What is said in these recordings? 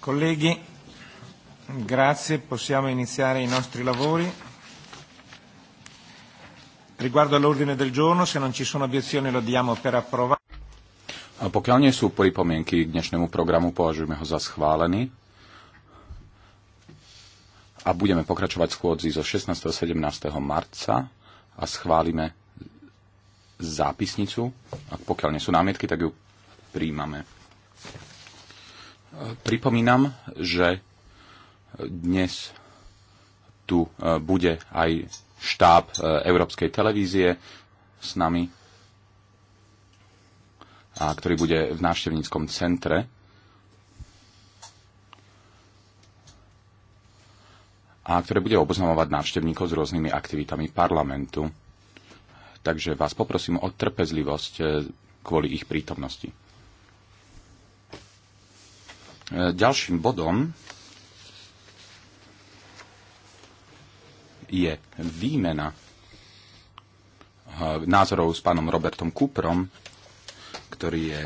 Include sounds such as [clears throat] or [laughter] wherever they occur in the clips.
Colleghi, grazie, possiamo iniziare i nostri lavori. Riguardo all'ordine del giorno, se non ci sono obiezioni lo diamo per approvato. A pokiaľ nie sú pripomienky k dnešnému programu, považujeme ho za schválený. A budeme pokračovať schôdzi zo 16. a 17. marca a schválime zápisnicu. A pokiaľ nie sú námietky, tak ju príjmame. Pripomínam, že dnes tu e, bude aj štáb e, Európskej televízie s nami, a ktorý bude v návštevníckom centre. a ktoré bude oboznamovať návštevníkov s rôznymi aktivitami parlamentu. Takže vás poprosím o trpezlivosť e, kvôli ich prítomnosti. E, ďalším bodom je výmena e, názorov s pánom Robertom Kuprom, ktorý je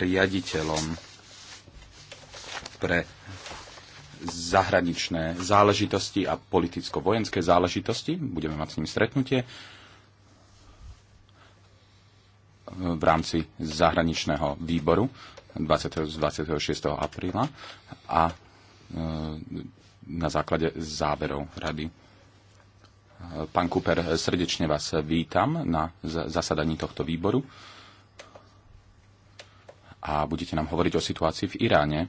riaditeľom pre zahraničné záležitosti a politicko-vojenské záležitosti. Budeme mať s ním stretnutie v rámci zahraničného výboru 20. 26. apríla a e, na základe záverov rady. E, pán Cooper, srdečne vás vítam na zasadaní tohto výboru a budete nám hovoriť o situácii v Iráne.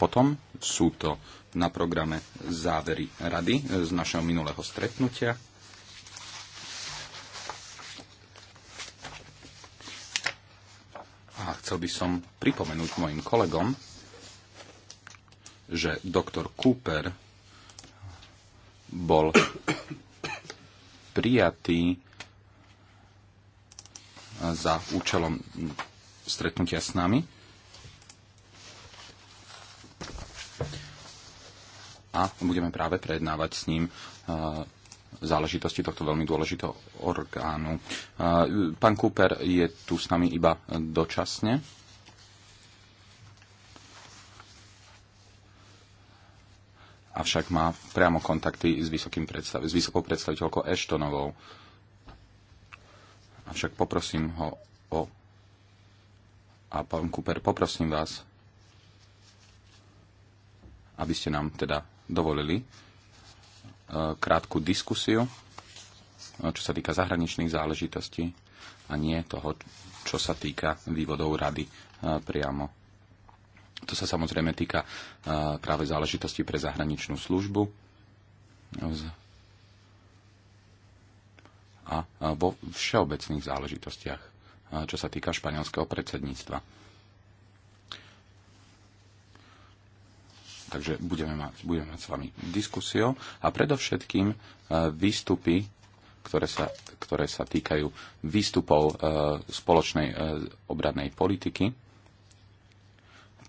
Potom sú to na programe závery rady z našeho minulého stretnutia A chcel by som pripomenúť mojim kolegom, že doktor Cooper bol prijatý za účelom stretnutia s nami. A budeme práve prednávať s ním eh, záležitosti tohto veľmi dôležitého orgánu. Pán Cooper je tu s nami iba dočasne. Avšak má priamo kontakty s, vysokým predstav- s vysokou predstaviteľkou Eštonovou. Avšak poprosím ho o... A pán Cooper, poprosím vás, aby ste nám teda dovolili E, krátku diskusiu, e, čo sa týka zahraničných záležitostí a nie toho, čo sa týka vývodov rady e, priamo. To sa samozrejme týka práve záležitosti pre zahraničnú službu a vo všeobecných záležitostiach, čo sa týka španielského predsedníctva. Takže budeme mať, budeme mať s vami diskusiu a predovšetkým e, výstupy, ktoré sa, ktoré sa týkajú výstupov e, spoločnej e, obradnej politiky.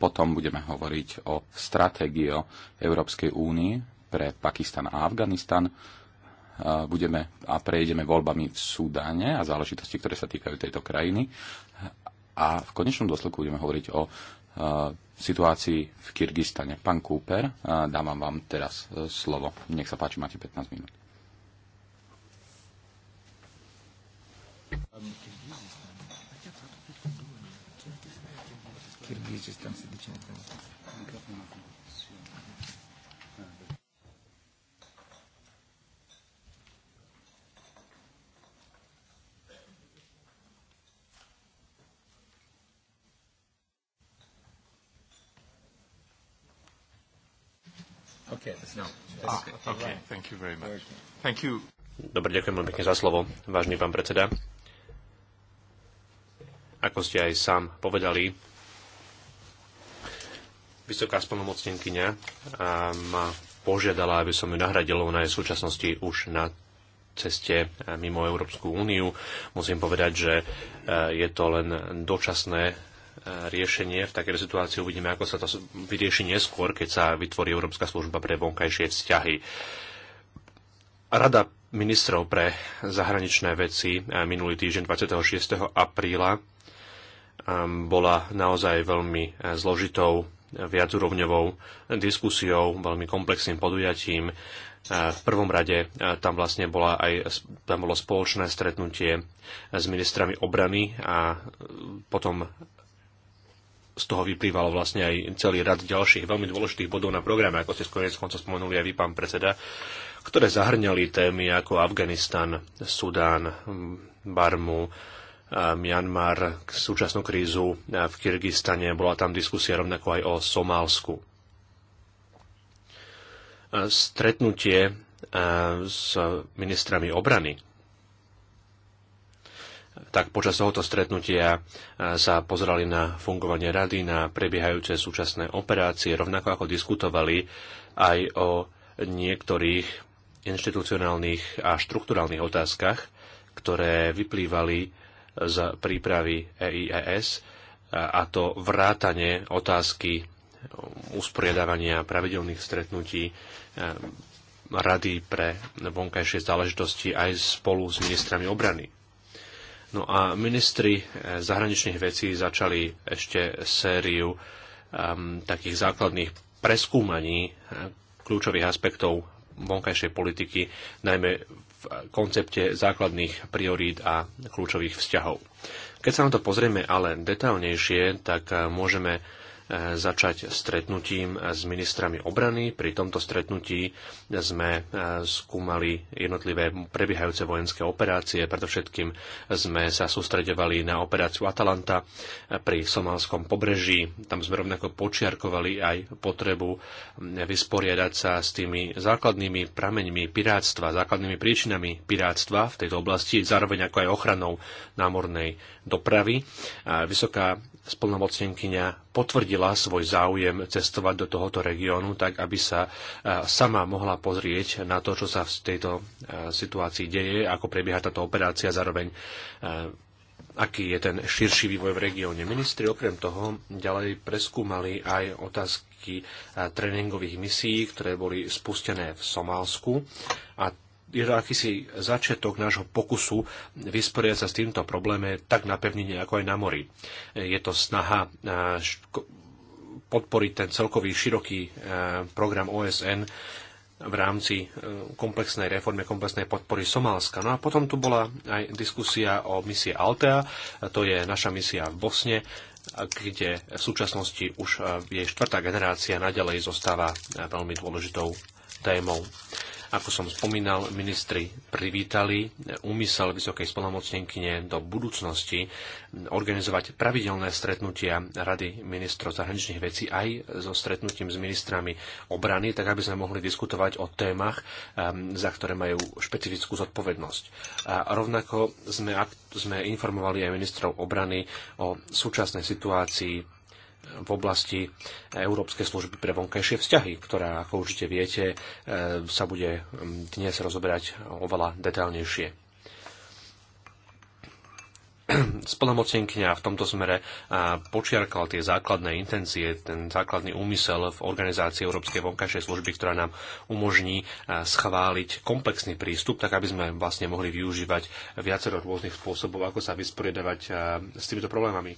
Potom budeme hovoriť o stratégii Európskej únie pre Pakistan a Afganistan budeme a prejdeme voľbami v Súdane a záležitosti, ktoré sa týkajú tejto krajiny. A v konečnom dôsledku budeme hovoriť o situácii v Kyrgyzstane. Pán Cooper, dávam vám teraz slovo. Nech sa páči, máte 15 minút. Kyrgyzstan si Okay, no. ah, okay, thank you very much. Thank you. Dobre, ďakujem veľmi pekne za slovo, vážny pán predseda. Ako ste aj sám povedali, vysoká spolnomocnenkyňa ma požiadala, aby som ju nahradil. Ona je v súčasnosti už na ceste e, mimo Európsku úniu. Musím povedať, že e, je to len dočasné riešenie v takej situácii. Uvidíme, ako sa to vyrieši neskôr, keď sa vytvorí Európska služba pre vonkajšie vzťahy. Rada ministrov pre zahraničné veci minulý týždeň 26. apríla um, bola naozaj veľmi eh, zložitou, viacúrovňovou diskusiou, veľmi komplexným podujatím. Eh, v prvom rade eh, tam vlastne bola aj, tam bolo spoločné stretnutie s ministrami obrany a potom z toho vyplývalo vlastne aj celý rad ďalších veľmi dôležitých bodov na programe, ako ste skonec konca spomenuli aj vy, pán predseda, ktoré zahrňali témy ako Afganistan, Sudán, Barmu, Myanmar, súčasnú krízu v Kyrgyzstane, bola tam diskusia rovnako aj o Somálsku. Stretnutie s ministrami obrany tak počas tohoto stretnutia e, sa pozerali na fungovanie rady, na prebiehajúce súčasné operácie, rovnako ako diskutovali aj o niektorých inštitucionálnych a štrukturálnych otázkach, ktoré vyplývali z prípravy EIES, a to vrátanie otázky usporiadavania pravidelných stretnutí e, Rady pre vonkajšie záležitosti aj spolu s ministrami obrany No a ministri eh, zahraničných vecí začali ešte sériu um, takých základných preskúmaní eh, kľúčových aspektov vonkajšej politiky, najmä v koncepte základných priorít a kľúčových vzťahov. Keď sa na to pozrieme ale detailnejšie, tak eh, môžeme začať stretnutím s ministrami obrany. Pri tomto stretnutí sme eh, skúmali jednotlivé prebiehajúce vojenské operácie. Predovšetkým sme sa sústredovali na operáciu Atalanta pri somálskom pobreží. Tam sme rovnako počiarkovali aj potrebu eh, vysporiadať sa s tými základnými prameňmi pirátstva, základnými príčinami pirátstva v tejto oblasti, zároveň ako aj ochranou námornej dopravy. Vysoká splnomocnenkyňa potvrdila svoj záujem cestovať do tohoto regiónu, tak aby sa e, sama mohla pozrieť na to, čo sa v tejto e, situácii deje, ako prebieha táto operácia, zároveň e, aký je ten širší vývoj v regióne. Ministri okrem toho ďalej preskúmali aj otázky tréningových misií, ktoré boli spustené v Somálsku a je to akýsi začiatok nášho pokusu vysporiadať sa s týmto problémom tak na pevnine, ako aj na mori. Je to snaha podporiť ten celkový široký program OSN v rámci e, komplexnej reformy, komplexnej podpory Somálska. No a potom tu bola aj diskusia o misie Altea, to je naša misia v Bosne, kde v súčasnosti už e, jej štvrtá generácia nadalej zostáva e, veľmi dôležitou témou. Ako som spomínal, ministri privítali úmysel vysokej spolomocnenkyne do budúcnosti organizovať pravidelné stretnutia Rady ministrov zahraničných vecí aj so stretnutím s ministrami obrany, tak aby sme mohli diskutovať o témach, ehm, za ktoré majú špecifickú zodpovednosť. A rovnako sme, sme informovali aj ministrov obrany o súčasnej situácii v oblasti Európskej služby pre vonkajšie vzťahy, ktorá, ako určite viete, e, sa bude dnes rozoberať oveľa detailnejšie [clears throat] splnomocnenkňa v tomto smere počiarkal tie základné intencie, ten základný úmysel v organizácii Európskej vonkajšej služby, ktorá nám umožní schváliť komplexný prístup, tak aby sme vlastne mohli využívať viacero rôznych spôsobov, ako sa vysporiadavať s týmito problémami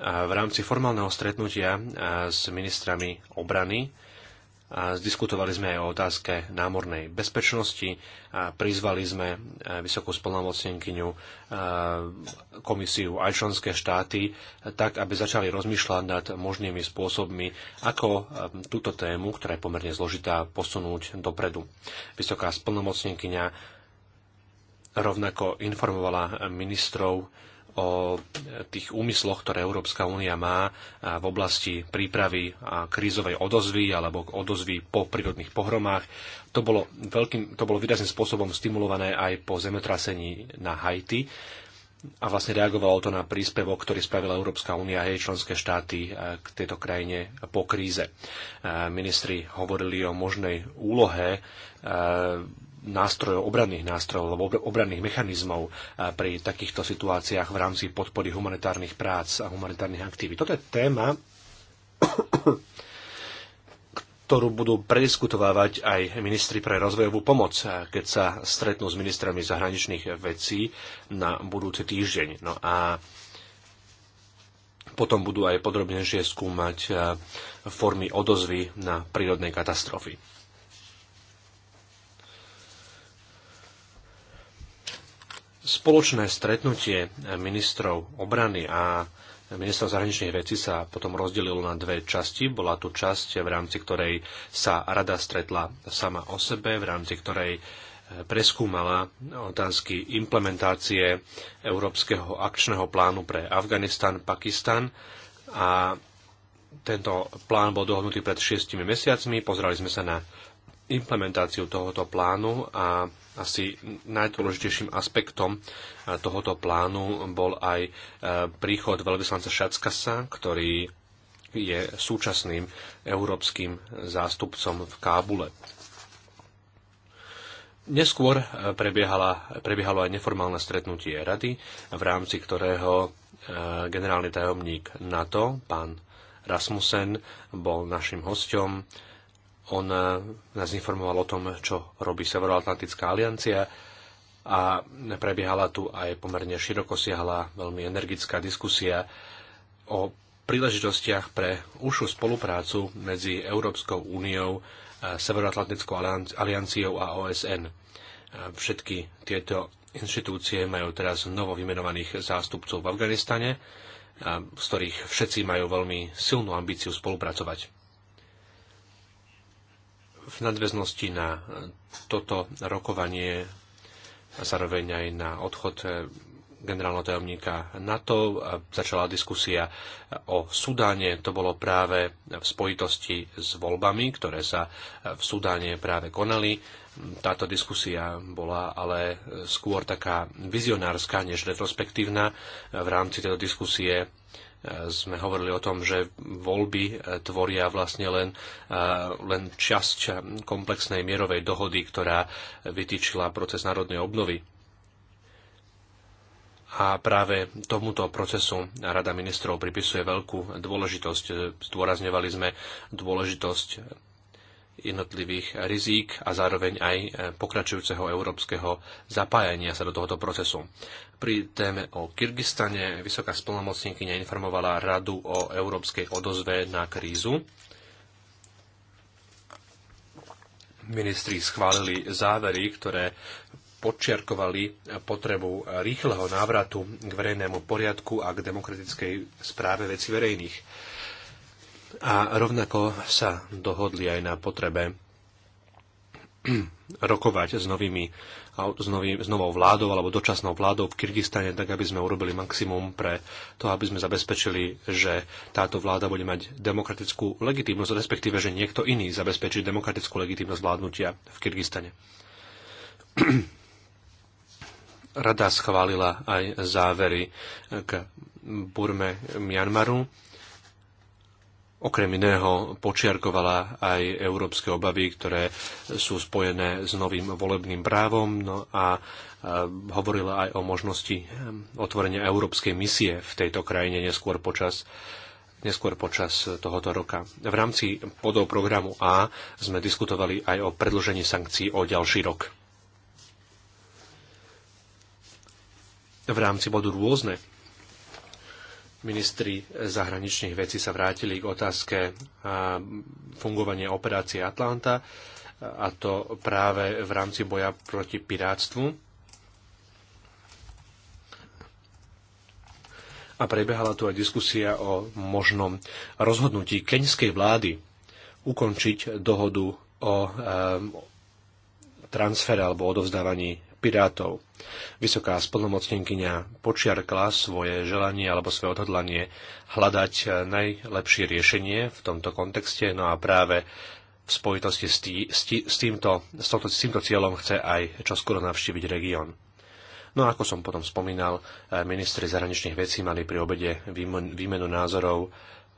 v rámci formálneho stretnutia s ministrami obrany a zdiskutovali sme aj o otázke námornej bezpečnosti a prizvali sme vysokú spolnomocnenkyňu komisiu aj členské štáty, tak aby začali rozmýšľať nad možnými spôsobmi, ako túto tému, ktorá je pomerne zložitá, posunúť dopredu. Vysoká spolnomocnenkyňa rovnako informovala ministrov o tých úmysloch, ktoré Európska únia má v oblasti prípravy a krízovej odozvy alebo odozvy po prírodných pohromách. To bolo, veľkým, to bolo výrazným spôsobom stimulované aj po zemetrasení na Haiti a vlastne reagovalo to na príspevok, ktorý spravila Európska únia a jej členské štáty e, k tejto krajine po kríze. E, ministri hovorili o možnej úlohe e, nástrojov, obranných nástrojov alebo obranných mechanizmov pri takýchto situáciách v rámci podpory humanitárnych prác a humanitárnych aktivít. Toto je téma, ktorú budú prediskutovávať aj ministri pre rozvojovú pomoc, keď sa stretnú s ministrami zahraničných vecí na budúci týždeň. No a potom budú aj podrobnejšie skúmať formy odozvy na prírodnej katastrofy. Spoločné stretnutie ministrov obrany a ministrov zahraničných vecí sa potom rozdelilo na dve časti. Bola tu časť, v rámci ktorej sa rada stretla sama o sebe, v rámci ktorej e, preskúmala otázky implementácie Európskeho akčného plánu pre Afganistan, Pakistan a tento plán bol dohodnutý pred šiestimi mesiacmi. Pozerali sme sa na implementáciu tohoto plánu a asi najdôležitejším aspektom e, tohoto plánu bol aj e, príchod veľvyslanca Šackasa, ktorý je súčasným európskym zástupcom v Kábule. Neskôr e, prebiehalo aj neformálne stretnutie rady, v rámci ktorého generálny tajomník NATO, pán Rasmussen, bol našim hostom. On eh, nás informoval o tom, čo robí Severoatlantická aliancia a prebiehala tu aj pomerne široko siahla, veľmi energická diskusia o príležitostiach pre ušu spoluprácu medzi Európskou úniou, eh, Severoatlantickou alianciou a OSN. Eh, všetky tieto inštitúcie majú teraz novo vymenovaných zástupcov v Afganistane, z ktorých všetci majú veľmi silnú ambíciu spolupracovať v nadväznosti na toto rokovanie a zároveň aj na odchod eh, generálneho tajomníka NATO. Začala diskusia o Sudáne. To bolo práve v spojitosti s voľbami, ktoré sa v Sudáne práve konali. Táto diskusia bola ale skôr taká vizionárska než retrospektívna. V rámci tejto diskusie sme hovorili o tom, že voľby e, tvoria vlastne len, e, len časť komplexnej mierovej dohody, ktorá vytýčila proces národnej obnovy. A práve tomuto procesu Rada ministrov pripisuje veľkú dôležitosť. Zdôrazňovali sme dôležitosť jednotlivých rizík a zároveň aj e, pokračujúceho európskeho zapájania sa do tohoto procesu. Pri téme o Kyrgyzstane vysoká splnomocníkyňa informovala Radu o európskej odozve na krízu. Ministri schválili závery, ktoré podčiarkovali potrebu rýchleho návratu k verejnému poriadku a k demokratickej správe veci verejných a rovnako sa dohodli aj na potrebe [clears throat] rokovať s, novými, s, nový, s novou vládou alebo dočasnou vládou v Kyrgyzstane, tak aby sme urobili maximum pre to, aby sme zabezpečili, že táto vláda bude mať demokratickú legitimnosť, respektíve, že niekto iný zabezpečí demokratickú legitimnosť vládnutia v Kyrgyzstane. [clears throat] Rada schválila aj závery k Burme Mianmaru Okrem iného počiarkovala aj európske obavy, ktoré sú spojené s novým volebným právom no a hovorila aj o možnosti eh, otvorenia európskej misie v tejto krajine neskôr počas neskôr počas tohoto roka. V rámci podov programu A sme diskutovali aj o predlžení sankcií o ďalší rok. V rámci bodu rôzne Ministri zahraničných vecí sa vrátili k otázke fungovania operácie Atlanta a to práve v rámci boja proti pirátstvu. A prebehala tu aj diskusia o možnom rozhodnutí keňskej vlády ukončiť dohodu o transfere alebo odovzdávaní pirátov. Vysoká splnomocnenkyňa počiarkla svoje želanie alebo svoje odhodlanie hľadať eh, najlepšie riešenie v tomto kontexte, no a práve v spojitosti s, tý, s, tý, s, týmto, s, tohto, s týmto cieľom chce aj čoskoro navštíviť región. No a ako som potom spomínal, eh, ministri zahraničných vecí mali pri obede výmenu názorov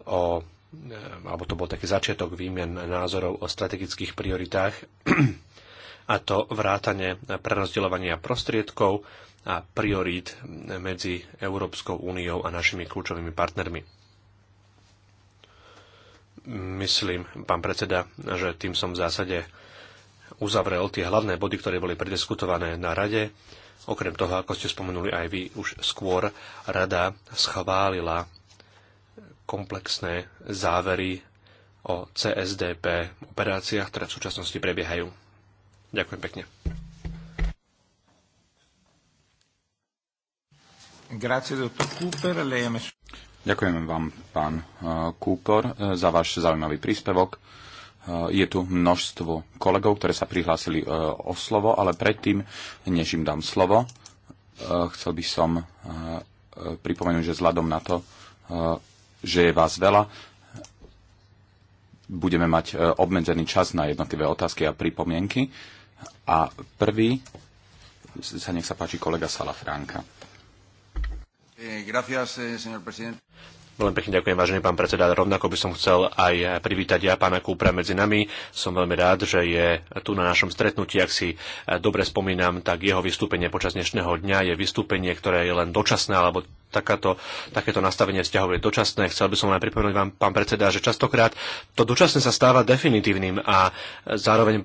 o eh, alebo to bol taký začiatok výmen názorov o strategických prioritách [clears throat] a to vrátane prerozdeľovania prostriedkov a priorít medzi Európskou úniou a našimi kľúčovými partnermi. Myslím, pán predseda, že tým som v zásade uzavrel tie hlavné body, ktoré boli prediskutované na rade. Okrem toho, ako ste spomenuli aj vy už skôr, rada schválila komplexné závery o CSDP operáciách, ktoré v súčasnosti prebiehajú. Ďakujem pekne. Ďakujem vám, pán eh, Cooper, eh, za váš zaujímavý príspevok. Eh, je tu množstvo kolegov, ktoré sa prihlásili o slovo, ale predtým, než im dám slovo, chcel by som pripomenúť, že vzhľadom na to, že je vás veľa, budeme mať obmedzený čas na jednotlivé otázky a pripomienky. A prvý sa nech sa páči kolega Sala Franka. Eh, eh, veľmi pekne ďakujem, vážený pán predseda. Rovnako by som chcel aj privítať ja pána Kúpra medzi nami. Som veľmi rád, že je tu na našom stretnutí. Ak si eh, dobre spomínam, tak jeho vystúpenie počas dnešného dňa je vystúpenie, ktoré je len dočasné, alebo takáto, takéto nastavenie vzťahov je dočasné. Chcel by som len pripomenúť vám, pán predseda, že častokrát to dočasné sa stáva definitívnym a zároveň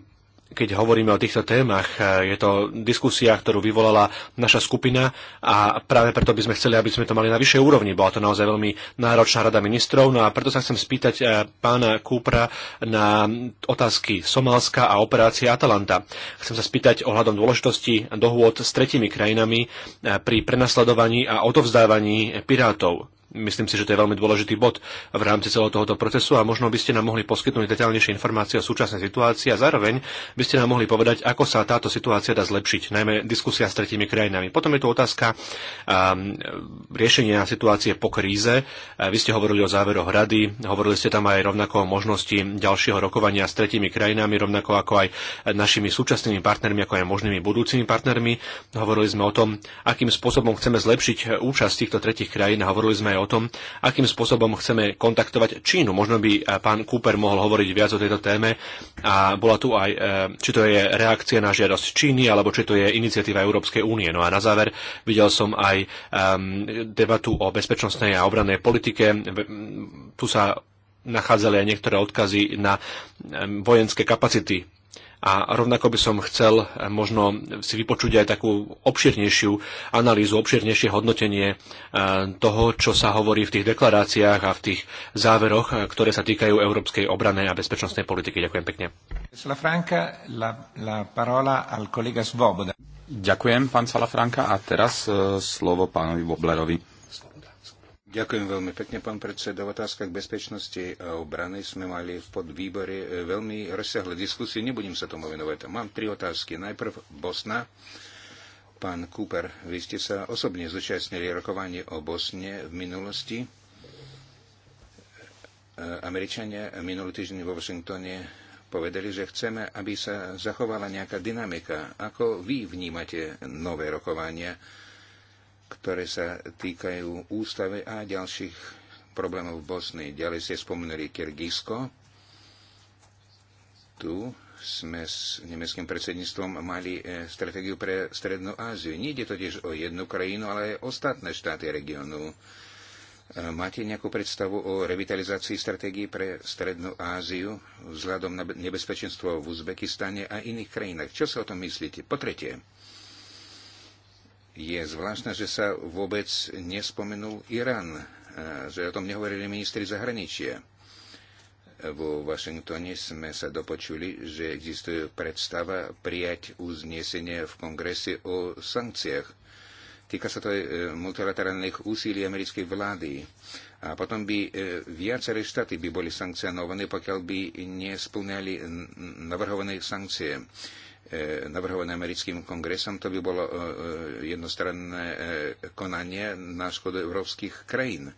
keď hovoríme o týchto témach. E, je to diskusia, ktorú vyvolala naša skupina a práve preto by sme chceli, aby sme to mali na vyššej úrovni. Bola to naozaj veľmi náročná rada ministrov. No a preto sa chcem spýtať e, pána Kúpra na otázky Somálska a operácie Atalanta. Chcem sa spýtať ohľadom dôležitosti dohôd s tretimi krajinami e, pri prenasledovaní a odovzdávaní pirátov. Myslím si, že to je veľmi dôležitý bod v rámci celého tohoto procesu a možno by ste nám mohli poskytnúť detaľnejšie informácie o súčasnej situácii a zároveň by ste nám mohli povedať, ako sa táto situácia dá zlepšiť, najmä diskusia s tretími krajinami. Potom je tu otázka um, riešenia situácie po kríze. Uh, vy ste hovorili o záveroch rady, hovorili ste tam aj rovnako o možnosti ďalšieho rokovania s tretími krajinami, rovnako ako aj našimi súčasnými partnermi, ako aj možnými budúcimi partnermi. Hovorili sme o tom, akým spôsobom chceme zlepšiť účasť týchto tretích krajín hovorili sme aj o tom, akým spôsobom chceme kontaktovať Čínu. Možno by eh, pán Cooper mohol hovoriť viac o tejto téme a bola tu aj, eh, či to je reakcia na žiadosť Číny, alebo či to je iniciatíva Európskej únie. No a na záver videl som aj ehm, debatu o bezpečnostnej a obrannej politike. Tu sa nachádzali aj niektoré odkazy na ehm, vojenské kapacity a rovnako by som chcel eh, možno si vypočuť aj takú obširnejšiu analýzu, obširnejšie hodnotenie eh, toho, čo sa hovorí v tých deklaráciách a v tých záveroch, eh, ktoré sa týkajú európskej obranej a bezpečnostnej politiky. Ďakujem pekne. Ďakujem, pán Salafranka. A teraz slovo pánovi Boblerovi. Ďakujem veľmi pekne, pán predseda. V otázkach bezpečnosti a obrany sme mali v podvýbore e, veľmi rozsiahle diskusie. Nebudem sa tomu venovať. Mám tri otázky. Najprv Bosna. Pán Cooper, vy ste sa osobne zúčastnili rokovanie o Bosne v minulosti. E, Američania minulý týždeň vo Washingtone povedali, že chceme, aby sa zachovala nejaká dynamika. Ako vy vnímate nové rokovania? ktoré sa týkajú ústave a ďalších problémov v Bosny. Ďalej ste spomenuli Kyrgyzsko. Tu sme s nemeckým predsedníctvom mali e, stratégiu pre Strednú Áziu. Nie ide totiž o jednu krajinu, ale aj ostatné štáty regiónu. E, máte nejakú predstavu o revitalizácii stratégií pre Strednú Áziu vzhľadom na nebezpečenstvo v Uzbekistane a iných krajinách? Čo sa o tom myslíte? Po tretie, je zvláštne, že sa vôbec nespomenul Irán, e, že o tom nehovorili ministri zahraničia. E, vo Washingtone sme sa dopočuli, že existuje predstava prijať uznesenie v kongrese o sankciách. Týka sa to aj e, multilaterálnych úsilí americkej vlády. A potom by viaceré štáty by boli sankcionované, pokiaľ by nesplňali navrhované sankcie. E, navrhované americkým kongresom, to by bolo e, e, jednostranné konanie na škodu európskych krajín.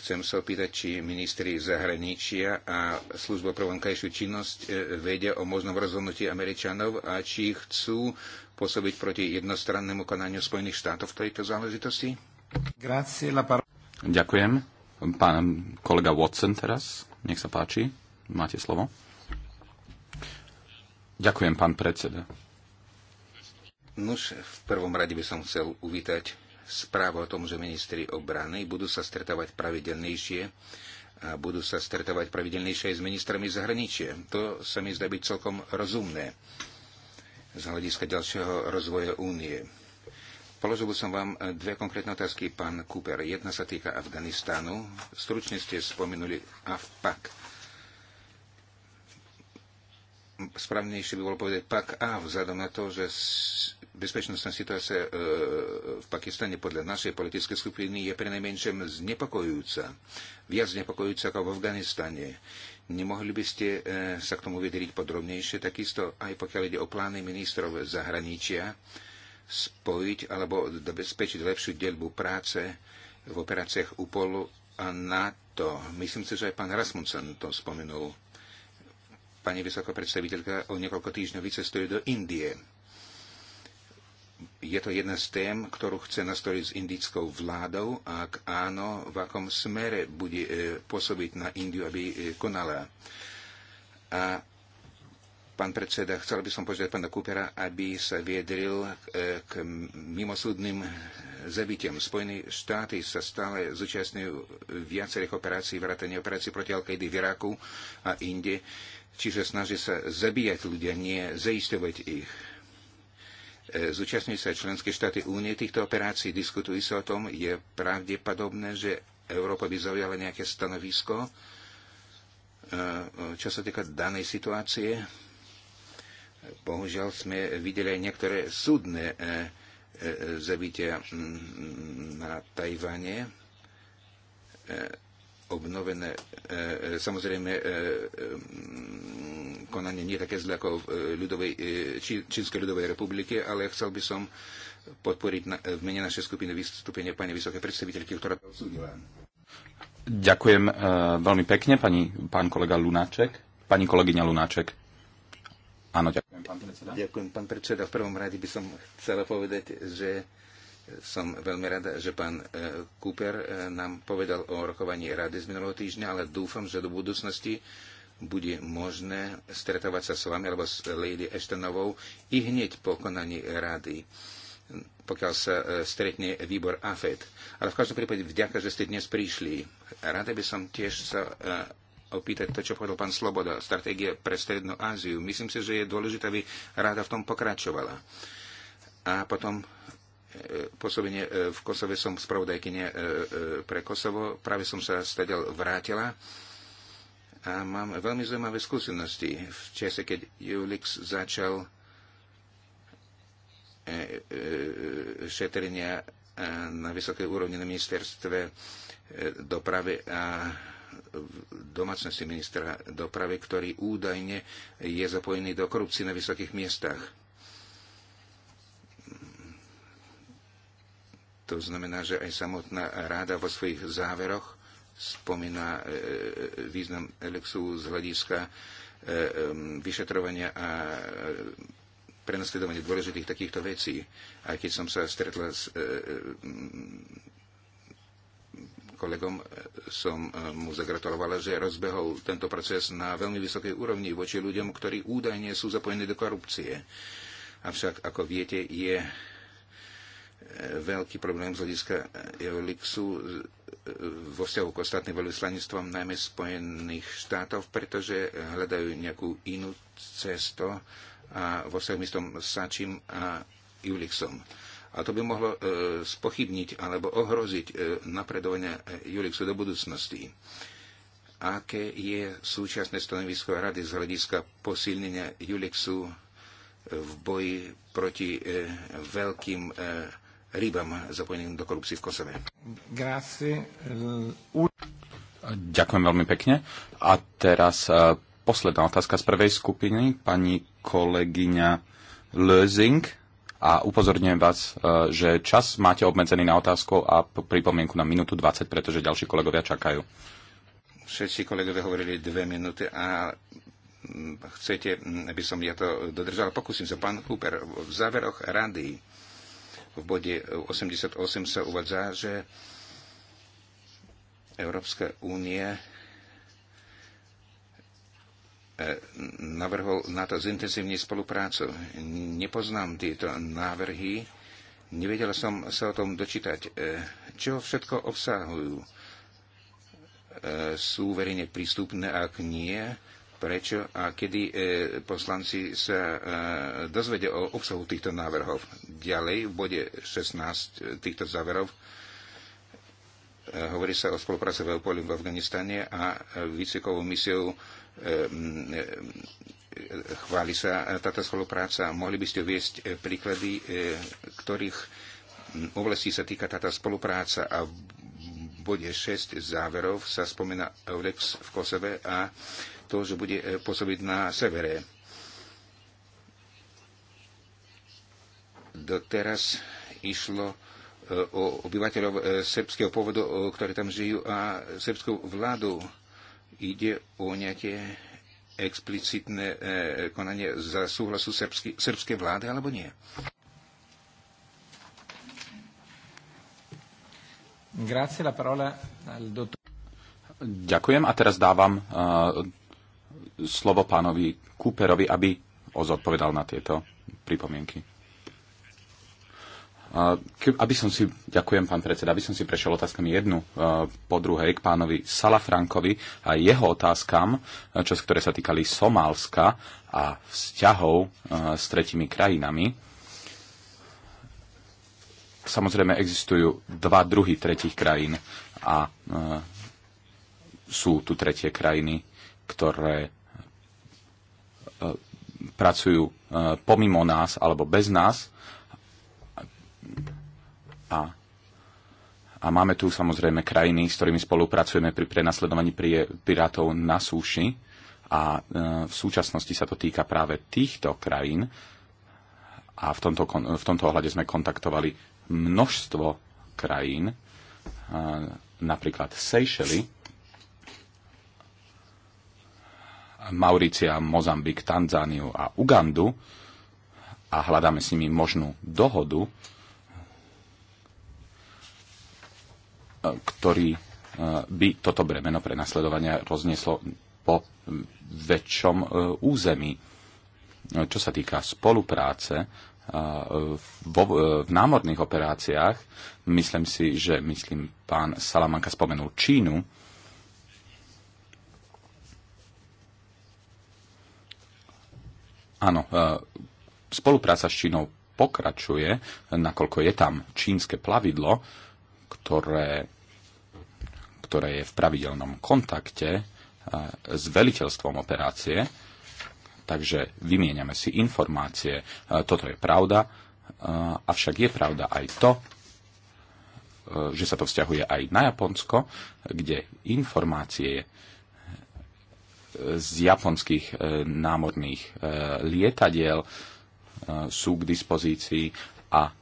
Chcem sa opýtať, či ministri zahraničia a služba pro vonkajšiu činnosť vedia o možnom rozhodnutí Američanov a či chcú pôsobiť proti jednostrannému konaniu Spojených štátov v tejto záležitosti? Ďakujem. Pán kolega Watson teraz, nech sa páči, máte slovo. Ďakujem, pán predseda. Nuž, v prvom rade by som chcel uvítať správu o tom, že ministri obrany budú sa stretávať pravidelnejšie a budú sa stretávať pravidelnejšie aj s ministrami zahraničia. To sa mi zdá byť celkom rozumné z hľadiska ďalšieho rozvoja únie. Položil som vám dve konkrétne otázky, pán Cooper. Jedna sa týka Afganistánu. Stručne ste spomenuli AFPAC správnejšie by bolo povedať pak A, vzhľadom na to, že bezpečnostná situácia e, v Pakistane podľa našej politickej skupiny je pre najmenšem znepokojujúca. Viac znepokojujúca ako v Afganistane. Nemohli by ste e, sa k tomu vydriť podrobnejšie, takisto aj pokiaľ ide o plány ministrov zahraničia spojiť alebo zabezpečiť lepšiu delbu práce v operáciách UPOLu a NATO. Myslím si, že aj pán Rasmussen to spomenul pani vysoká predstaviteľka o niekoľko týždňov vycestuje do Indie. Je to jedna z tém, ktorú chce nastoliť s indickou vládou, ak áno, v akom smere bude e, pôsobiť na Indiu, aby e, konala. A pán predseda, chcel by som požiadať pána Kupera, aby sa viedril e, k mimosúdnym zabitiam. Spojené štáty sa stále zúčastňujú viacerých operácií, vrátane operácií proti Al-Qaidi v Iraku a Indie. Čiže snaží sa zabíjať ľudia, nie zaistovať ich. E, zúčastňujú sa členské štáty únie týchto operácií, diskutujú sa o tom, je pravdepodobné, že Európa by zaujala nejaké stanovisko, e, čo sa týka danej situácie. Bohužiaľ sme videli aj niektoré súdne e, zabitia na Tajvane obnovené. E, e, samozrejme, e, konanie nie také zle ako v ľudovej, Čínskej ľudovej republike, ale chcel by som podporiť na, v mene našej skupiny vystúpenie pani vysoké predstaviteľky, ktorá to odsúdila. Ďakujem e, veľmi pekne, pani, pán kolega Lunáček, pani kolegyňa Lunáček. Áno, ďakujem, pán predseda. Ďakujem, pán predseda. V prvom rade by som chcela povedať, že som veľmi rada, že pán e, Cooper e, nám povedal o rokovaní rady z minulého týždňa, ale dúfam, že do budúcnosti bude možné stretávať sa s vami alebo s Lady Ashtonovou i hneď po konaní rady pokiaľ sa e, stretne výbor AFED. Ale v každom prípade vďaka, že ste dnes prišli. Rada by som tiež sa opýtať to, čo povedal pán Sloboda, stratégia pre Strednú Áziu. Myslím si, že je dôležité, aby rada v tom pokračovala. A potom pôsobenie e, v Kosove som spravodajkyne e, pre Kosovo. Práve som sa stadiaľ vrátila a mám veľmi zaujímavé skúsenosti. V čase, keď Julix začal e, šetrenia na vysokej úrovni na ministerstve dopravy a domácnosti ministra dopravy, ktorý údajne je zapojený do korupcie na vysokých miestach To znamená, že aj samotná ráda vo svojich záveroch spomína e, e, význam Elexu z hľadiska e, vyšetrovania a prenasledovania dôležitých takýchto vecí. Aj keď som sa stretla s kolegom, som mu zagratulovala, že rozbehol tento proces na veľmi vysokej úrovni voči ľuďom, ktorí údajne sú zapojení do korupcie. Avšak, ako viete, je veľký problém z hľadiska Eurolixu vo vzťahu k ostatným veľvyslanectvom, najmä Spojených štátov, pretože hľadajú nejakú inú cestu a vo vzťahu s Sačim a Eolixom. A to by mohlo e, spochybniť alebo ohroziť e, napredovanie Eolixu do budúcnosti. Aké je súčasné stanovisko Rady z hľadiska posilnenia Eolixu v boji proti e, veľkým e, rybám zapojeným do korupcie v Kosove. E, ďakujem veľmi pekne. A teraz e, posledná otázka z prvej skupiny, pani kolegyňa Lözing A upozorňujem vás, e, že čas máte obmedzený na otázku a pripomienku na minútu 20, pretože ďalší kolegovia čakajú. Všetci kolegovia hovorili dve minúty a mm, chcete, mm, aby som ja to dodržal. Pokúsim sa. Pán Cooper, v záveroch rady v bode 88 sa uvádza, že Európska únia e, navrhol na to zintenzívne spoluprácu. Nepoznám tieto návrhy, nevedela som sa o tom dočítať. E, Čo všetko obsahujú? E, sú verejne prístupné, ak nie, prečo a kedy e, poslanci sa e, dozvedia o obsahu týchto návrhov. Ďalej v bode 16 e, týchto záverov hovorí sa o spolupráce v Eupolium v Afganistane a výcvikovou misiou chváli sa táto spolupráca. Mohli by ste uviesť príklady, ktorých oblastí sa týka táto spolupráca a v bode 6 záverov sa spomína Eulex v Kosove a to, že bude e, pôsobiť na severe. Doteraz išlo e, o obyvateľov e, srbského pôvodu, ktorí tam žijú a srbskú vládu ide o nejaké explicitné konanie za súhlasu srbsky, srbskej vlády alebo nie? Grazie, la parola al dottor... Ďakujem a teraz dávam uh, slovo pánovi Cooperovi, aby odpovedal na tieto pripomienky. Aby som si, ďakujem pán predseda, aby som si prešiel otázkami jednu e, po druhej k pánovi Salafrankovi a jeho otázkam, e, čo, ktoré sa týkali Somálska a vzťahov e, s tretimi krajinami. Samozrejme existujú dva druhy tretich krajín a sú tu tretie krajiny, ktoré E, pracujú e, pomimo nás alebo bez nás. A, a máme tu samozrejme krajiny, s ktorými spolupracujeme pri prenasledovaní pirátov na súši. A e, v súčasnosti sa to týka práve týchto krajín. A v tomto, v tomto ohľade sme kontaktovali množstvo krajín, napríklad Seychelles, Mauricia, Mozambik, Tanzániu a Ugandu a hľadáme s nimi možnú dohodu, e, ktorý e, by toto bremeno pre nasledovania roznieslo po väčšom e, území. Čo sa týka spolupráce v námorných operáciách, myslím si, že myslím, pán Salamanka spomenul Čínu, Áno, e, spolupráca s Čínou pokračuje, nakoľko je tam čínske plavidlo, ktoré, ktoré je v pravidelnom kontakte e, s veliteľstvom operácie, takže vymieňame si informácie. E, toto je pravda, avšak je pravda aj to, že sa to vzťahuje aj na Japonsko, kde informácie z japonských e, námorných e, lietadiel e, sú k dispozícii a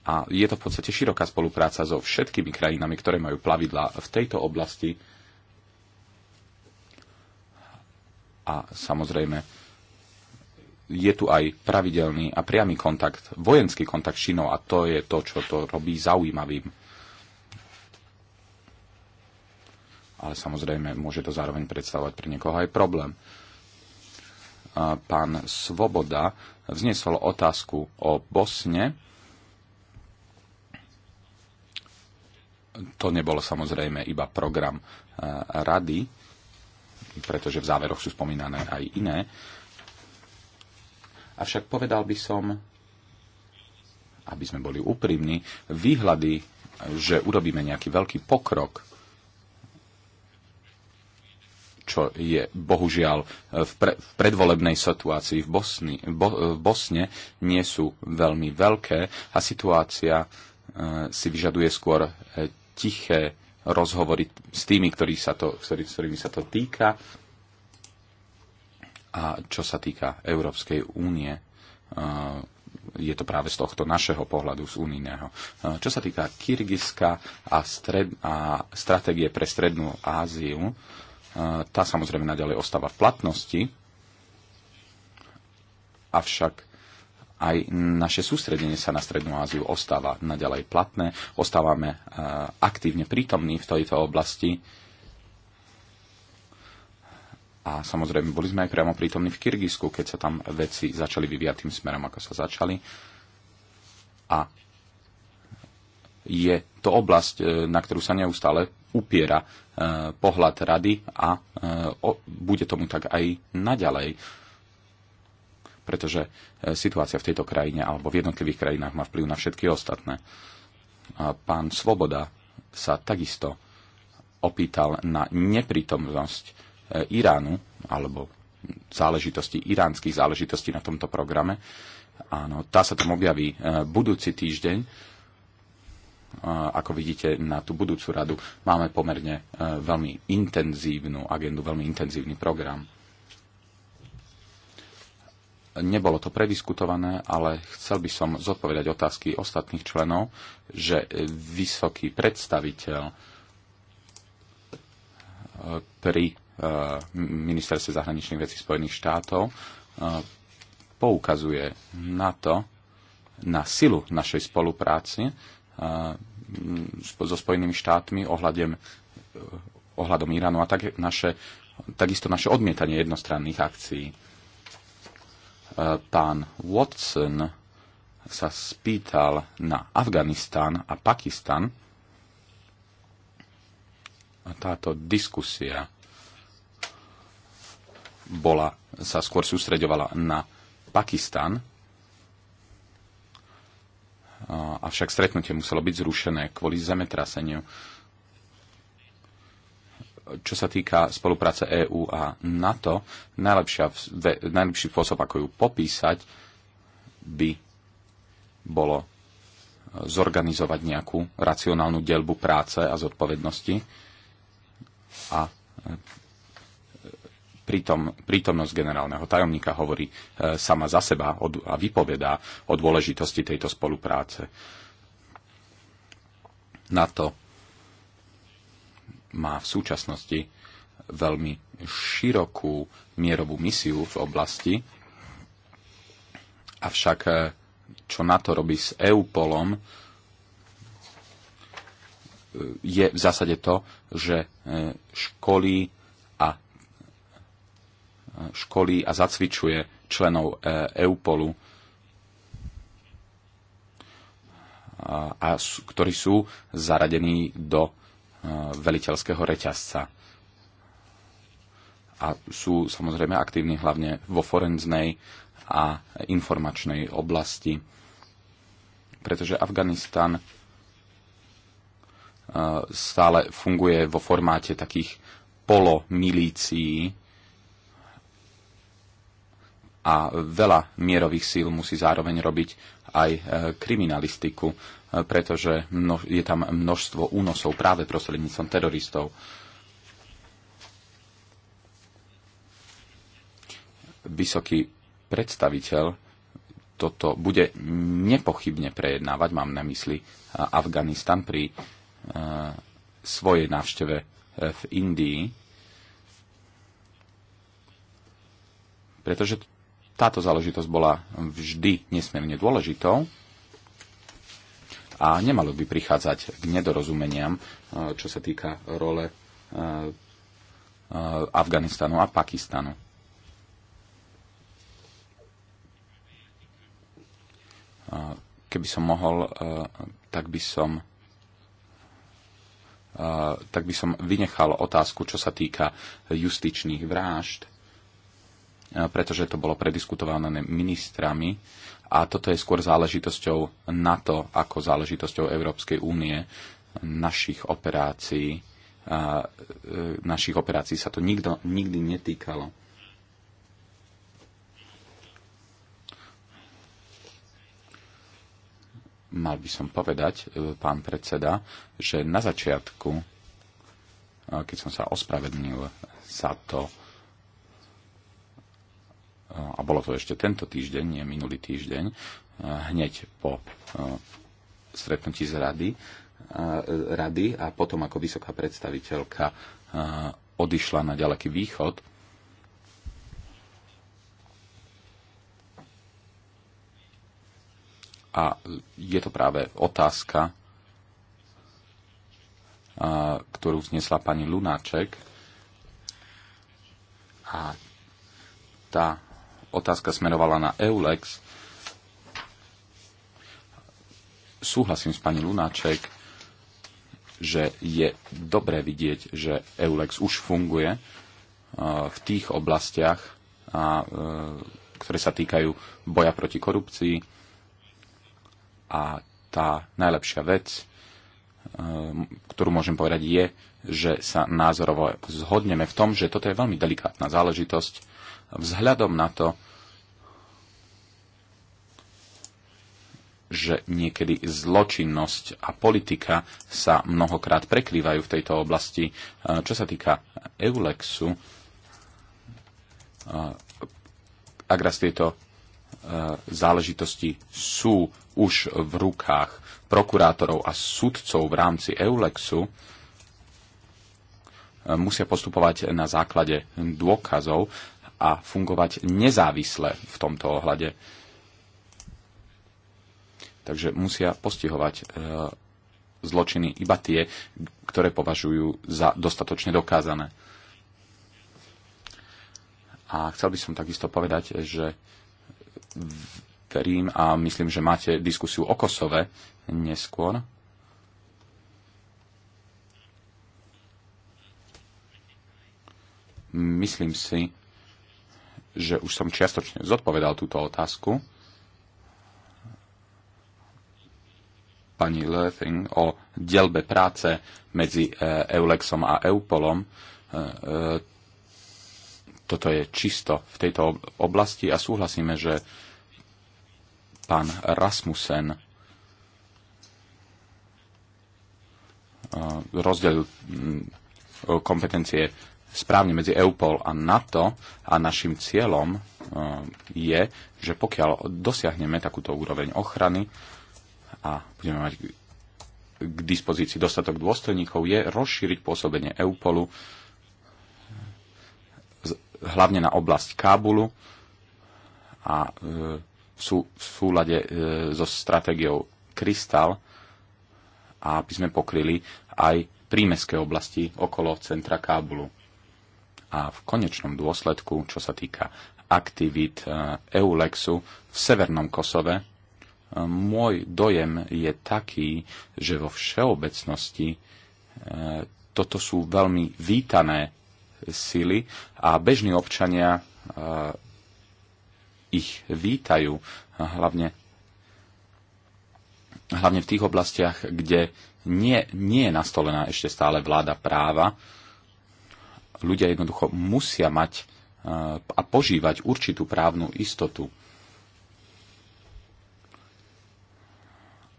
a je to v podstate široká spolupráca so všetkými krajinami, ktoré majú plavidla v tejto oblasti. A samozrejme, je tu aj pravidelný a priamy kontakt, vojenský kontakt s Čínou a to je to, čo to robí zaujímavým. ale samozrejme môže to zároveň predstavovať pre niekoho aj problém. Pán Svoboda vznesol otázku o Bosne. To nebolo samozrejme iba program e, rady, pretože v záveroch sú spomínané aj iné. Avšak povedal by som, aby sme boli úprimní, výhľady, že urobíme nejaký veľký pokrok čo je bohužiaľ v, pre, v predvolebnej situácii v, Bosni, bo, v Bosne, nie sú veľmi veľké a situácia e, si vyžaduje skôr e, tiché rozhovory s tými, ktorý sa to, ktorý, s ktorými sa to týka. A čo sa týka Európskej únie, e, je to práve z tohto našeho pohľadu, z unijného. E, čo sa týka Kyrgyzska a, stred, a stratégie pre Strednú Áziu, tá samozrejme naďalej ostáva v platnosti, avšak aj naše sústredenie sa na Strednú Áziu ostáva naďalej platné. Ostávame e, aktívne prítomní v tejto oblasti. A samozrejme, boli sme aj priamo prítomní v Kyrgyzsku, keď sa tam veci začali vyvíjať tým smerom, ako sa začali. A je to oblasť, e, na ktorú sa neustále upiera E, pohľad rady a e, bude tomu tak aj naďalej pretože e, situácia v tejto krajine alebo v jednotlivých krajinách má vplyv na všetky ostatné. A pán Svoboda sa takisto opýtal na neprítomnosť Iránu alebo záležitosti, iránskych záležitostí na tomto programe. Áno, tá sa tam objaví budúci týždeň ako vidíte, na tú budúcu radu máme pomerne e, veľmi intenzívnu agendu, veľmi intenzívny program. Nebolo to prediskutované, ale chcel by som zodpovedať otázky ostatných členov, že vysoký predstaviteľ e, pri e, ministerstve zahraničných vecí Spojených štátov poukazuje na to, na silu našej spolupráce Mm, so Spojenými štátmi ohľadem, eh, ohľadom Iránu a tak naše, takisto naše odmietanie jednostranných akcií. Eh, pán Watson sa spýtal na Afganistán a Pakistan. A Táto diskusia bola, sa skôr sústreďovala na Pakistan avšak stretnutie muselo byť zrušené kvôli zemetraseniu. Čo sa týka spolupráce EÚ a NATO, najlepší spôsob, ako ju popísať, by bolo zorganizovať nejakú racionálnu delbu práce a zodpovednosti a Pritom prítomnosť generálneho tajomníka hovorí e, sama za seba a vypovedá o dôležitosti tejto spolupráce. NATO má v súčasnosti veľmi širokú mierovú misiu v oblasti, avšak e, čo NATO robí s EUPOLom, e, je v zásade to, že školy školí a zacvičuje členov e, EUPOLu, a, ktorí sú zaradení do e, veliteľského reťazca. A sú samozrejme aktívni hlavne vo forenznej a informačnej oblasti, pretože Afganistan e, stále funguje vo formáte takých polomilícií, a veľa mierových síl musí zároveň robiť aj e, kriminalistiku, e, pretože je tam množstvo únosov práve prostredníctvom teroristov. Vysoký predstaviteľ toto bude nepochybne prejednávať, mám na mysli e, Afganistan pri svojej návšteve v Indii, pretože táto záležitosť bola vždy nesmierne dôležitou a nemalo by prichádzať k nedorozumeniam, e, čo sa týka role e, e, Afganistanu a Pakistanu. Keby som mohol, tak by som tak by som vynechal otázku, čo sa týka justičných vražd E, pretože to bolo prediskutované ministrami a toto je skôr záležitosťou NATO ako záležitosťou Európskej únie našich operácií. E, e, našich operácií sa to nikto nikdy netýkalo. Mal by som povedať, pán predseda, že na začiatku, keď som sa ospravedlnil za to, a bolo to ešte tento týždeň, nie minulý týždeň, e, hneď po e, stretnutí z rady, e, rady a potom ako vysoká predstaviteľka odišla na ďaleký východ, A je to práve otázka, ktorú vznesla pani Lunáček. A tá otázka smerovala na EULEX. Súhlasím s pani Lunáček, že je dobré vidieť, že EULEX už funguje e, v tých oblastiach, e, ktoré sa týkajú boja proti korupcii. A tá najlepšia vec, e, ktorú môžem povedať, je, že sa názorovo zhodneme v tom, že toto je veľmi delikátna záležitosť vzhľadom na to, že niekedy zločinnosť a politika sa mnohokrát prekrývajú v tejto oblasti. E, čo sa týka Eulexu, e, ak raz tieto e, záležitosti sú už v rukách prokurátorov a sudcov v rámci Eulexu, musia postupovať na základe dôkazov a fungovať nezávisle v tomto ohľade. Takže musia postihovať e, zločiny iba tie, ktoré považujú za dostatočne dokázané. A chcel by som takisto povedať, že verím a myslím, že máte diskusiu o Kosove neskôr. Myslím si, že už som čiastočne zodpovedal túto otázku pani Lething o delbe práce medzi e, Eulexom a Eupolom. E, e, toto je čisto v tejto oblasti a súhlasíme, že pán Rasmussen rozdelil kompetencie správne medzi EUPOL a NATO a našim cieľom eh, je, že pokiaľ dosiahneme takúto úroveň ochrany a budeme mať k dispozícii dostatok dôstojníkov, je rozšíriť pôsobenie EUPOLu hlavne na oblasť Kábulu a eh, v súlade eh, so stratégiou Kristal a aby sme pokryli aj prímeské oblasti okolo centra Kábulu a v konečnom dôsledku, čo sa týka aktivít e, EULEXu v Severnom Kosove, e, môj dojem je taký, že vo všeobecnosti e, toto sú veľmi vítané sily a bežní občania ich vítajú, hlavne, hlavne v tých oblastiach, kde nie, nie je nastolená ešte stále vláda práva, ľudia jednoducho musia mať e, a požívať určitú právnu istotu.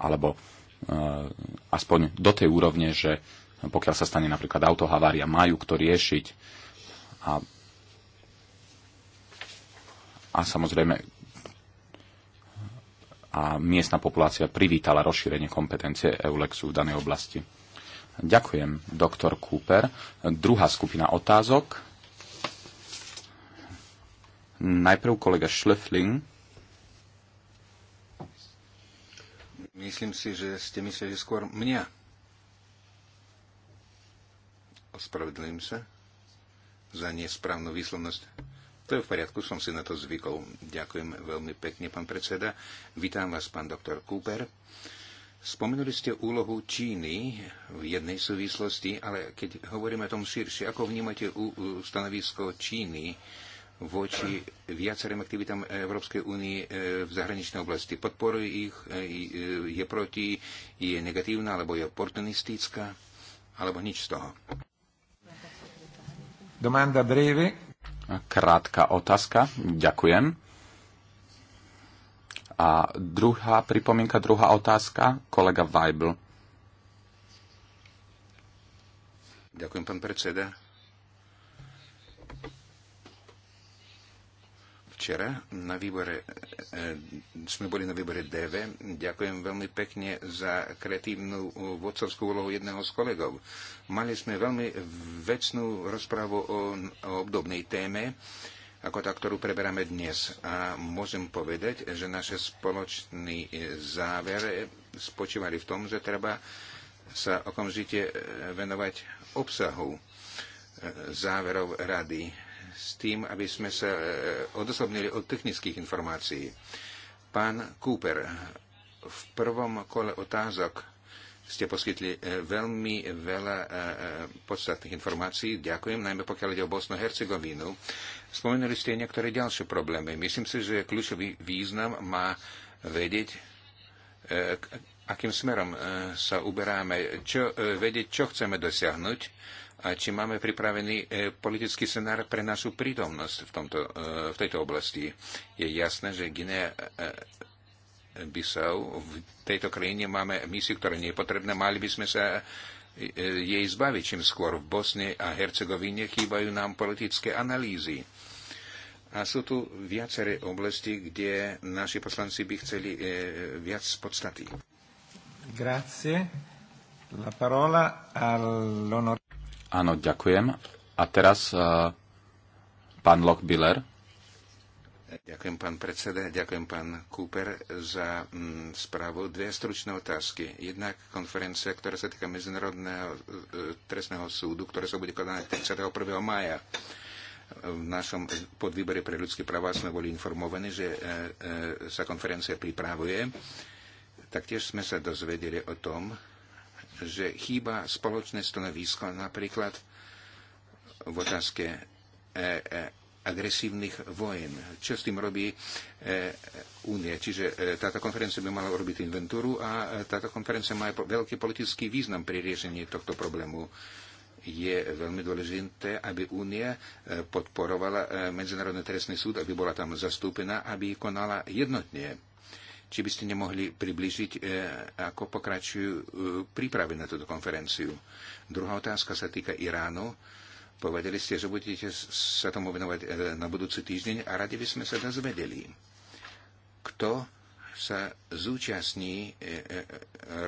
Alebo e, aspoň do tej úrovne, že pokiaľ sa stane napríklad autohavária, majú kto riešiť. A, a samozrejme a miestna populácia privítala rozšírenie kompetencie EULEXu v danej oblasti. Ďakujem, doktor Cooper. Druhá skupina otázok. Najprv kolega Šlefling. Myslím si, že ste mysleli skôr mňa. Ospravedlím sa za nesprávnu výslovnosť. To je v poriadku, som si na to zvykol. Ďakujem veľmi pekne, pán predseda. Vítam vás, pán doktor Cooper. Spomenuli ste úlohu Číny v jednej súvislosti, ale keď hovoríme o tom širšie, ako vnímate stanovisko Číny voči viacerým aktivitám Európskej únie e, v zahraničnej oblasti? Podporuje ich, e, e, je proti, je negatívna, alebo je oportunistická, alebo nič z toho? Domanda breve. Krátka otázka. Ďakujem. A druhá pripomienka, druhá otázka, kolega Weibl. Ďakujem, pán predseda. Včera na výbore, e, sme boli na výbore DV. Ďakujem veľmi pekne za kreatívnu eh, vodcovskú úlohu jedného z kolegov. Mali sme veľmi vecnú rozprávu o, o obdobnej téme. E, ako tá, ktorú preberáme dnes. A môžem povedať, že naše spoločný e, záver e, spočívali v tom, že treba sa okamžite e, venovať obsahu záverov rady s tým, aby sme sa odosobnili od technických informácií. Pán Cooper, v prvom kole otázok ste poskytli e, veľmi veľa e, e, podstatných informácií. Ďakujem, najmä pokiaľ ide o Bosnu Hercegovinu. Spomenuli ste niektoré ďalšie problémy. Myslím si, že kľúčový význam má vedieť, akým smerom sa uberáme, čo, vedieť, čo chceme dosiahnuť a či máme pripravený politický scenár pre našu prítomnosť v, tomto, v tejto oblasti. Je jasné, že Guinea Bisau. V tejto krajine máme misiu, ktorá nie je potrebná. Mali by sme sa e, e, jej zbaviť čím skôr. V Bosne a Hercegovine chýbajú nám politické analýzy. A sú tu viaceré oblasti, kde naši poslanci by chceli e, viac podstaty. Grazie. La parola all'onore. Áno, ďakujem. A teraz uh, pán Biller. Ďakujem, pán predseda, ďakujem, pán Cooper, za mm, správu. Dve stručné otázky. Jednak konferencia, ktorá sa týka Medzinárodného e, trestného súdu, ktorá sa bude konať 31. maja. V našom podvýbore pre ľudské práva sme boli informovaní, že e, e, sa konferencia pripravuje. Taktiež sme sa dozvedeli o tom, že chýba spoločné stanovisko napríklad v otázke agresívnych vojen. Čo s tým robí Únia? E, Čiže e, táto konferencia by mala urobiť inventúru a e, táto konferencia má veľký politický význam pri riešení tohto problému. Je veľmi dôležité, aby Únia e, podporovala e, Medzinárodný trestný súd, aby bola tam zastúpená, aby konala jednotne. Či by ste nemohli približiť, e, ako pokračujú prípravy na túto konferenciu? Druhá otázka sa týka Iránu Povedali ste, že budete sa tomu venovať e, na budúci týždeň a radi by sme sa dozvedeli, kto sa zúčastní e, e,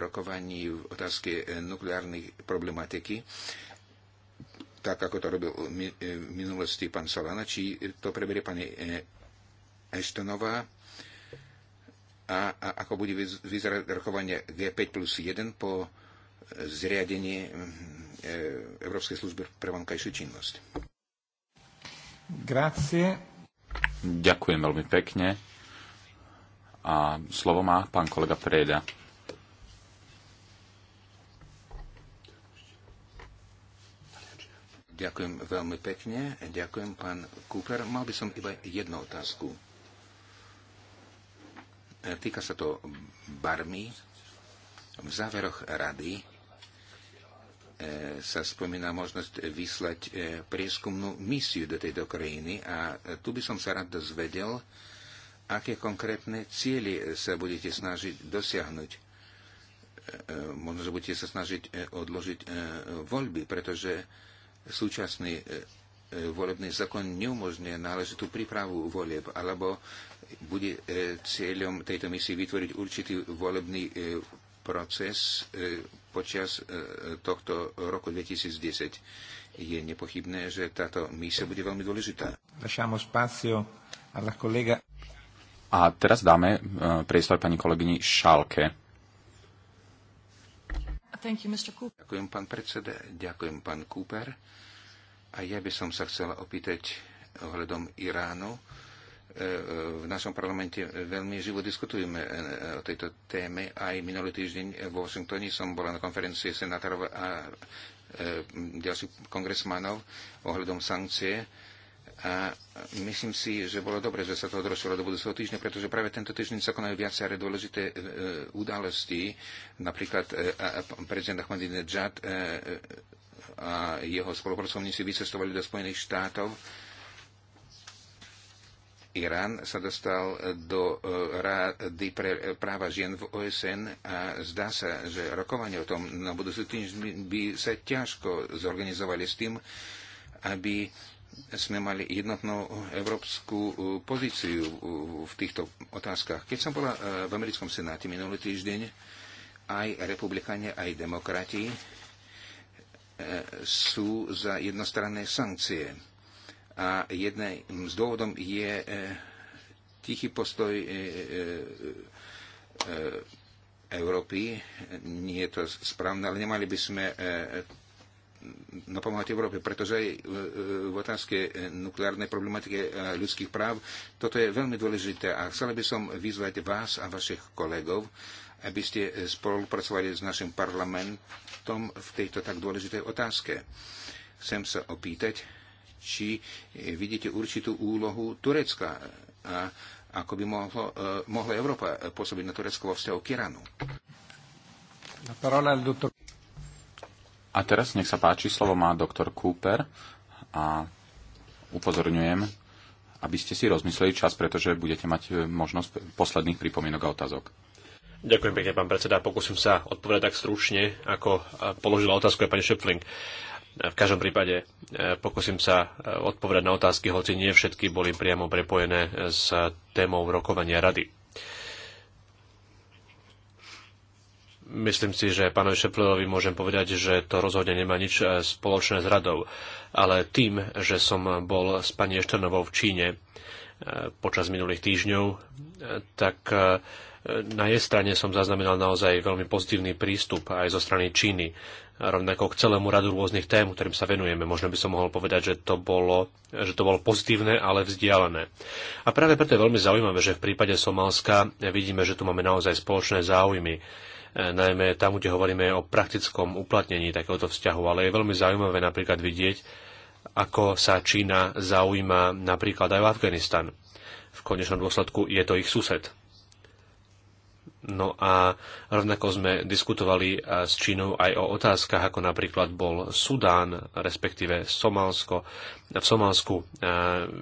rokovaní v otázke nukleárnej problematiky, tak ako to robil v minulosti pán Solana, či to preberie pani Eštonová a, a ako bude vyzerať rokovanie G5 plus 1 po zriadenie mm, e, Európskej služby pre vonkajšiu činnosť. Grazie. Ďakujem veľmi pekne. A slovo má pán kolega Preda. Ďakujem veľmi pekne. Ďakujem, pán Cooper. Mal by som iba jednu otázku. E, týka sa to barmy. V záveroch rady E, sa spomína možnosť e, vyslať e, prieskumnú misiu do tejto krajiny a tu by som sa rád dozvedel, aké konkrétne cieľe sa budete snažiť dosiahnuť. Možno, že budete sa snažiť odložiť voľby, pretože súčasný volebný zákon neumožňuje náležitú prípravu volieb, alebo bude cieľom tejto misie vytvoriť určitý volebný proces počas e, tohto roku 2010. Je nepochybné, že táto misia bude veľmi dôležitá. A teraz dáme e, priestor pani kolegyni Šalke. You, Ďakujem, pán predseda. Ďakujem, pán Cooper. A ja by som sa chcela opýtať ohľadom Iránu E, v našom parlamente veľmi živo diskutujeme e, o tejto téme. Aj minulý týždeň v Washingtone som bola na konferencii senátorov a e, ďalších kongresmanov ohľadom sankcie. A myslím si, že bolo dobre, že sa to odrošilo do budúceho týždňa, pretože práve tento týždeň sa konajú viaceré dôležité e, udalosti. Napríklad e, prezident Ahmadinejad e, a jeho spolupracovníci vycestovali do Spojených štátov. E, Irán sa dostal e, do e, Rady pre e, práva žien v OSN a zdá sa, že rokovanie o tom na budúci týždeň by sa ťažko zorganizovali s tým, aby sme mali jednotnú európsku pozíciu v týchto otázkach. Keď som bola v americkom senáte minulý týždeň, aj republikáni, aj demokrati sú za jednostranné sankcie a jedným z dôvodom je e, tichý postoj e, e, Európy. Nie je to správne, ale nemali by sme napomáhať Európe, pretože aj v otázke nukleárnej problematiky ľudských práv toto je veľmi dôležité a chcela by som vyzvať vás a vašich kolegov, aby ste spolupracovali s našim parlamentom v tejto tak dôležitej otázke. Chcem sa opýtať, či e, vidíte určitú úlohu Turecka a ako by mohlo, e, mohla Európa pôsobiť na Turecko vo vzťahu k Iránu. A teraz nech sa páči, slovo má doktor Cooper a upozorňujem, aby ste si rozmysleli čas, pretože budete mať e, možnosť posledných pripomienok a otázok. Ďakujem pekne, pán predseda. Pokúsim sa odpovedať tak stručne, ako položila otázku aj pani Šepfling. V každom prípade e, pokúsim sa e, odpovedať na otázky, hoci nie všetky boli priamo prepojené s témou rokovania rady. Myslím si, že pánovi Šeplerovi môžem povedať, že to rozhodne nemá nič e, spoločné s radou. Ale tým, že som bol s pani Ešternovou v Číne počas minulých týždňov, tak na jej strane som zaznamenal naozaj veľmi pozitívny prístup aj zo strany Číny, rovnako k celému radu rôznych tém, ktorým sa venujeme. Možno by som mohol povedať, že to bolo, že to bolo pozitívne, ale vzdialené. A práve preto je veľmi zaujímavé, že v prípade Somálska vidíme, že tu máme naozaj spoločné záujmy e, najmä tam, kde hovoríme o praktickom uplatnení takéhoto vzťahu. Ale je veľmi zaujímavé napríklad vidieť, ako sa Čína zaujíma napríklad aj o Afganistan. V konečnom dôsledku je to ich sused. No a rovnako sme diskutovali eh, s Čínou aj o otázkach, ako napríklad bol Sudán, respektíve Somálsko. V Somálsku eh,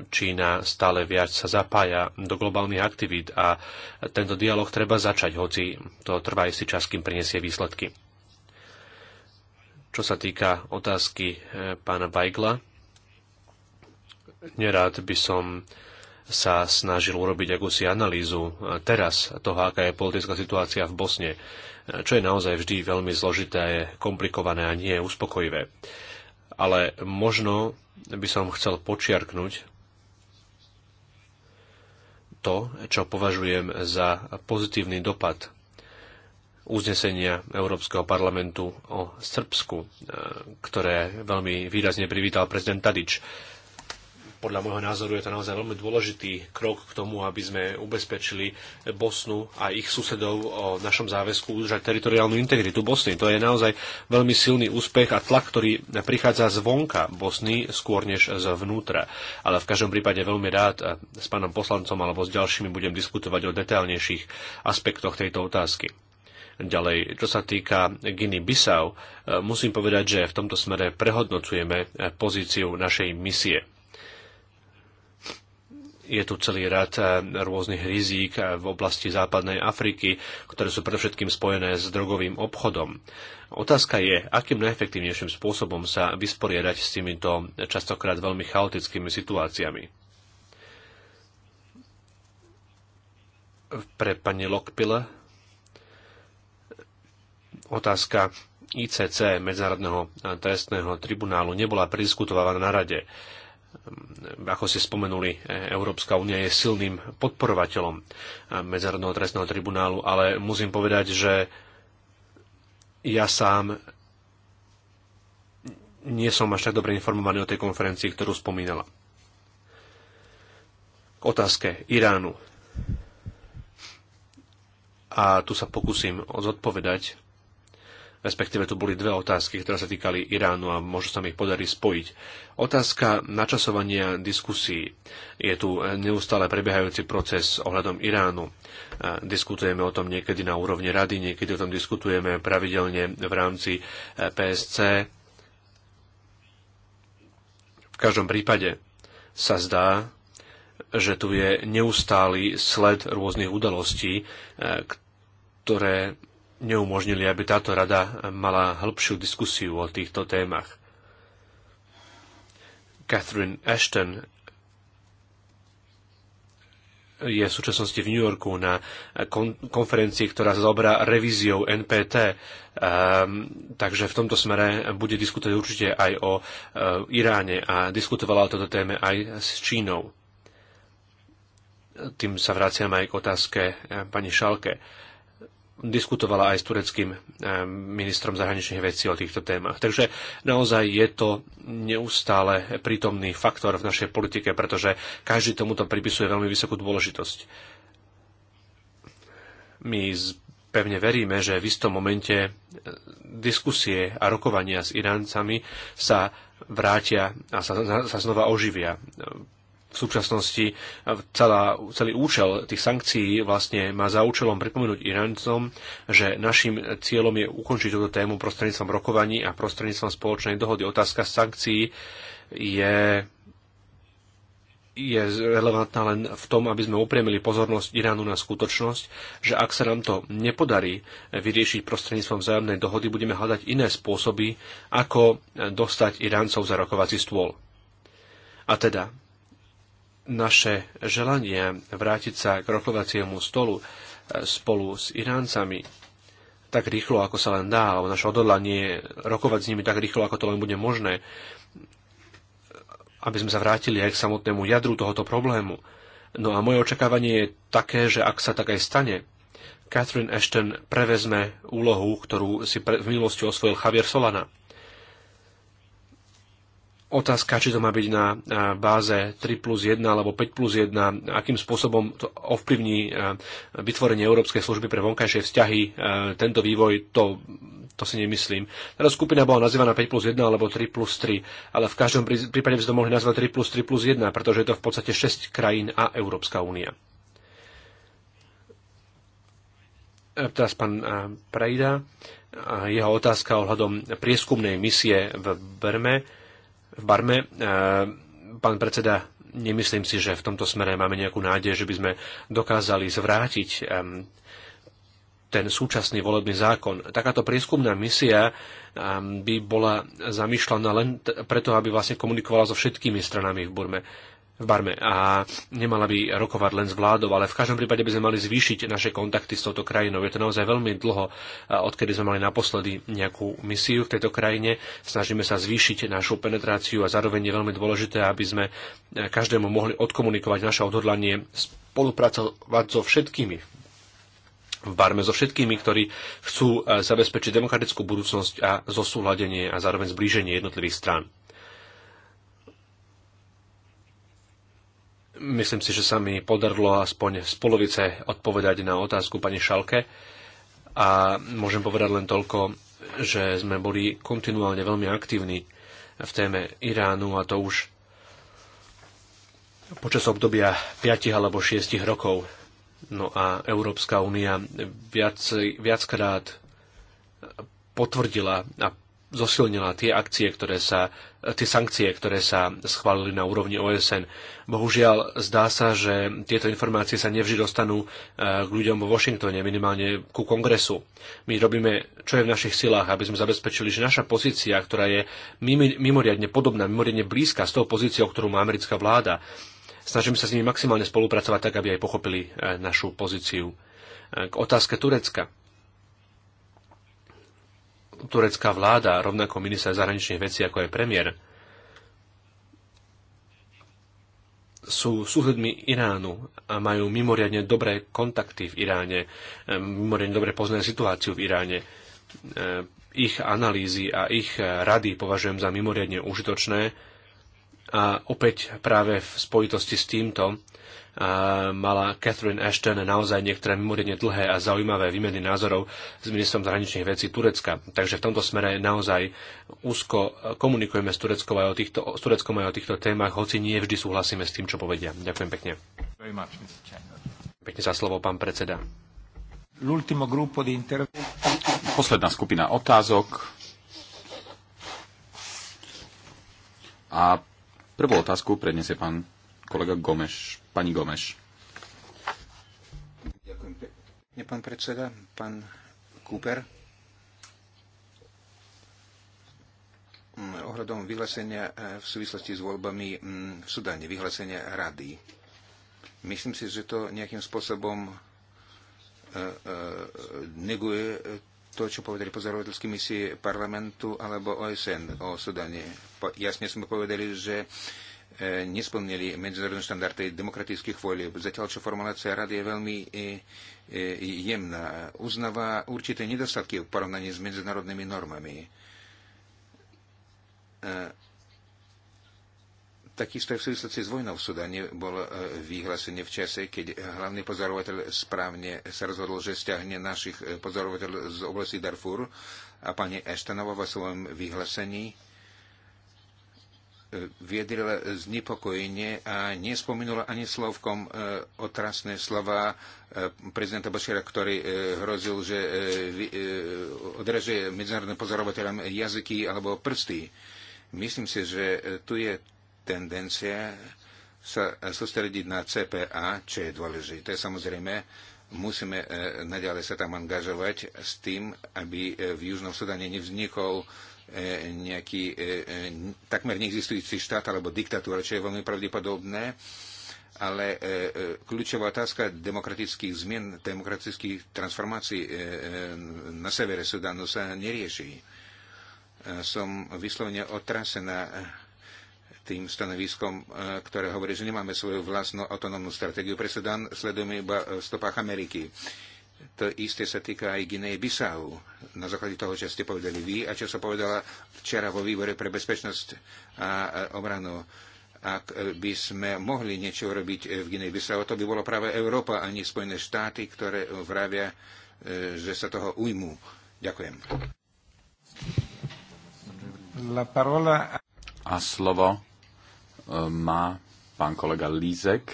Čína stále viac sa zapája do globálnych aktivít a tento dialog treba začať, hoci to trvá istý čas, kým prinesie výsledky. Čo sa týka otázky eh, pána Bajgla, nerád by som sa snažil urobiť akúsi analýzu e, teraz toho, aká je politická situácia v Bosne, e, čo je naozaj vždy veľmi zložité, komplikované a nie uspokojivé. Ale možno by som chcel počiarknúť to, čo považujem za pozitívny dopad uznesenia Európskeho parlamentu o Srbsku, e, ktoré veľmi výrazne privítal prezident Tadič podľa môjho názoru je to naozaj veľmi dôležitý krok k tomu, aby sme ubezpečili Bosnu a ich susedov o našom záväzku udržať teritoriálnu integritu Bosny. To je naozaj veľmi silný úspech a tlak, ktorý prichádza zvonka Bosny skôr než zvnútra. Ale v každom prípade veľmi rád s pánom poslancom alebo s ďalšími budem diskutovať o detailnejších aspektoch tejto otázky. Ďalej, čo sa týka Giny Bissau, musím povedať, že v tomto smere prehodnocujeme pozíciu našej misie je tu celý rad eh, rôznych rizík eh, v oblasti západnej Afriky, ktoré sú predovšetkým spojené s drogovým obchodom. Otázka je, akým najefektívnejším spôsobom sa vysporiadať s týmito častokrát veľmi chaotickými situáciami. Pre pani Lokpile otázka ICC Medzinárodného trestného tribunálu nebola prediskutovaná na rade. Ehm, ako ste spomenuli, e, Európska únia je silným podporovateľom e, Medzárodného trestného tribunálu, ale musím povedať, že ja sám nie som až tak dobre informovaný o tej konferencii, ktorú spomínala. K otázke Iránu. A tu sa pokúsim zodpovedať respektíve tu boli dve otázky, ktoré sa týkali Iránu a možno sa mi ich podarí spojiť. Otázka načasovania diskusí. Je tu neustále prebiehajúci proces ohľadom Iránu. E, diskutujeme o tom niekedy na úrovni rady, niekedy o tom diskutujeme pravidelne v rámci e, PSC. V každom prípade sa zdá, že tu je neustály sled rôznych udalostí, e, ktoré neumožnili, aby táto rada eh, mala hĺbšiu diskusiu o týchto témach. Catherine Ashton je v súčasnosti v New Yorku na eh, kon- konferencii, ktorá sa zaoberá revíziou NPT. Um, ehm, takže v tomto smere bude diskutovať určite aj o uh, Iráne a diskutovala o toto téme aj s Čínou. Tým sa vraciam aj k otázke pani Šalke. Uh, diskutovala aj s tureckým eh, ministrom zahraničných vecí o týchto témach. Takže naozaj je to neustále prítomný faktor v našej politike, pretože každý tomuto pripisuje veľmi vysokú dôležitosť. My pevne veríme, že v istom momente eh, diskusie a rokovania s Iráncami sa vrátia a sa, sa znova oživia v súčasnosti celá, celý účel tých sankcií vlastne má za účelom pripomenúť Iráncom, že našim cieľom je ukončiť túto tému prostredníctvom rokovaní a prostredníctvom spoločnej dohody. Otázka sankcií je je relevantná len v tom, aby sme upriemili pozornosť Iránu na skutočnosť, že ak sa nám to nepodarí vyriešiť prostredníctvom vzájomnej dohody, budeme hľadať iné spôsoby, ako dostať Iráncov za rokovací stôl. A teda, naše želanie vrátiť sa k rokovaciemu stolu e, spolu s Iráncami tak rýchlo, ako sa len dá, alebo naše odhodlanie rokovať s nimi tak rýchlo, ako to len bude možné, aby sme sa vrátili aj k samotnému jadru tohoto problému. No a moje očakávanie je také, že ak sa tak aj stane, Catherine Ashton prevezme úlohu, ktorú si pre, v minulosti osvojil Javier Solana. Otázka, či to má byť na báze 3 plus 1 alebo 5 plus 1, akým spôsobom to ovplyvní e, vytvorenie Európskej služby pre vonkajšie vzťahy, e, tento vývoj, to, to si nemyslím. Tá skupina bola nazývaná 5 plus 1 alebo 3 plus 3, ale v každom prípade by sme to mohli nazvať 3 plus 3 plus 1, pretože je to v podstate 6 krajín a Európska únia. E, teraz pán Prejda, jeho otázka ohľadom prieskumnej misie v Brme v Barme. E, pán predseda, nemyslím si, že v tomto smere máme nejakú nádej, že by sme dokázali zvrátiť ten súčasný volebný zákon. Takáto prieskumná misia by bola zamýšľaná len preto, aby vlastne komunikovala so všetkými stranami v Burme v Barme a nemala by rokovať len s vládou, ale v každom prípade by sme mali zvýšiť naše kontakty s touto krajinou. Je to naozaj veľmi dlho, odkedy sme mali naposledy nejakú misiu v tejto krajine. Snažíme sa zvýšiť našu penetráciu a zároveň je veľmi dôležité, aby sme každému mohli odkomunikovať naše odhodlanie spolupracovať so všetkými v Barme so všetkými, ktorí chcú e, zabezpečiť demokratickú budúcnosť a zosúladenie a zároveň zblíženie jednotlivých strán. Myslím si, že sa mi podarilo aspoň z polovice odpovedať na otázku pani Šalke a môžem povedať len toľko, že sme boli kontinuálne veľmi aktívni v téme Iránu a to už počas obdobia 5 alebo 6 rokov. No a Európska únia viac, viackrát potvrdila a zosilnila tie akcie, ktoré sa, tie sankcie, ktoré sa schválili na úrovni OSN. Bohužiaľ, zdá sa, že tieto informácie sa nevždy dostanú e, k ľuďom vo Washingtone, minimálne ku kongresu. My robíme, čo je v našich silách, aby sme zabezpečili, že naša pozícia, ktorá je mimoriadne podobná, mimoriadne blízka s tou pozíciou, ktorú má americká vláda, snažíme sa s nimi maximálne spolupracovať tak, aby aj pochopili e, našu pozíciu. E, k otázke Turecka turecká vláda, rovnako minister zahraničných vecí, ako aj premiér, sú susedmi Iránu a majú mimoriadne dobré kontakty v Iráne, eh, mimoriadne dobre poznajú situáciu v Iráne. Eh, ich analýzy a ich eh, rady považujem za mimoriadne užitočné a opäť práve v spojitosti s týmto mala Catherine Ashton naozaj niektoré mimoriadne dlhé a zaujímavé výmeny názorov s ministrom zahraničných vecí Turecka. Takže v tomto smere naozaj úzko komunikujeme s Tureckom aj o týchto, s Tureckom aj o týchto témach, hoci nie vždy súhlasíme s tým, čo povedia. Ďakujem pekne. Much, pekne za slovo, pán predseda. Posledná skupina otázok. A prvú otázku predniesie pán kolega Gomeš. Pani Gomeš. Ďakujem pekne, pán predseda. Pán Cooper. Mm, ohľadom vyhlásenia eh, v súvislosti s voľbami mm, v Sudáne, vyhlásenia rady. Myslím si, že to nejakým spôsobom eh, eh, neguje to, čo povedali pozorovateľské misie parlamentu alebo OSN o Sudane. Jasne sme povedali, že E, nesplnili medzinárodné štandardy demokratických volieb. Zatiaľ, čo formulácia rady je veľmi e, e, jemná, uznáva určité nedostatky v porovnaní s medzinárodnými normami. Takisto aj v súvislosti s vojnou v Sudane e, vyhlásenie v čase, keď hlavný pozorovateľ správne sa rozhodol, že stiahne našich pozorovateľov z oblasti Darfur a pani Eštanova vo svojom vyhlásení vyjadrila znepokojenie a nespomenula ani slovkom e, otrasné slova e, prezidenta Bašera, ktorý e, hrozil, že odreže medzinárodným pozorovateľom jazyky alebo prsty. Myslím si, že tu je tendencia sa sústrediť na CPA, čo je dôležité. Samozrejme, musíme naďalej sa tam angažovať s tým, aby v Južnom Sudane nevznikol E, nejaký e, e, takmer neexistujúci štát alebo diktatúra, čo je veľmi pravdepodobné. Ale kľúčová otázka demokratických zmien, demokratických transformácií na severe Sudánu sa nerieši. Som vyslovene otrasená tým stanoviskom, ktoré hovorí, že nemáme svoju vlastnú autonómnu stratégiu pre Sudán, sledujeme iba v stopách Ameriky. To isté sa týka aj Ginej Bisau. Na základe toho, čo ste povedali vy a čo sa povedala včera vo výbore pre bezpečnosť a obranu. Ak by sme mohli niečo robiť v Ginej Bisau, to by bolo práve Európa a nie Spojené štáty, ktoré vravia, e, že sa toho ujmú. Ďakujem. La parola... A slovo e, má pán kolega Lízek.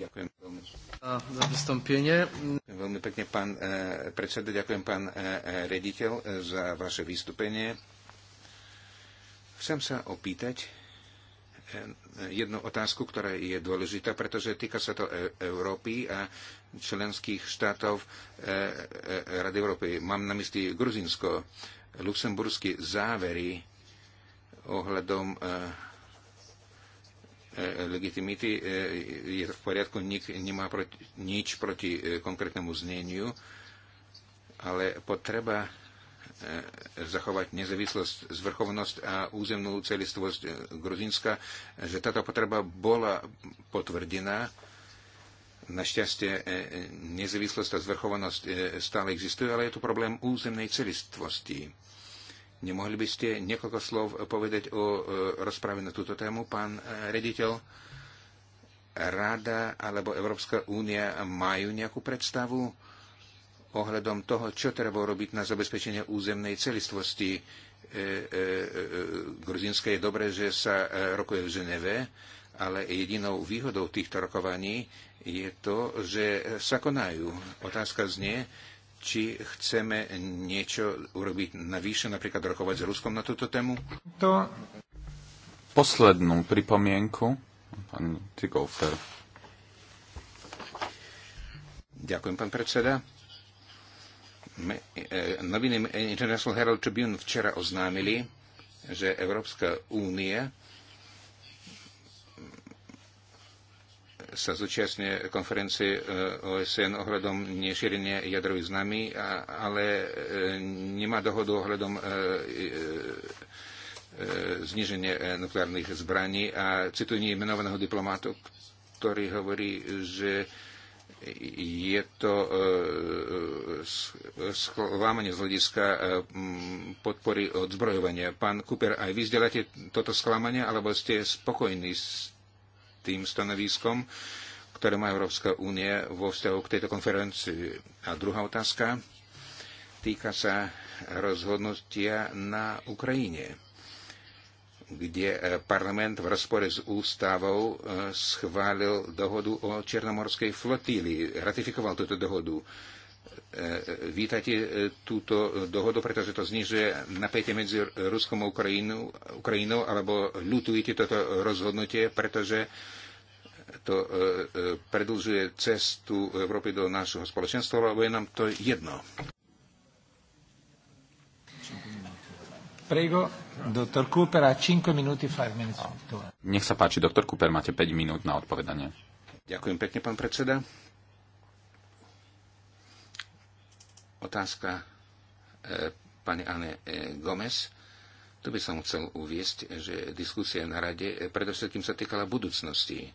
Ďakujem veľmi za vystąpienie. Veľmi pekne, pán eh, predseda, ďakujem, pán eh, eh, rediteľ, za vaše vystúpenie. Chcem sa opýtať jednu otázku, ktorá je dôležitá, pretože týka sa to Európy a členských štátov Rady Európy. Mám na mysli Gruzinsko, luxemburské závery ohľadom E, legitimity, e, je to v poriadku, nik nemá proti, nič proti e, konkrétnemu zneniu, ale potreba zachovať nezávislosť, zvrchovnosť a územnú celistvosť Gruzinska, že táto potreba bola potvrdená. Našťastie nezávislosť a zvrchovanosť stále existuje, ale je tu problém územnej celistvosti Nemohli by ste niekoľko slov povedať o e, rozprave na túto tému, pán e, rediteľ? Rada alebo Európska únia majú nejakú predstavu ohľadom toho, čo treba robiť na zabezpečenie územnej celistvosti. E, e, e, Gruzinska je dobré, že sa e, rokuje v Ženeve, ale jedinou výhodou týchto rokovaní je to, že sa konajú. Otázka znie, či chceme niečo urobiť navyše, napríklad rokovať s Ruskom na túto tému? To... Poslednú pripomienku, pán Tigolfer. Ďakujem, pán predseda. Me, e, Noviny International Herald Tribune včera oznámili, že Európska únia sa zúčastne konferencie e, OSN ohľadom nešírenia jadrových známy, ale e, nemá dohodu ohľadom e, zniženie nukleárnych zbraní a citujem nemenovaného diplomátu, ktorý hovorí, že je to sklamanie z hľadiska podpory odzbrojovania. Pán Cooper, aj vy vzdeláte toto sklamanie, alebo ste spokojní s tým stanoviskom, ktoré má Európska únie vo vzťahu k tejto konferencii. A druhá otázka týka sa rozhodnutia na Ukrajine, kde parlament v rozpore s ústavou e, schválil dohodu o Černomorskej flotílii, ratifikoval túto dohodu. E, vítate e, túto dohodu, pretože to znižuje napätie medzi Ruskom a Ukrajinou, Ukrajinou alebo ľutujete toto rozhodnutie, pretože to e, predlžuje cestu Európy do nášho spoločenstva, alebo je nám to jedno. Prego, doktor Cooper, a 5 minúty, 5 Nech sa páči, doktor Cooper, máte 5 minút na odpovedanie. Ďakujem pekne, pán predseda. Otázka e, pani Anne e, Gomez. Tu by som chcel uviesť, že diskusia na rade e, predovšetkým sa týkala budúcnosti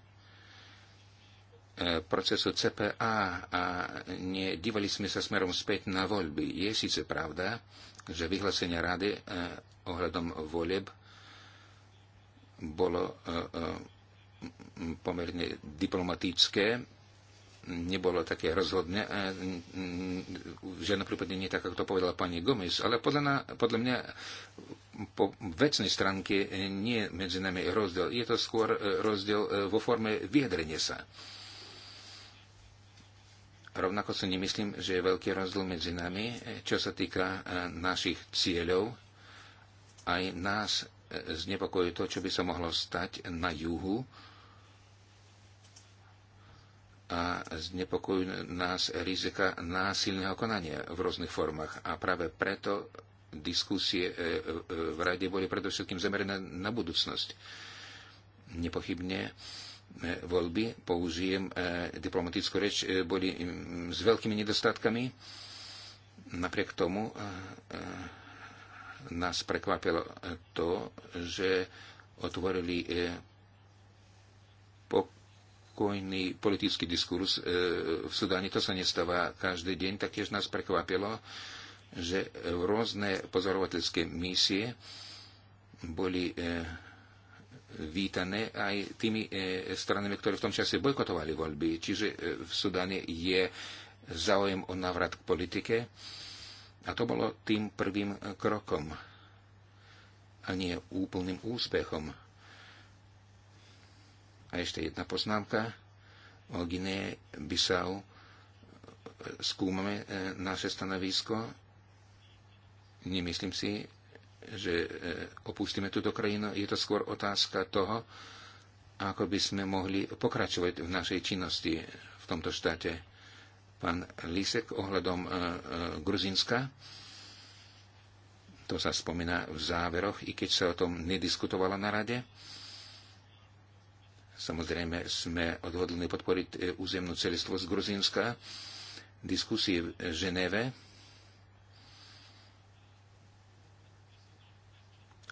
procesu CPA a nedívali sme sa smerom späť na voľby. Je síce pravda, že vyhlásenie rady ohľadom volieb bolo pomerne diplomatické nebolo také rozhodné, v mm, žiadnom prípade nie tak, ako to povedala pani Gomez, ale podľa, na, podľa mňa po vecnej stránke nie medzi nami rozdiel. Je to skôr e, rozdiel e, vo forme vyjadrenia sa. Rovnako si nemyslím, že je veľký rozdiel medzi nami, e, čo sa týka našich cieľov. Aj nás znepokojuje to, čo by sa mohlo stať na juhu, a znepokojujú nás rizika násilného konania v rôznych formách. A práve preto diskusie e, e, v rade boli predovšetkým zamerané na budúcnosť. Nepochybne e, voľby, použijem diplomatickú reč, boli s veľkými nedostatkami. Napriek tomu nás prekvapilo to, že otvorili pokojný politický diskurs e, v Sudáne. To sa nestáva každý deň. Taktiež nás prekvapilo, že rôzne pozorovateľské misie boli e, vítané aj tými e, stranami, ktoré v tom čase bojkotovali voľby. Čiže v Sudáne je záujem o návrat k politike a to bolo tým prvým krokom a nie úplným úspechom. A ešte jedna poznámka. O Guinee Bissau e, skúmame e, naše stanovisko. Nemyslím si, že e, opustíme túto krajinu. Je to skôr otázka toho, ako by sme mohli pokračovať v našej činnosti v tomto štáte. Pán Lisek ohľadom Gruzinska, to sa spomína v záveroch, i keď sa o tom nediskutovalo na rade. Samozrejme, sme odhodlní podporiť e, územnú celistvosť Gruzínska. Diskusie v e, Ženeve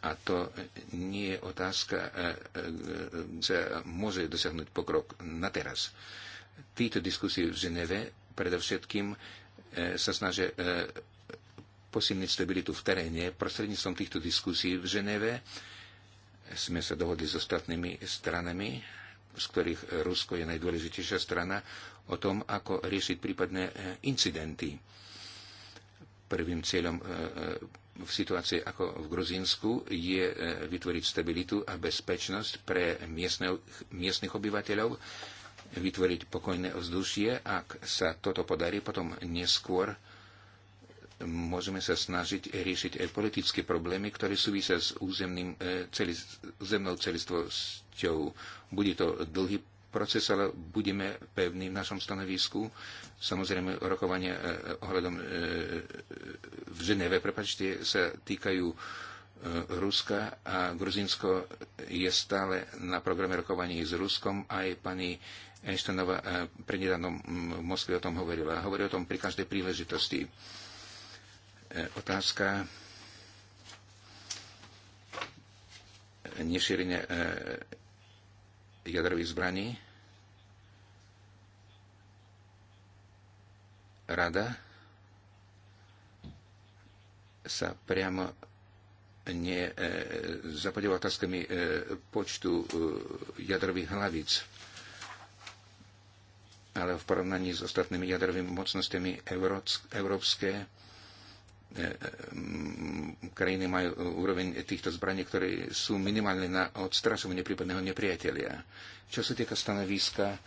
A to e, nie je otázka, sa môže dosiahnuť pokrok na teraz. Títo diskusie v Ženeve predovšetkým sa snažia posilniť stabilitu v teréne prostredníctvom týchto diskusí v Ženeve sme sa dohodli s ostatnými stranami, z ktorých Rusko je najdôležitejšia strana, o tom, ako riešiť prípadné e, incidenty. Prvým cieľom e, e, v situácii ako v Gruzínsku je vytvoriť stabilitu a bezpečnosť pre miestnych obyvateľov, vytvoriť pokojné vzdušie. Ak sa toto podarí, potom neskôr môžeme sa snažiť riešiť aj politické problémy, ktoré súvisia s územným, e, celi, územnou celistvosťou. Bude to dlhý proces, ale budeme pevní v našom stanovisku. Samozrejme, rokovania e, ohľadom e, v Ženeve, prepačte, sa týkajú Ruska a Gruzinsko je stále na programe rokovaní s Ruskom. Aj pani Einsteinová prednedávno v Moskve o tom hovorila. Hovorí o tom pri každej príležitosti. Otázka nešírenia e, jadrových zbraní. Rada sa priamo ne, e, otázkami e, počtu e, jadrových hlavíc. Ale v porovnaní s ostatnými jadrovými mocnostiami európske Eh, eh, krajiny majú eh, úroveň týchto zbraní, ktoré sú minimálne na odstrašovanie prípadného nepriatelia. Čo sa týka stanoviska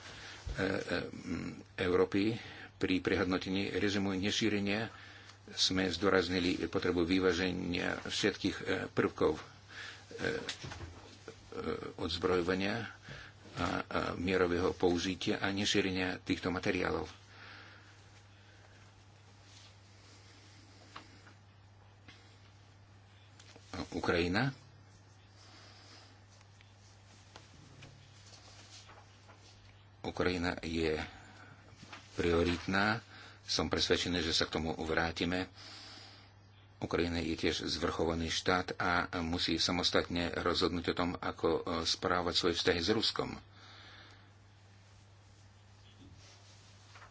Európy pri prehodnotení režimu nešírenia, sme zdôraznili potrebu vyváženia všetkých prvkov odzbrojovania a mierového použitia a nešírenia týchto materiálov Ukrajina. Ukrajina je prioritná. Som presvedčený, že sa k tomu vrátime. Ukrajina je tiež zvrchovaný štát a musí samostatne rozhodnúť o tom, ako e, správať svoje vzťahy s Ruskom.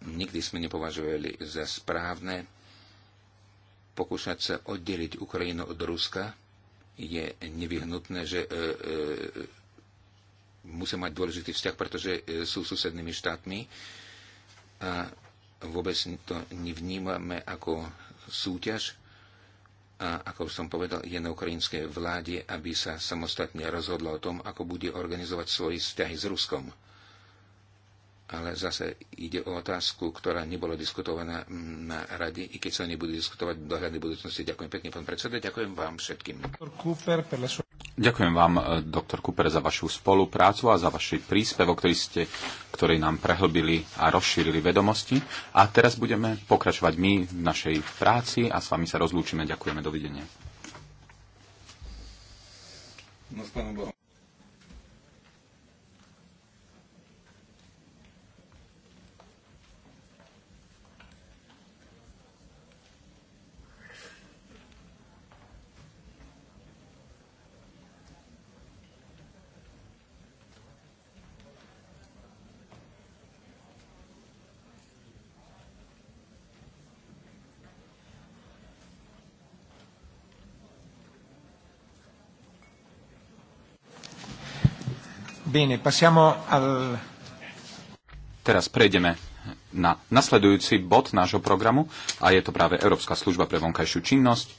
Nikdy sme nepovažovali za správne pokúšať sa oddeliť Ukrajinu od Ruska, je nevyhnutné, že e, e, musia mať dôležitý vzťah, pretože e, sú susednými štátmi a vôbec to nevnímame ako súťaž. A ako som povedal, je na ukrajinskej vláde, aby sa samostatne rozhodla o tom, ako bude organizovať svoje vzťahy s Ruskom ale zase ide o otázku, ktorá nebola diskutovaná na rade, i keď sa nebude diskutovať v hľadnej budúcnosti. Ďakujem pekne, pán predseda, ďakujem vám všetkým. Ďakujem vám, eh, doktor Cooper, za vašu spoluprácu a za vaši príspevok, ktorý ste ktorý nám prehlbili a rozšírili vedomosti. A teraz budeme pokračovať my v našej práci a s vami sa rozlúčime. Ďakujeme, dovidenia. No, Bene, passiamo al... Teraz prejdeme na nasledujúci bod nášho programu a je to práve Európska služba pre vonkajšiu činnosť. E,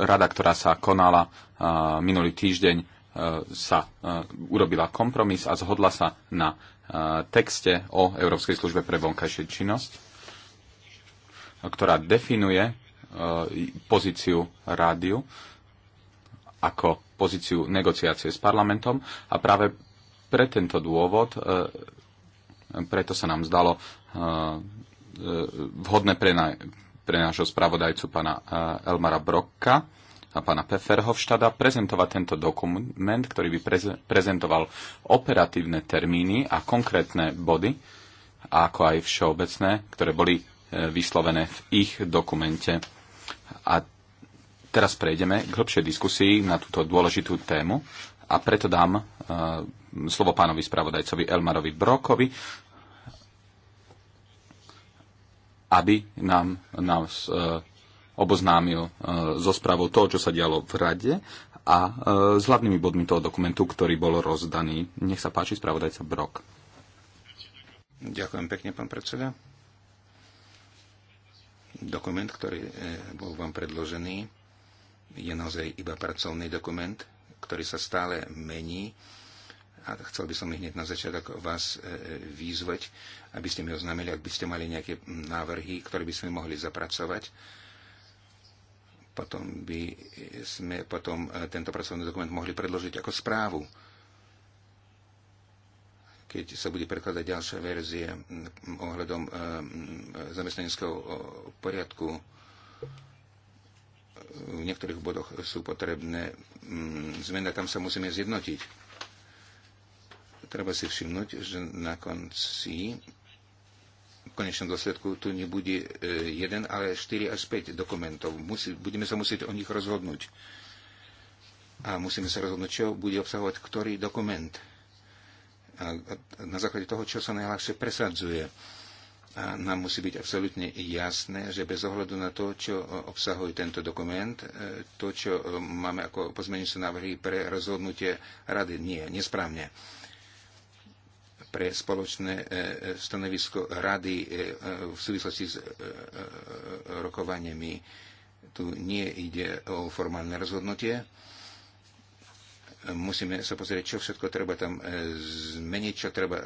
rada, ktorá sa konala e, minulý týždeň, e, sa urobila kompromis a zhodla sa na texte o Európskej službe pre vonkajšiu činnosť, ktorá definuje pozíciu rádiu ako pozíciu negociácie s parlamentom a práve pre tento dôvod, e, preto sa nám zdalo e, e, vhodné pre, na, pre nášho spravodajcu pána Elmara Brokka a pána Peferhovštada prezentovať tento dokument, ktorý by prezentoval operatívne termíny a konkrétne body, ako aj všeobecné, ktoré boli vyslovené v ich dokumente. A Teraz prejdeme k hĺbšej diskusii na túto dôležitú tému a preto dám e, slovo pánovi spravodajcovi Elmarovi Brokovi, aby nám, nás e, oboznámil zo e, správou toho, čo sa dialo v rade a s hlavnými bodmi toho dokumentu, ktorý bol rozdaný. Nech sa páči, spravodajca Brok. Ďakujem pekne, pán predseda. Dokument, ktorý bol vám predložený, je naozaj iba pracovný dokument, ktorý sa stále mení a chcel by som hneď na začiatok vás e, e, výzvať, aby ste mi oznámili, ak by ste mali nejaké návrhy, ktoré by sme mohli zapracovať. Potom by e, sme potom tento pracovný dokument mohli predložiť ako správu. Keď sa bude prekladať ďalšia verzia ohľadom zamestnaneckého poriadku, v niektorých bodoch sú potrebné mm, zmeny, tam sa musíme zjednotiť. Treba si všimnúť, že na konci v konečnom dôsledku tu nebude e, jeden, ale 4 až 5 dokumentov. Musí, budeme sa musieť o nich rozhodnúť. A musíme sa rozhodnúť, čo bude obsahovať ktorý dokument. A, a na základe toho, čo sa najľahšie presadzuje. A nám musí byť absolútne jasné, že bez ohľadu na to, čo obsahuje tento dokument, e, to, čo e, máme ako pozmeňujúce návrhy pre rozhodnutie rady, nie, nesprávne pre spoločné e, stanovisko rady v súvislosti s rokovaniami. Tu nie ide o formálne rozhodnutie. Musíme sa pozrieť, čo všetko treba tam zmeniť, čo treba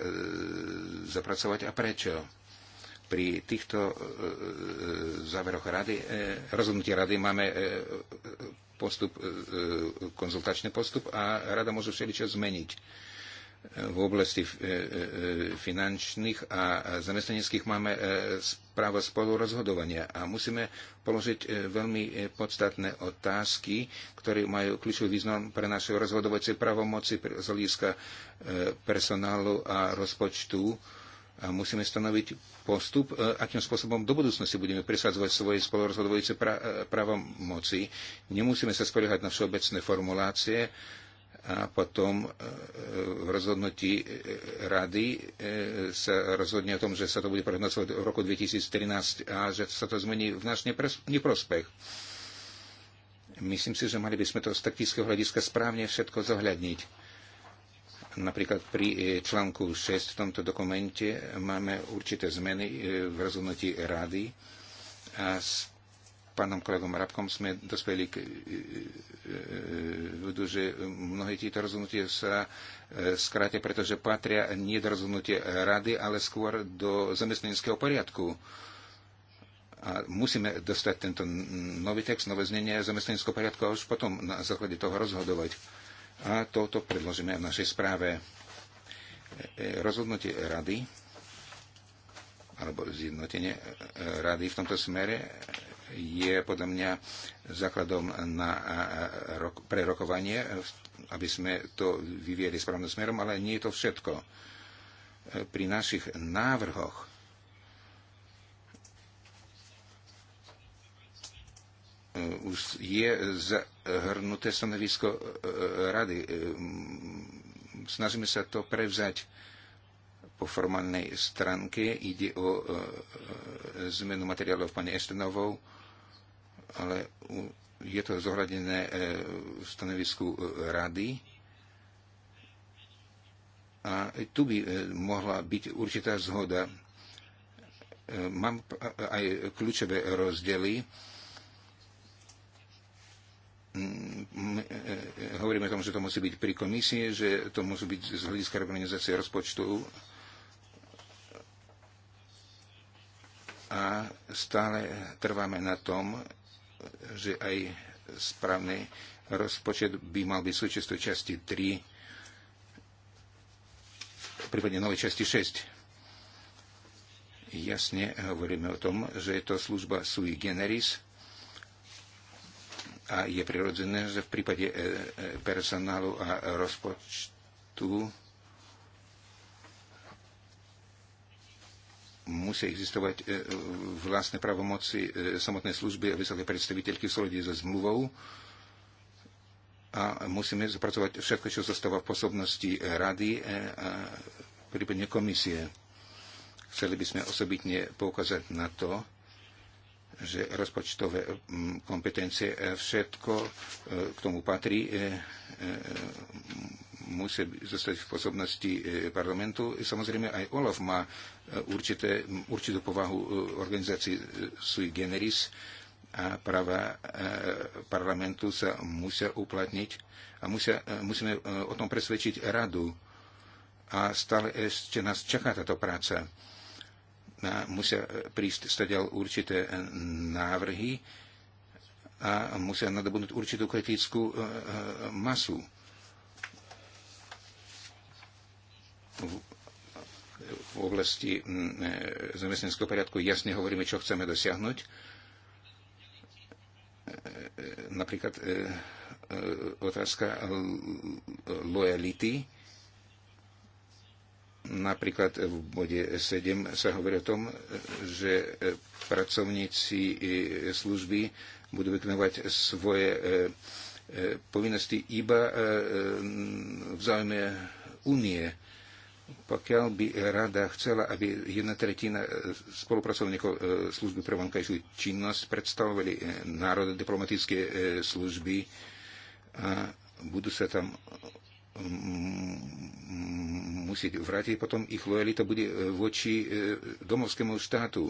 zapracovať a prečo. Pri týchto e, e, záveroch rady, e, rozhodnutí rady máme postup, konzultačný postup a rada môže všeličo zmeniť v oblasti finančných a zamestnaneckých máme právo spolurozhodovania a musíme položiť veľmi podstatné otázky, ktoré majú kľúčový význam pre naše rozhodovacie pravomoci z hľadiska personálu a rozpočtu musíme stanoviť postup, e, akým spôsobom do budúcnosti budeme presadzovať svoje spolorozhodujúce e, právomoci. Nemusíme sa spoliehať na všeobecné formulácie a potom e, v rozhodnutí rady sa rozhodne o tom, že sa to bude prehodnocovať v roku 2013 a že sa to zmení v náš neprospech. Myslím si, že mali by sme to z taktického hľadiska správne všetko zohľadniť Napríklad pri e, článku 6 v tomto dokumente máme určité zmeny e, v rozhodnutí rady a s pánom kolegom Rabkom sme dospeli k e, vodu, že mnohé títo rozhodnutia sa skrátia, pretože patria nie do rozhodnutia rady, ale skôr do zamestnaneckého poriadku. A musíme dostať tento nový text, nové znenie zamestnaneckého poriadku a už potom na základe toho rozhodovať a toto predložíme v našej správe. E, rozhodnutie rady alebo zjednotenie e, rady v tomto smere je podľa mňa základom na e, prerokovanie, aby sme to vyvieli správnym smerom, ale nie je to všetko. Pri našich návrhoch už je hrnuté stanovisko e, e, rady. E, snažíme sa to prevzať po formálnej stránke. Ide o zmenu materiálov pani Estenovou, ale je to zohľadené v stanovisku rady. A tu by mohla byť určitá zhoda. Mám aj kľúčové rozdiely Mm, mm, e, e, hovoríme o tom, že to musí byť pri komisie, že to musí byť z hľadiska organizácie rozpočtu a stále trváme na tom, že aj správny rozpočet by mal byť súčasťou časti 3, prípadne novej časti 6. Jasne hovoríme o tom, že je to služba sui generis, a je prirodzené, že v prípade e, e, personálu a rozpočtu musia existovať e, vlastné pravomoci samotnej služby a vysokej predstaviteľky v súlade so zmluvou a musíme zapracovať všetko, čo zostáva v posobnosti rady a prípadne komisie. Chceli by sme osobitne poukázať na to, že rozpočtové mm, kompetencie e, všetko e, k tomu patrí, e, musí zostať v pôsobnosti parlamentu. Samozrejme aj OLAF má určité, určitú povahu organizácií sui generis a práva parlamentu sa musia uplatniť a musia, musíme o tom presvedčiť radu. A stále ešte nás čaká táto práca musia e, prísť stadiaľ určité e, návrhy a musia nadobudnúť určitú kritickú e, masu. V oblasti zamestnanského poriadku jasne hovoríme, čo chceme dosiahnuť. Napríklad otázka lojality Napríklad v bode 7 sa hovorí o tom, že e, pracovníci e, služby budú vykonovať svoje e, povinnosti iba v záujme únie. Pokiaľ by rada chcela, aby jedna tretina spolupracovníkov služby pre vonkajšiu činnosť predstavovali národné diplomatické služby a budú sa tam musieť vrátiť, potom ich lojalita bude e, voči e, domovskému štátu.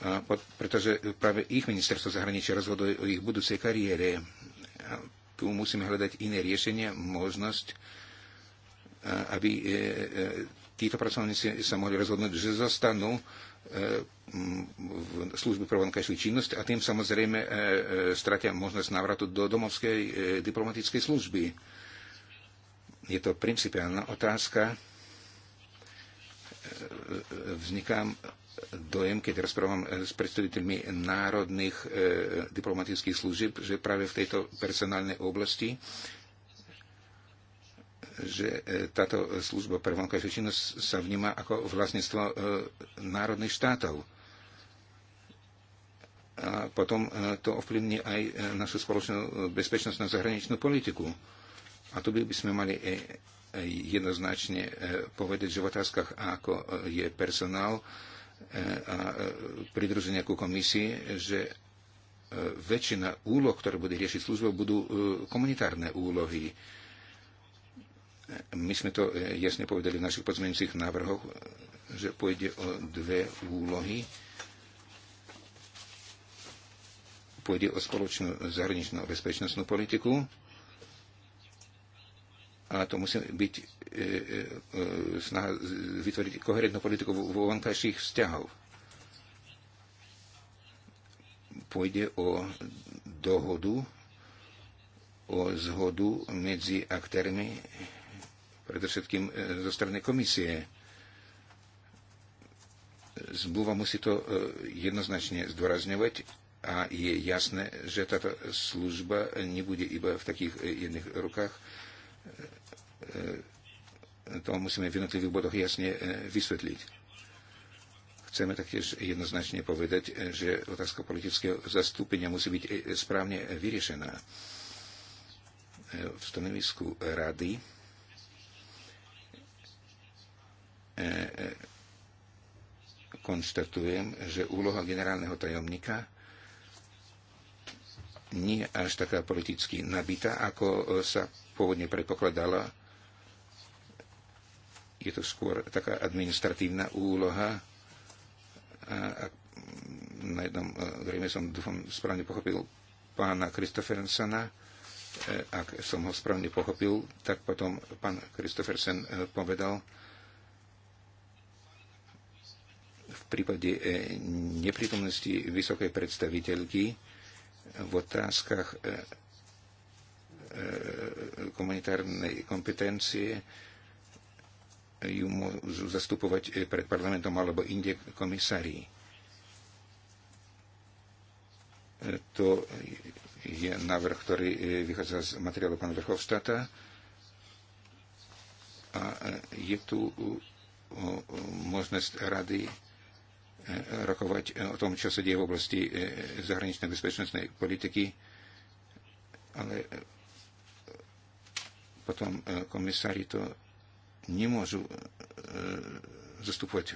A pot, pretože práve ich ministerstvo zahraničia rozhoduje o ich budúcej kariére. A tu musíme hľadať iné riešenia, možnosť, aby e, títo pracovníci sa mohli rozhodnúť, že zostanú v službe pre vonkajšiu činnosť a tým samozrejme stratia možnosť návratu do domovskej diplomatickej služby. Je to principiálna otázka. Vznikám dojem, keď rozprávam eh, s predstaviteľmi národných eh, diplomatických služieb, že práve v tejto personálnej oblasti že eh, táto služba pre vonkajšiu činnosť sa vníma ako vlastníctvo e, národných štátov. A potom e, to ovplyvní aj našu spoločnú bezpečnostnú zahraničnú politiku. E, a tu by sme mali e, e, jednoznačne e, povedať, že v otázkach, ako je personál a pridruženia ku komisii, že väčšina úloh, ktoré bude riešiť služba, budú komunitárne úlohy. My sme to jasne povedali v našich pozmeňujúcich návrhoch, že pôjde o dve úlohy. Pôjde o spoločnú zahraničnú bezpečnostnú politiku a to musí byť e, e, e, snaha vytvoriť koherentnú politiku vo vonkajších vzťahov. Pôjde o dohodu, o zhodu medzi aktérmi, predovšetkým zo strany komisie. Zmluva musí to jednoznačne zdôrazňovať a je jasné, že táto služba nebude iba v takých jedných rukách, E, e, to musíme v jednotlivých bodoch jasne e, vysvetliť. Chceme taktiež jednoznačne povedať, že otázka politického zastúpenia musí byť správne vyriešená. V stanovisku rady konštatujem, že úloha generálneho tajomníka nie je až taká politicky nabitá, ako sa pôvodne predpokladala je to skôr taká administratívna úloha. A, a na jednom e, zrejme som, dúfam, správne pochopil pána Kristofersena. E, ak som ho správne pochopil, tak potom pán Kristofersen e, povedal, v prípade neprítomnosti vysokej predstaviteľky v otázkach komunitárnej kompetencie ju môžu zastupovať eh, pred parlamentom alebo inde komisári. Eh, to je návrh, ktorý eh, vychádza z materiálu pána Vrchovstata. A je tu možnosť rady rokovať o tom, čo sa deje v oblasti zahraničnej bezpečnostnej politiky, ale potom komisári to nemôžu e, e, zastupovať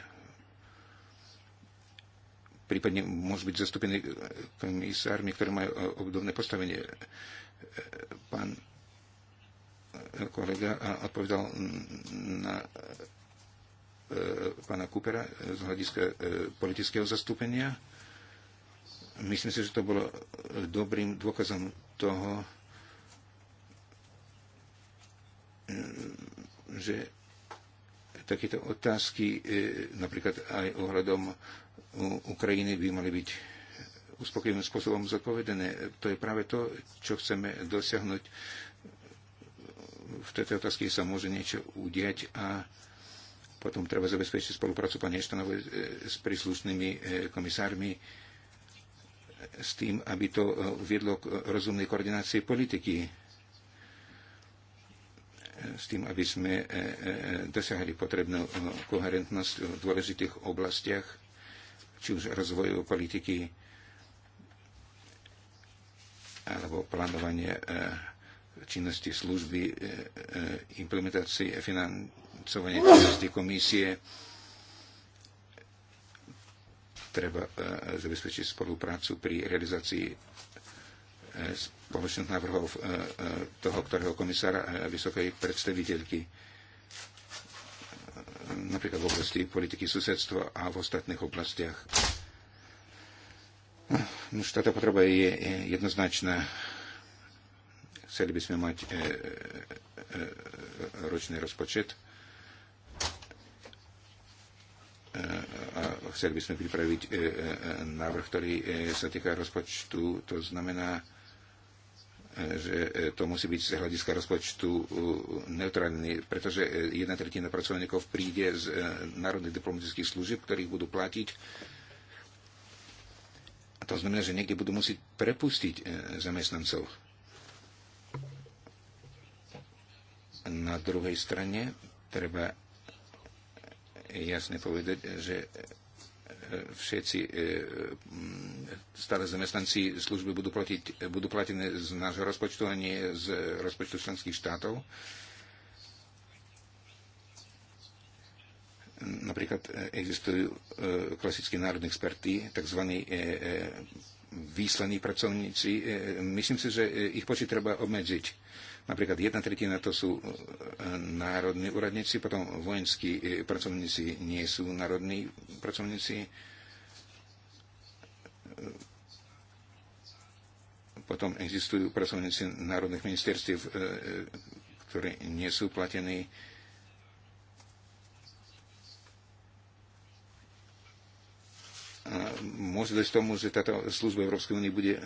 prípadne môžu byť zastúpení komisármi, удобное поставление e, obdobné postavenie. отповедал kolega э, na Купера Kupera z э, politického заступения Myslím si, že to bolo dobrým dôkazom toho, že takéto otázky, e, napríklad aj ohľadom Ukrajiny, by mali byť uspokojivým spôsobom zapovedené. To je práve to, čo chceme dosiahnuť. V tejto otázke sa môže niečo udiať a potom treba zabezpečiť spoluprácu pani Eštanovej s príslušnými e, komisármi s tým, aby to e, viedlo k rozumnej koordinácii politiky s tým, aby sme e, e, e, dosiahli potrebnú koherentnosť v dôležitých oblastiach, či už rozvoju politiky, alebo plánovanie činnosti služby, implementácii a financovanie činnosti komisie. Treba zabezpečiť spoluprácu pri realizácii spoločných návrhov e, e, toho, ktorého komisára vysokej predstaviteľky e, napríklad v oblasti politiky susedstva a v ostatných oblastiach. Nož táto potreba je jednoznačná. Chceli by sme mať e, e, ročný rozpočet. A chceli by sme pripraviť návrh, ktorý sa týka rozpočtu. To znamená, že e, to musí byť z hľadiska rozpočtu e, neutrálny, pretože e, jedna tretina pracovníkov príde z národných diplomatických služieb, ktorých budú platiť. A to znamená, že niekde budú musieť prepustiť zamestnancov. Na druhej strane treba jasne povedať, že všetci e, staré zamestnanci služby budú, platiť, budú platené z nášho rozpočtu a nie z rozpočtu členských štátov. Napríklad e, existujú e, klasickí národní experty, tzv. výslení pracovníci. Myslím si, že ich počet treba obmedziť Napríklad jedna tretina to sú e, národní úradníci, potom vojenskí e, pracovníci nie sú národní pracovníci. Potom existujú pracovníci národných ministerstiev, e, ktorí nie sú platení. môže dojsť tomu, že táto služba Európskej únie bude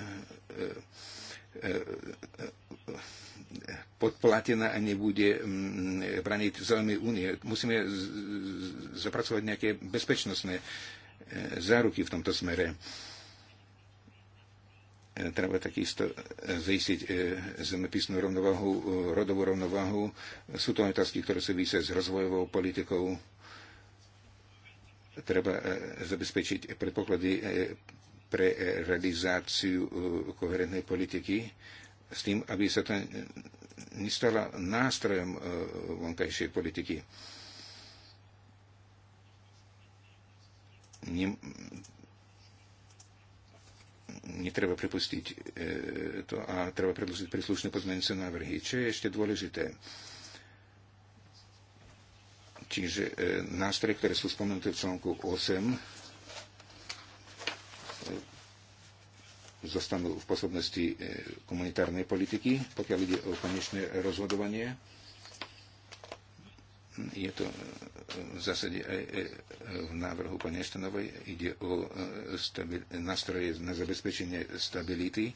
podplatená a nebude mm, braniť záujmy únie. Musíme zapracovať nejaké bezpečnostné e, záruky v tomto smere. E, treba takisto e, zistiť zemepisnú rovnováhu, rodovú rovnováhu. Sú to otázky, ktoré súvisia s rozvojovou politikou. Treba zabezpečiť predpoklady pre realizáciu koherentnej politiky s tým, aby sa to nestala nástrojom e, vonkajšej politiky. netreba pripustiť e, to a treba predložiť príslušné pozmeňujúce návrhy. Čo je ešte dôležité? Čiže e, nástroje, ktoré sú spomenuté v článku 8, zostanú v pôsobnosti e, komunitárnej politiky, pokiaľ ide o konečné rozhodovanie. Je to e, v zásade aj e, v návrhu pani Eštanovej. Ide o nástroje na zabezpečenie stability,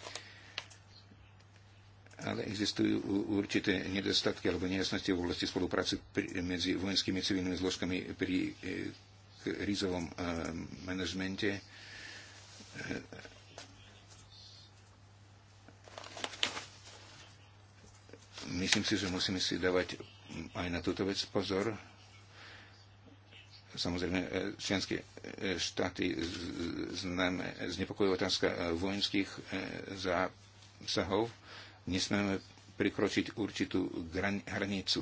ale existujú určité nedostatky alebo nejasnosti v oblasti spolupráce medzi vojenskými civilnými zložkami pri krizovom manažmente Myslím si, že musíme si dávať aj na túto vec pozor. Samozrejme, e, členské e, štáty znepokojujú otázka e, vojenských zásahov. Nesmieme prikročiť určitú hranicu,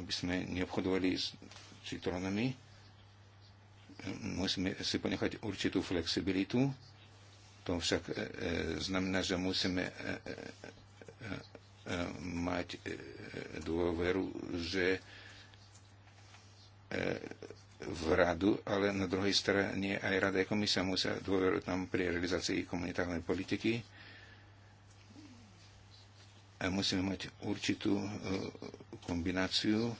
aby sme neobchodovali s citrónami. Musíme si ponechať určitú flexibilitu to však e, e, znamená, že musíme e, mať dôveru, že v radu, ale na druhej strane aj rada aj komisia musia dôverovať nám pri realizácii komunitárnej politiky a musíme mať určitú kombináciu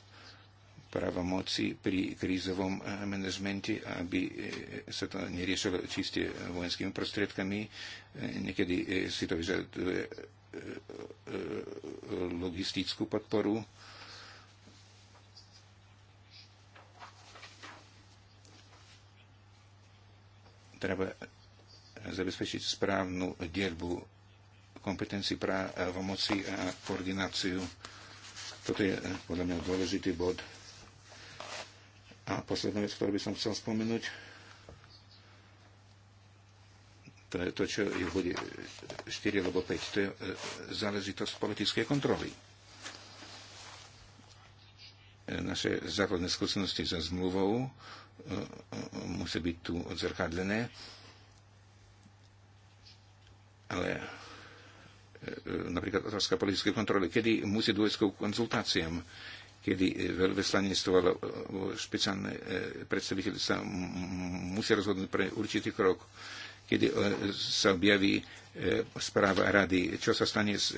právomoci pri krízovom eh, manažmente, aby eh, sa to neriešilo čiste eh, vojenskými prostriedkami. Niekedy si to vyžaduje logistickú podporu. Treba zabezpečiť správnu dielbu kompetencií právomoci a koordináciu. Toto je podľa mňa dôležitý bod a posledná vec, ktorú by som chcel spomenúť, to je to, čo ich bude 4 alebo 5. To je e, záležitosť politickej kontroly. E, naše základné skúsenosti za zmluvou e, musí byť tu odzrkadlené, ale napríklad otázka politickej kontroly, kedy musí dôjsť k konzultáciám, kedy e, veľveslanectvo alebo špeciálne e, predstaviteľ sa musia rozhodnúť pre určitý krok, kedy e, sa objaví správa rady, čo sa stane s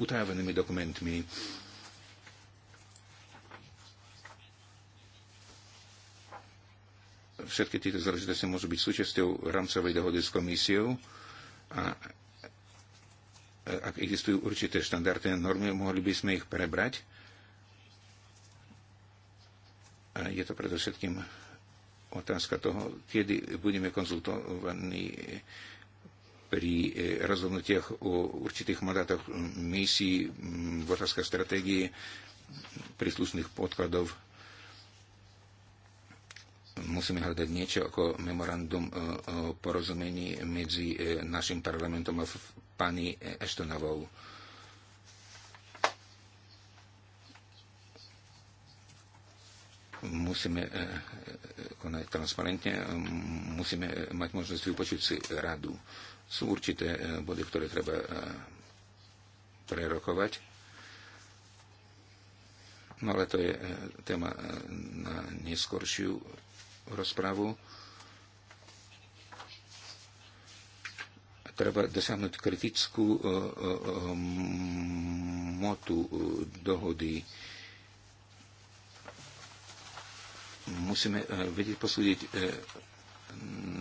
utávenými dokumentmi. Všetky tieto záležitosti môžu byť súčasťou rámcovej dohody s komisiou a ak existujú určité štandardy a normy, mohli by sme ich prebrať a je to predovšetkým otázka toho, kedy budeme konzultovaní pri e, rozhodnutiach o určitých mandátoch misií v otázkach stratégie príslušných podkladov. Musíme hľadať niečo ako memorandum e, o porozumení medzi e, našim parlamentom a pani Eštonovou Musíme e, e, konať transparentne, e, musíme mať možnosť vypočuť si radu. Sú určité body, ktoré treba prerokovať, no ale to je téma na neskoršiu rozpravu. treba dosiahnuť kritickú motu dohody. musíme e, vedieť posúdiť e,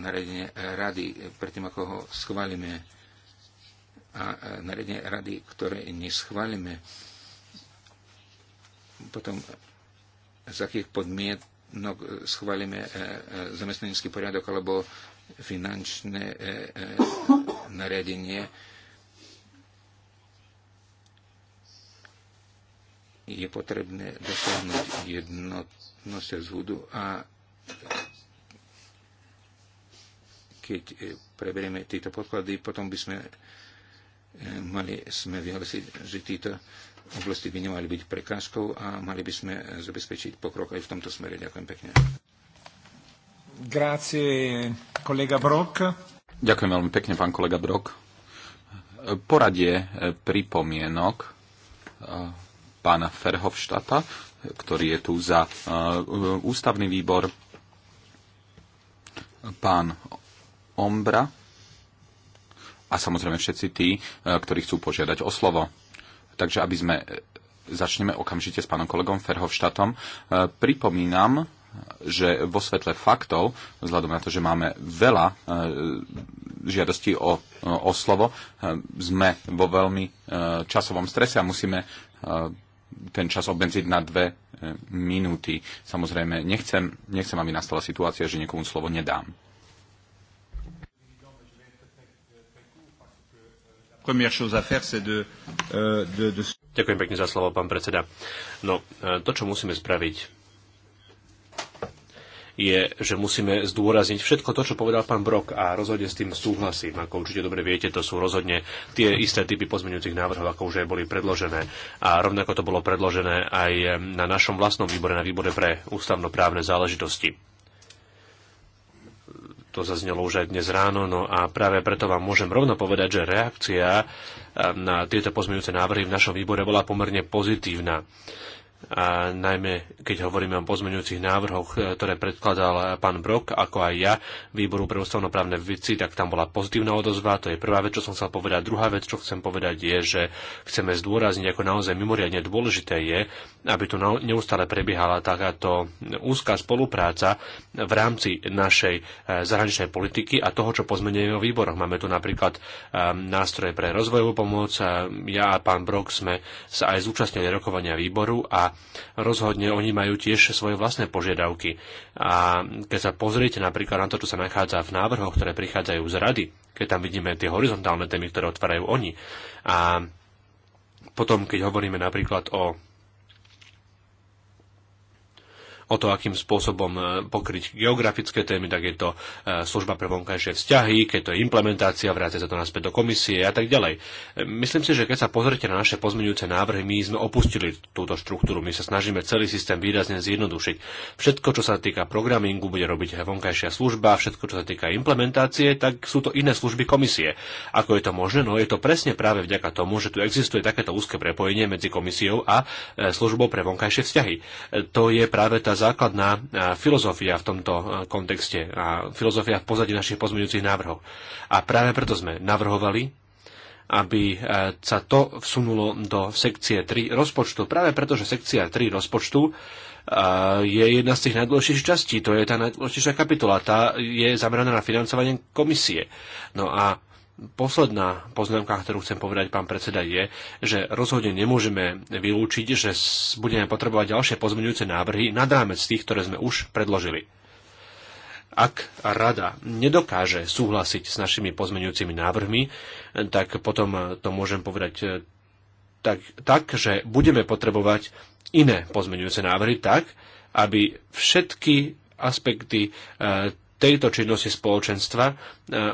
nariadenie rady predtým, ako ho schválime a e, nariadenie rady, ktoré neschválime, potom z akých podmienok schválime zamestnanecký poriadok alebo finančné nariadenie je potrebné dosiahnuť jednotnosť a a keď e, preberieme tieto podklady, potom by sme e, mali sme vyhlasiť, že tieto oblasti by nemali byť prekážkou a mali by sme zabezpečiť pokrok aj v tomto smere. Ďakujem pekne. Grazie, kolega Brok. Ďakujem veľmi pekne, pán kolega Brok. Poradie e, pripomienok pána Ferhovštata, ktorý je tu za e, ústavný výbor, pán Ombra a samozrejme všetci tí, e, ktorí chcú požiadať o slovo. Takže aby sme e, začneme okamžite s pánom kolegom Ferhovštatom. Pripomínam, že vo svetle faktov, vzhľadom na to, že máme veľa žiadostí o, o slovo, sme vo veľmi časovom strese a musíme ten čas obmedziť na dve e, minúty. Samozrejme, nechcem, nechcem aby nastala situácia, že niekomu slovo nedám. Euh, Ďakujem pekne za slovo, pán predseda. No, e, to, čo musíme spraviť, je, že musíme zdôrazniť všetko to, čo povedal pán Brok a rozhodne s tým súhlasím. Ako určite dobre viete, to sú rozhodne tie isté typy pozmeňujúcich návrhov, ako už aj boli predložené. A rovnako to bolo predložené aj na našom vlastnom výbore, na výbore pre ústavnoprávne záležitosti. To zaznelo už aj dnes ráno, no a práve preto vám môžem rovno povedať, že reakcia na tieto pozmeňujúce návrhy v našom výbore bola pomerne pozitívna a najmä keď hovoríme o pozmeňujúcich návrhoch, e, ktoré predkladal pán Brok, ako aj ja, výboru pre ústavnoprávne veci, tak tam bola pozitívna odozva. To je prvá vec, čo som chcel povedať. Druhá vec, čo chcem povedať, je, že chceme zdôrazniť, ako naozaj mimoriadne dôležité je, aby tu neustále prebiehala takáto úzká spolupráca v rámci našej e, zahraničnej politiky a toho, čo pozmenujeme o výboroch. Máme tu napríklad e, nástroje pre rozvojovú pomoc. Ja a pán Brok sme sa aj zúčastnili rokovania výboru a rozhodne oni majú tiež svoje vlastné požiadavky. A keď sa pozriete napríklad na to, čo sa nachádza v návrhoch, ktoré prichádzajú z rady, keď tam vidíme tie horizontálne témy, ktoré otvárajú oni. A potom, keď hovoríme napríklad o o to, akým spôsobom e, pokryť geografické témy, tak je to e, služba pre vonkajšie vzťahy, keď to je implementácia, vráte sa to naspäť do komisie a tak ďalej. E, myslím si, že keď sa pozrite na naše pozmeňujúce návrhy, my sme opustili túto štruktúru, my sa snažíme celý systém výrazne zjednodušiť. Všetko, čo sa týka programingu, bude robiť vonkajšia služba, všetko, čo sa týka implementácie, tak sú to iné služby komisie. Ako je to možné? No je to presne práve vďaka tomu, že tu existuje takéto úzke prepojenie medzi komisiou a službou pre vonkajšie vzťahy. To je práve tá základná e, filozofia v tomto e, kontexte a filozofia v pozadí našich pozmeňujúcich návrhov. A práve preto sme navrhovali, aby e, sa to vsunulo do sekcie 3 rozpočtu. Práve preto, že sekcia 3 rozpočtu je jedna z tých najdôležitejších častí, to je tá najdôležitejšia kapitola, tá je zameraná na financovanie komisie. No a Posledná poznámka, ktorú chcem povedať, pán predseda, je, že rozhodne nemôžeme vylúčiť, že budeme potrebovať ďalšie pozmeňujúce návrhy nad rámec tých, ktoré sme už predložili. Ak rada nedokáže súhlasiť s našimi pozmeňujúcimi návrhmi, tak potom to môžem povedať eh, tak, tak že budeme potrebovať iné pozmeňujúce návrhy tak, aby všetky aspekty eh, tejto činnosti spoločenstva e,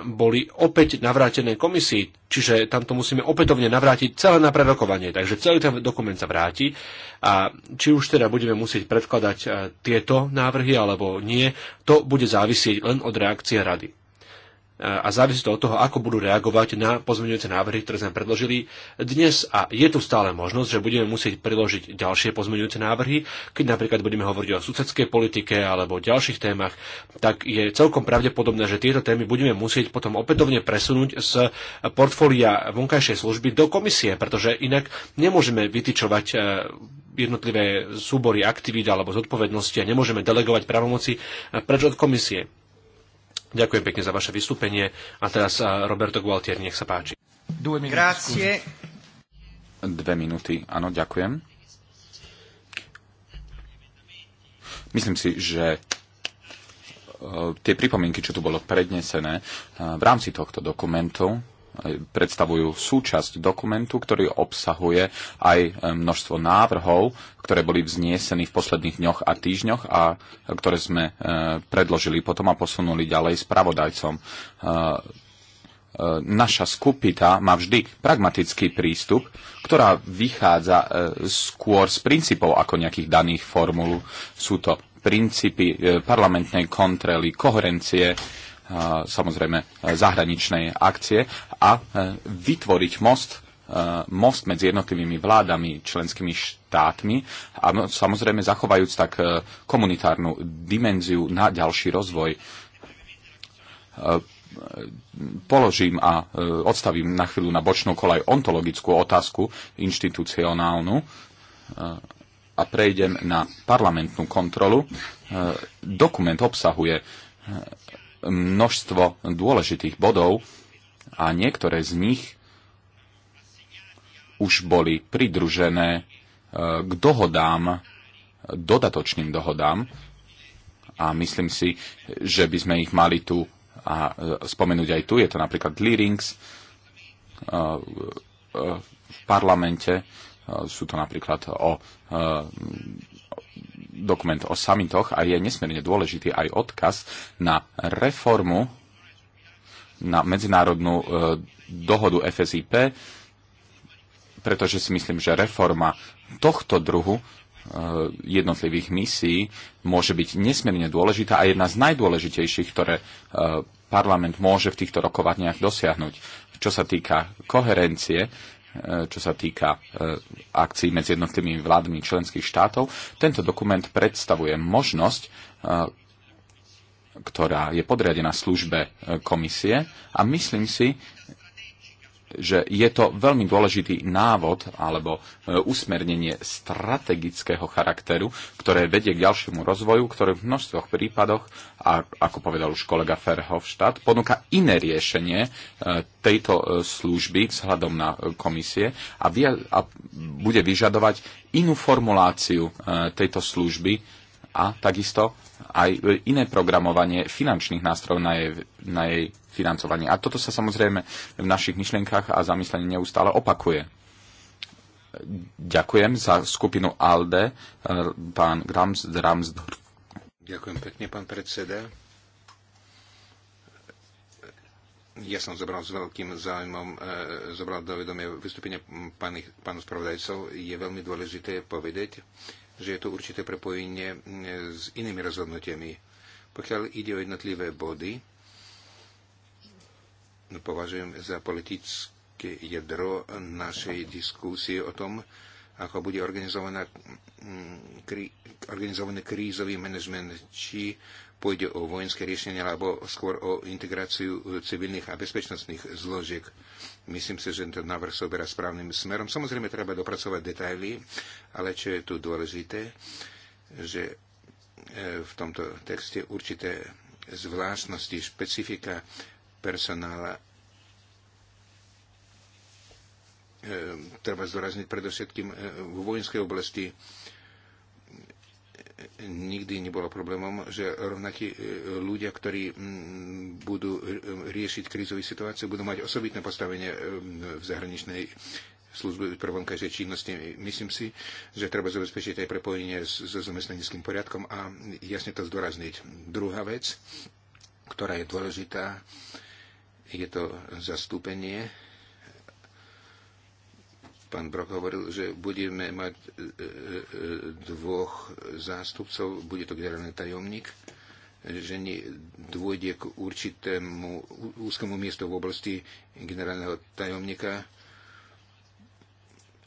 boli opäť navrátené komisii, čiže tamto musíme opätovne navrátiť celé na prerokovanie. Takže celý ten dokument sa vráti a či už teda budeme musieť predkladať e, tieto návrhy alebo nie, to bude závisieť len od reakcie rady a závisí to od toho, ako budú reagovať na pozmeňujúce návrhy, ktoré sme predložili dnes. A je tu stále možnosť, že budeme musieť priložiť ďalšie pozmeňujúce návrhy, keď napríklad budeme hovoriť o susedskej politike alebo o ďalších témach, tak je celkom pravdepodobné, že tieto témy budeme musieť potom opätovne presunúť z portfólia vonkajšej služby do komisie, pretože inak nemôžeme vytičovať e, jednotlivé súbory aktivít alebo zodpovednosti a nemôžeme delegovať pravomoci preč od komisie. Ďakujem pekne za vaše vystúpenie. A teraz eh, Roberto Gualtier, nech sa páči. Dve minúty. Dve minúty, áno, ďakujem. Myslím si, že eh, tie pripomienky, čo tu bolo prednesené eh, v rámci tohto dokumentu, predstavujú súčasť dokumentu, ktorý obsahuje aj e, množstvo návrhov, ktoré boli vzniesení v posledných dňoch a týždňoch a ktoré sme e, predložili potom a posunuli ďalej spravodajcom. E, naša skupita má vždy pragmatický prístup, ktorá vychádza skôr z princípov ako nejakých daných formul. Sú to princípy parlamentnej kontroly, koherencie, samozrejme zahraničnej akcie a e, vytvoriť most e, most medzi jednotlivými vládami, členskými štátmi a samozrejme zachovajúc tak e, komunitárnu dimenziu na ďalší rozvoj. Položím a odstavím na chvíľu na bočnú kolaj ontologickú otázku, inštitucionálnu, a prejdem na parlamentnú kontrolu. Dokument obsahuje množstvo dôležitých bodov a niektoré z nich už boli pridružené e, k dohodám, dodatočným dohodám a myslím si, že by sme ich mali tu a e, spomenúť aj tu. Je to napríklad clearings e, v parlamente, sú to napríklad o dokument o samitoch a je nesmierne dôležitý aj odkaz na reformu na medzinárodnú e, dohodu FSIP, pretože si myslím, že reforma tohto druhu e, jednotlivých misií môže byť nesmierne dôležitá a jedna z najdôležitejších, ktoré e, parlament môže v týchto rokovaniach dosiahnuť. Čo sa týka koherencie, E, čo sa týka e, akcií medzi jednotlivými vládmi členských štátov. Tento dokument predstavuje možnosť, e, ktorá je podriadená službe komisie a myslím si, že je to veľmi dôležitý návod alebo e, usmernenie strategického charakteru, ktoré vedie k ďalšiemu rozvoju, ktoré v množstvoch prípadoch, a ako povedal už kolega Ferhofstadt, ponúka iné riešenie e, tejto e, služby vzhľadom na komisie a, a bude vyžadovať inú formuláciu tejto služby a takisto aj iné programovanie finančných nástrojov na jej, na jej financovanie. A toto sa samozrejme v našich myšlienkach a zamyslení neustále opakuje. Ďakujem za skupinu ALDE, eh, pán Grams, Grams. Ďakujem pekne, pán predseda. Ja som zobral s veľkým záujmom, e, zobral do vedomia vystúpenie pánu spravodajcov. Je veľmi dôležité povedať, že je to určité prepojenie eh, s inými rozhodnutiami. Pokiaľ ide o jednotlivé body, No, považujem za politické jedro našej diskusie o tom, ako bude organizovaná, mm, organizovaný krízový manažment, či pôjde o vojenské riešenie alebo skôr o integráciu civilných a bezpečnostných zložiek. Myslím si, že tento návrh sa oberá správnym smerom. Samozrejme, treba dopracovať detaily, ale čo je tu dôležité, že e, v tomto texte určité zvláštnosti, špecifika personála. Ehm, treba zdôrazniť predovšetkým eh, v vojenskej oblasti eh, nikdy nebolo problémom, že rovnakí eh, ľudia, ktorí mm, budú riešiť krízové situácie, budú mať osobitné postavenie ehm, v zahraničnej v prvom každej činnosti. Myslím si, že treba zabezpečiť aj prepojenie so zamestnaneckým poriadkom a jasne to zdôrazniť. Druhá vec, ktorá je dôležitá, je to zastúpenie. Pán Brok hovoril, že budeme mať e, e, dvoch zástupcov, bude to generálny tajomník, že dôjde k určitému úzkomu miestu v oblasti generálneho tajomníka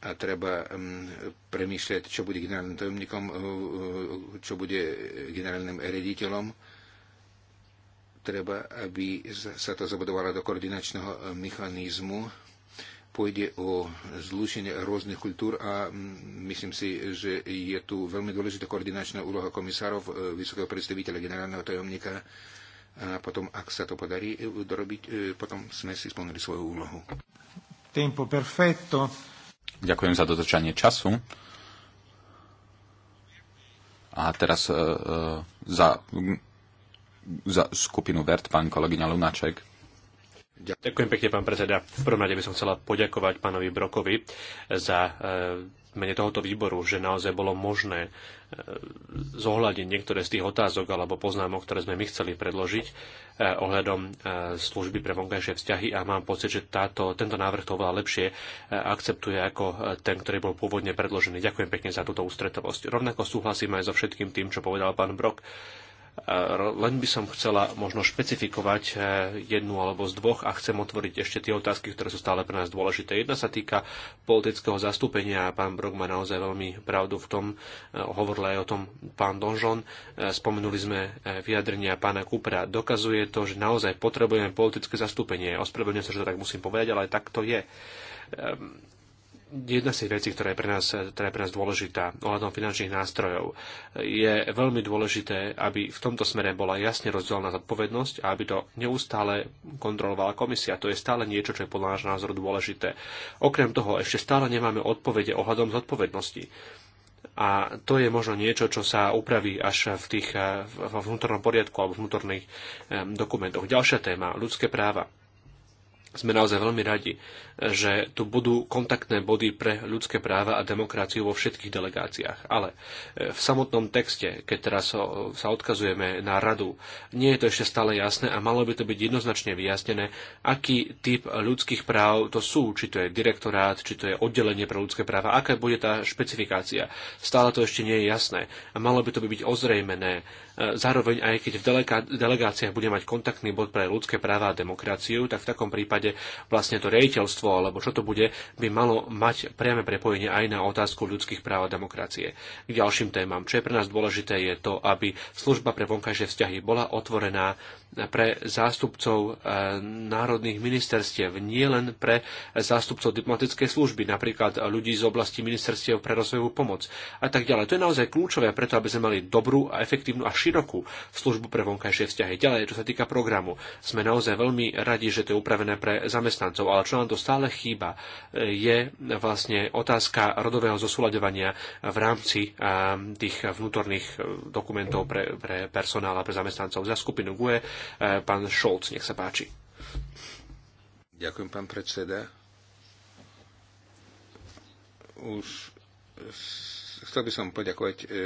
a treba mm, premýšľať, čo bude generálnym tajomníkom, e, čo bude generálnym rediteľom treba, aby sa to zabudovalo do koordinačného mechanizmu. Pôjde o zlušenie rôznych kultúr a myslím si, že je tu veľmi dôležitá koordinačná úloha komisárov, e, vysokého predstaviteľa, generálneho tajomníka a potom, ak sa to podarí e, dorobiť, e, potom sme si splnili svoju úlohu. Tempo perfetto. Ďakujem za dotočanie času. A teraz e, e, za za skupinu VERT pán kolegyňa Lunaček. Ďakujem pekne, pán predseda. V prvom rade by som chcela poďakovať pánovi Brokovi za e, mene tohoto výboru, že naozaj bolo možné e, zohľadiť niektoré z tých otázok alebo poznámok, ktoré sme my chceli predložiť e, ohľadom služby pre vonkajšie vzťahy a mám pocit, že táto, tento návrh to oveľa lepšie akceptuje ako ten, ktorý bol pôvodne predložený. Ďakujem pekne za túto ústretovosť. Rovnako súhlasím aj so všetkým tým, čo povedal pán Brok len by som chcela možno špecifikovať eh, jednu alebo z dvoch a chcem otvoriť ešte tie otázky, ktoré sú stále pre nás dôležité. Jedna sa týka politického zastúpenia a pán Brok má naozaj veľmi pravdu v tom, eh, hovoril aj o tom pán Donžon. Eh, spomenuli sme vyjadrenia pána Kupra. Dokazuje to, že naozaj potrebujeme politické zastúpenie. Ospravedlňujem sa, že to tak musím povedať, ale tak to je ehm, jedna z tých vecí, ktorá je pre nás, ktorá je pre nás dôležitá ohľadom finančných nástrojov, je veľmi dôležité, aby v tomto smere bola jasne rozdelená zodpovednosť a aby to neustále kontrolovala komisia. To je stále niečo, čo je podľa nášho názoru dôležité. Okrem toho, ešte stále nemáme odpovede ohľadom zodpovednosti. A to je možno niečo, čo sa upraví až v tých, v vnútornom poriadku alebo vnútorných eh, dokumentoch. Ďalšia téma, ľudské práva sme naozaj veľmi radi, že tu budú kontaktné body pre ľudské práva a demokraciu vo všetkých delegáciách. Ale e, v samotnom texte, keď teraz sa odkazujeme na radu, nie je to ešte stále jasné a malo by to byť jednoznačne vyjasnené, aký typ ľudských práv to sú, či to je direktorát, či to je oddelenie pre ľudské práva, aká bude tá špecifikácia. Stále to ešte nie je jasné a malo by to byť ozrejmené Zároveň aj keď v delegáciách bude mať kontaktný bod pre ľudské práva a demokraciu, tak v takom prípade vlastne to rejiteľstvo, alebo čo to bude, by malo mať priame prepojenie aj na otázku ľudských práv a demokracie. K ďalším témam, čo je pre nás dôležité, je to, aby služba pre vonkajšie vzťahy bola otvorená pre zástupcov e, národných ministerstiev, nie len pre zástupcov diplomatickej služby, napríklad ľudí z oblasti ministerstiev pre rozvojovú pomoc a tak ďalej. To je naozaj kľúčové preto, aby sme mali dobrú a efektívnu a širokú službu pre vonkajšie vzťahy. Ďalej, čo sa týka programu, sme naozaj veľmi radi, že to je upravené pre zamestnancov, ale čo nám to stále chýba, e, je vlastne otázka rodového zosúľadovania v rámci e, tých vnútorných dokumentov pre, pre personál a pre zamestnancov. Za skupinu GUE Eh, pán Šolc, nech sa páči. Ďakujem, pán predseda. Už chcel by som poďakovať e, e,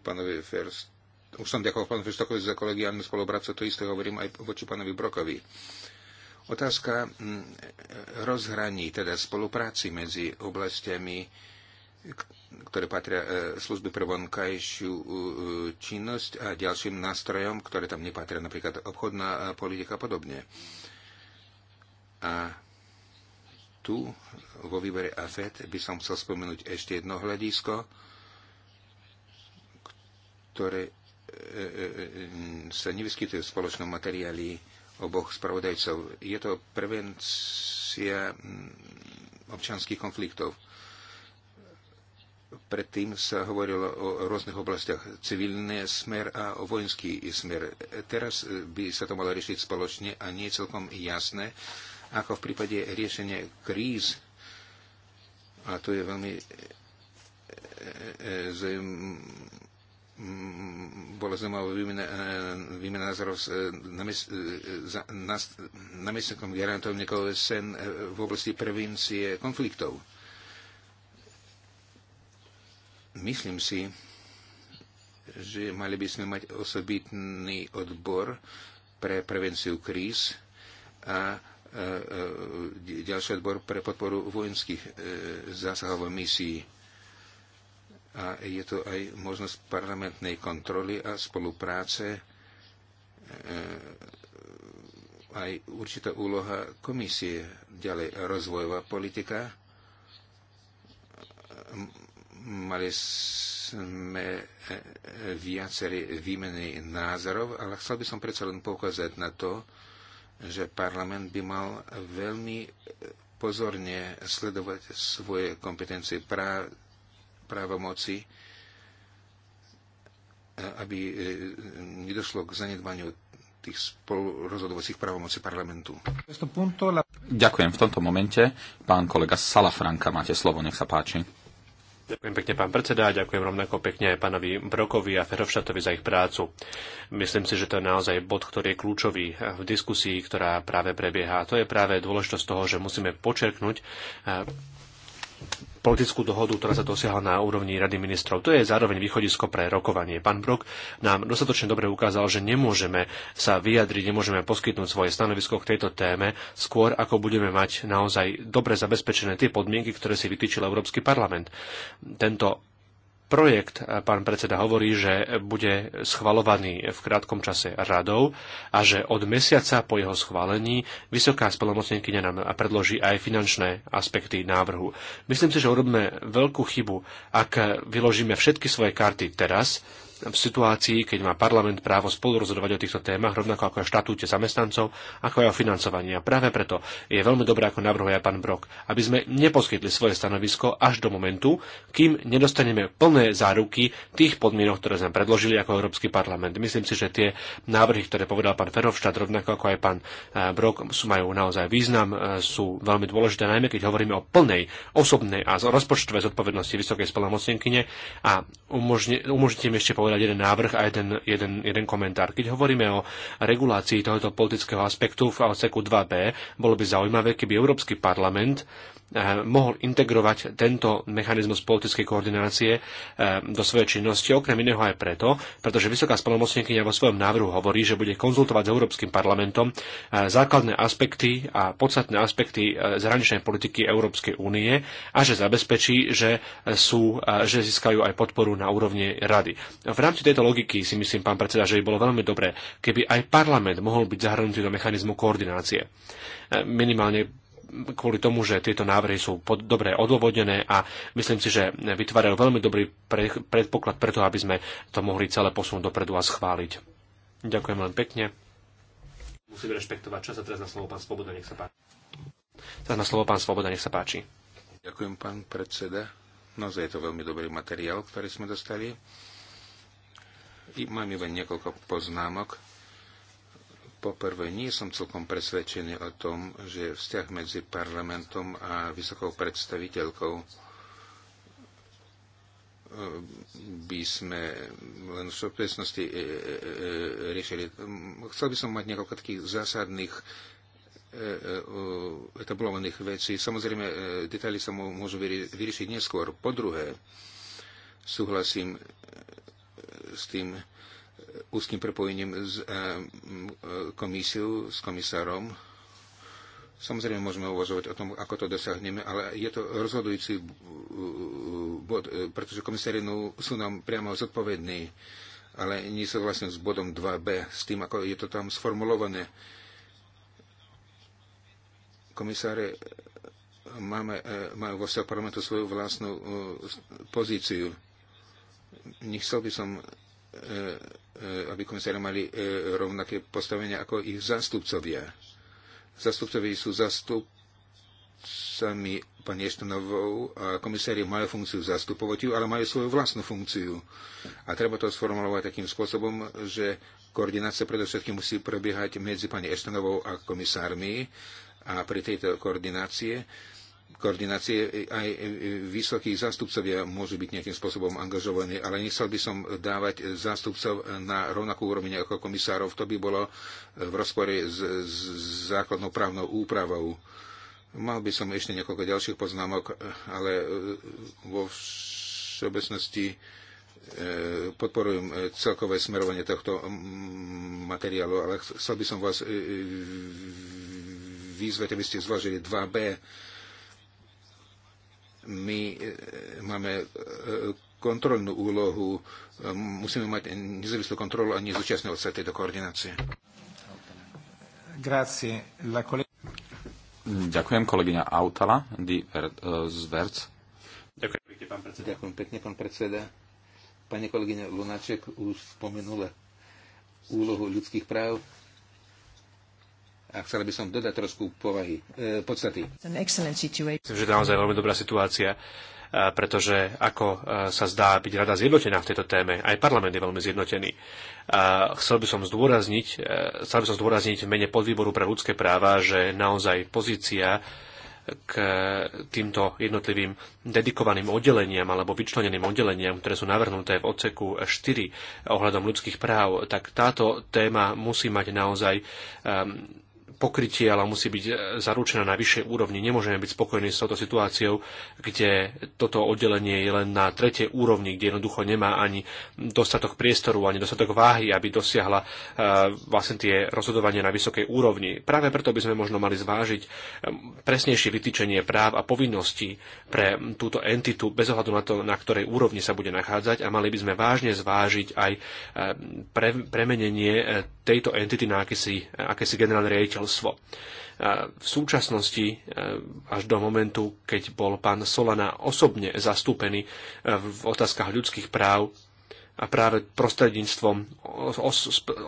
pánovi Ferst. Už som ďakoval pánu Ferstokovi za kolegiálne spoluprácu, to isté hovorím aj voči pánovi Brokovi. Otázka mm, rozhraní, teda spolupráci medzi oblastiami ktoré patria e, služby pre vonkajšiu e, činnosť a ďalším nástrojom, ktoré tam nepatria, napríklad obchodná e, politika a podobne. A tu vo výbere AFED by som chcel spomenúť ešte jedno hľadisko, ktoré sa nevyskytuje v spoločnom materiáli oboch spravodajcov. Je to prevencia občanských konfliktov Predtým sa hovorilo o rôznych oblastiach, civilný smer a o vojenský smer. Teraz by sa to malo riešiť spoločne a nie je celkom jasné, ako v prípade riešenia kríz, a to je veľmi e, e, bola zaujímavá výmena, e, výmena názorov s namestníkom garantov Nikolaj Sen v oblasti prevencie konfliktov. Myslím si, že mali by sme mať osobitný odbor pre prevenciu kríz a e, ďalší odbor pre podporu vojenských e, zásahov a misií. A je to aj možnosť parlamentnej kontroly a spolupráce, e, aj určitá úloha komisie, ďalej rozvojová politika, Mali sme e, e, viaceré výmeny názorov, ale chcel by som predsa len poukázať na to, že parlament by mal veľmi e, pozorne sledovať svoje kompetencie prá- právomoci, aby nedošlo k zanedbaniu tých spolurozhodovacích právomocí parlamentu. Ďakujem. V tomto momente pán kolega Salafranka, máte slovo, nech sa páči. Ďakujem pekne, pán predseda, a ďakujem rovnako pekne aj pánovi Brokovi a Ferovšatovi za ich prácu. Myslím si, že to je naozaj bod, ktorý je kľúčový v diskusii, ktorá práve prebieha. A to je práve dôležitosť toho, že musíme počerknúť eh, politickú dohodu, ktorá sa dosiahla na úrovni Rady ministrov. To je zároveň východisko pre rokovanie. Pán Brok nám dostatočne dobre ukázal, že nemôžeme sa vyjadriť, nemôžeme poskytnúť svoje stanovisko k tejto téme skôr, ako budeme mať naozaj dobre zabezpečené tie podmienky, ktoré si vytýčil Európsky parlament. Tento Projekt, eh, pán predseda, hovorí, že bude schvalovaný v krátkom čase radou a že od mesiaca po jeho schválení vysoká spolomocnenkyňa nám predloží aj finančné aspekty návrhu. Myslím si, že urobíme veľkú chybu, ak vyložíme všetky svoje karty teraz v situácii, keď má parlament právo spolurozhodovať o týchto témach, rovnako ako o štatúte zamestnancov, ako aj o financovaní. A práve preto je veľmi dobré, ako navrhuje aj pán Brok, aby sme neposkytli svoje stanovisko až do momentu, kým nedostaneme plné záruky tých podmienok, ktoré sme predložili ako Európsky parlament. Myslím si, že tie návrhy, ktoré povedal pán Ferovštát, rovnako ako aj pán e, Brok, sú majú naozaj význam, e, sú veľmi dôležité, najmä keď hovoríme o plnej osobnej a rozpočtovej zodpovednosti vysokej spolomocnenkyne a umožnite mi ešte povedať, povedať jeden návrh a jeden, jeden, jeden komentár. Keď hovoríme o regulácii tohoto politického aspektu v odseku 2b, bolo by zaujímavé, keby Európsky parlament eh, mohol integrovať tento mechanizmus politickej koordinácie eh, do svojej činnosti, okrem iného aj preto, pretože vysoká spolomocníkyňa vo svojom návrhu hovorí, že bude konzultovať s Európskym parlamentom eh, základné aspekty a podstatné aspekty zahraničnej politiky Európskej únie a že zabezpečí, že, sú, že získajú aj podporu na úrovni rady v rámci tejto logiky si myslím, pán predseda, že by bolo veľmi dobré, keby aj parlament mohol byť zahrnutý do mechanizmu koordinácie. E, minimálne kvôli tomu, že tieto návrhy sú pod, dobre odôvodnené a myslím si, že vytvárajú veľmi dobrý pre, predpoklad preto, aby sme to mohli celé posunúť dopredu a schváliť. Ďakujem veľmi pekne. Musím rešpektovať čas a teraz na slovo pán Svoboda, nech sa páči. Teraz na slovo pán Svoboda, nech sa páči. Ďakujem, pán predseda. Naozaj je to veľmi dobrý materiál, ktorý sme dostali. I mám iba niekoľko poznámok. Poprvé, nie som celkom presvedčený o tom, že vzťah medzi parlamentom a vysokou predstaviteľkou e, by sme len v súčasnosti e, e, riešili. Chcel by som mať niekoľko takých zásadných etablovaných vecí. Samozrejme, detaily sa môžu vyriešiť neskôr. Po druhé, súhlasím s tým e, úzkým prepojením s e, e, komisiou, s komisárom. Samozrejme môžeme uvažovať o tom, ako to dosiahneme, ale je to rozhodujúci bod, pretože komisári no, sú nám priamo zodpovední, ale nie sú vlastne s bodom 2b, s tým, ako je to tam sformulované. Komisáre máme, majú vo parlamentu svoju vlastnú pozíciu nechcel by som, e, e, aby komisári mali e, rovnaké postavenie ako ich zástupcovia. Zástupcovia sú zastupcami pani Eštonovou a komisári majú funkciu zastupovať ju, ale majú svoju vlastnú funkciu. A treba to sformulovať takým spôsobom, že koordinácia predovšetkým musí prebiehať medzi pani Eštonovou a komisármi a pri tejto koordinácie koordinácie aj vysokí zástupcovia môžu byť nejakým spôsobom angažovaní, ale nechcel by som dávať zástupcov na rovnakú úroveň ako komisárov. To by bolo v rozpore s, s základnou právnou úpravou. Mal by som ešte niekoľko ďalších poznámok, ale e, vo všeobecnosti e, podporujem e, celkové smerovanie tohto materiálu, ale chcel by som vás vyzvať, aby ste zvažili 2B my e, máme e, kontrolnú úlohu, musíme mať nezávislú kontrolu a nezúčastňovať sa tejto koordinácie. Ďakujem kolegyňa Autala e, z Verc. Ďakujem pekne, pán predseda. Ďakujem pekne, pán predseda. Pani kolegyňa Lunáček už spomenula úlohu ľudských práv a chcela by som dodať trošku povahy, e, podstaty. Myslím, že naozaj veľmi dobrá situácia, e, pretože ako e, sa zdá byť rada zjednotená v tejto téme, aj parlament je veľmi zjednotený. A e, chcel by som zdôrazniť, chcel by som zdôrazniť v mene podvýboru pre ľudské práva, že naozaj pozícia k týmto jednotlivým dedikovaným oddeleniam alebo vyčleneným oddeleniam, ktoré sú navrhnuté v odseku 4 ohľadom ľudských práv, tak táto téma musí mať naozaj um, pokrytie, ale musí byť e, zaručená na vyššej úrovni. Nemôžeme byť spokojní s touto situáciou, kde toto oddelenie je len na tretej úrovni, kde jednoducho nemá ani dostatok priestoru, ani dostatok váhy, aby dosiahla e, vlastne tie rozhodovania na vysokej úrovni. Práve preto by sme možno mali zvážiť e, presnejšie vytýčenie práv a povinností pre túto entitu bez ohľadu na to, na ktorej úrovni sa bude nachádzať a mali by sme vážne zvážiť aj pre, premenenie tejto entity na akési, akési generálne riaditeľstvo. V súčasnosti, e, až do momentu, keď bol pán Solana osobne zastúpený e, v otázkach ľudských práv a práve prostredníctvom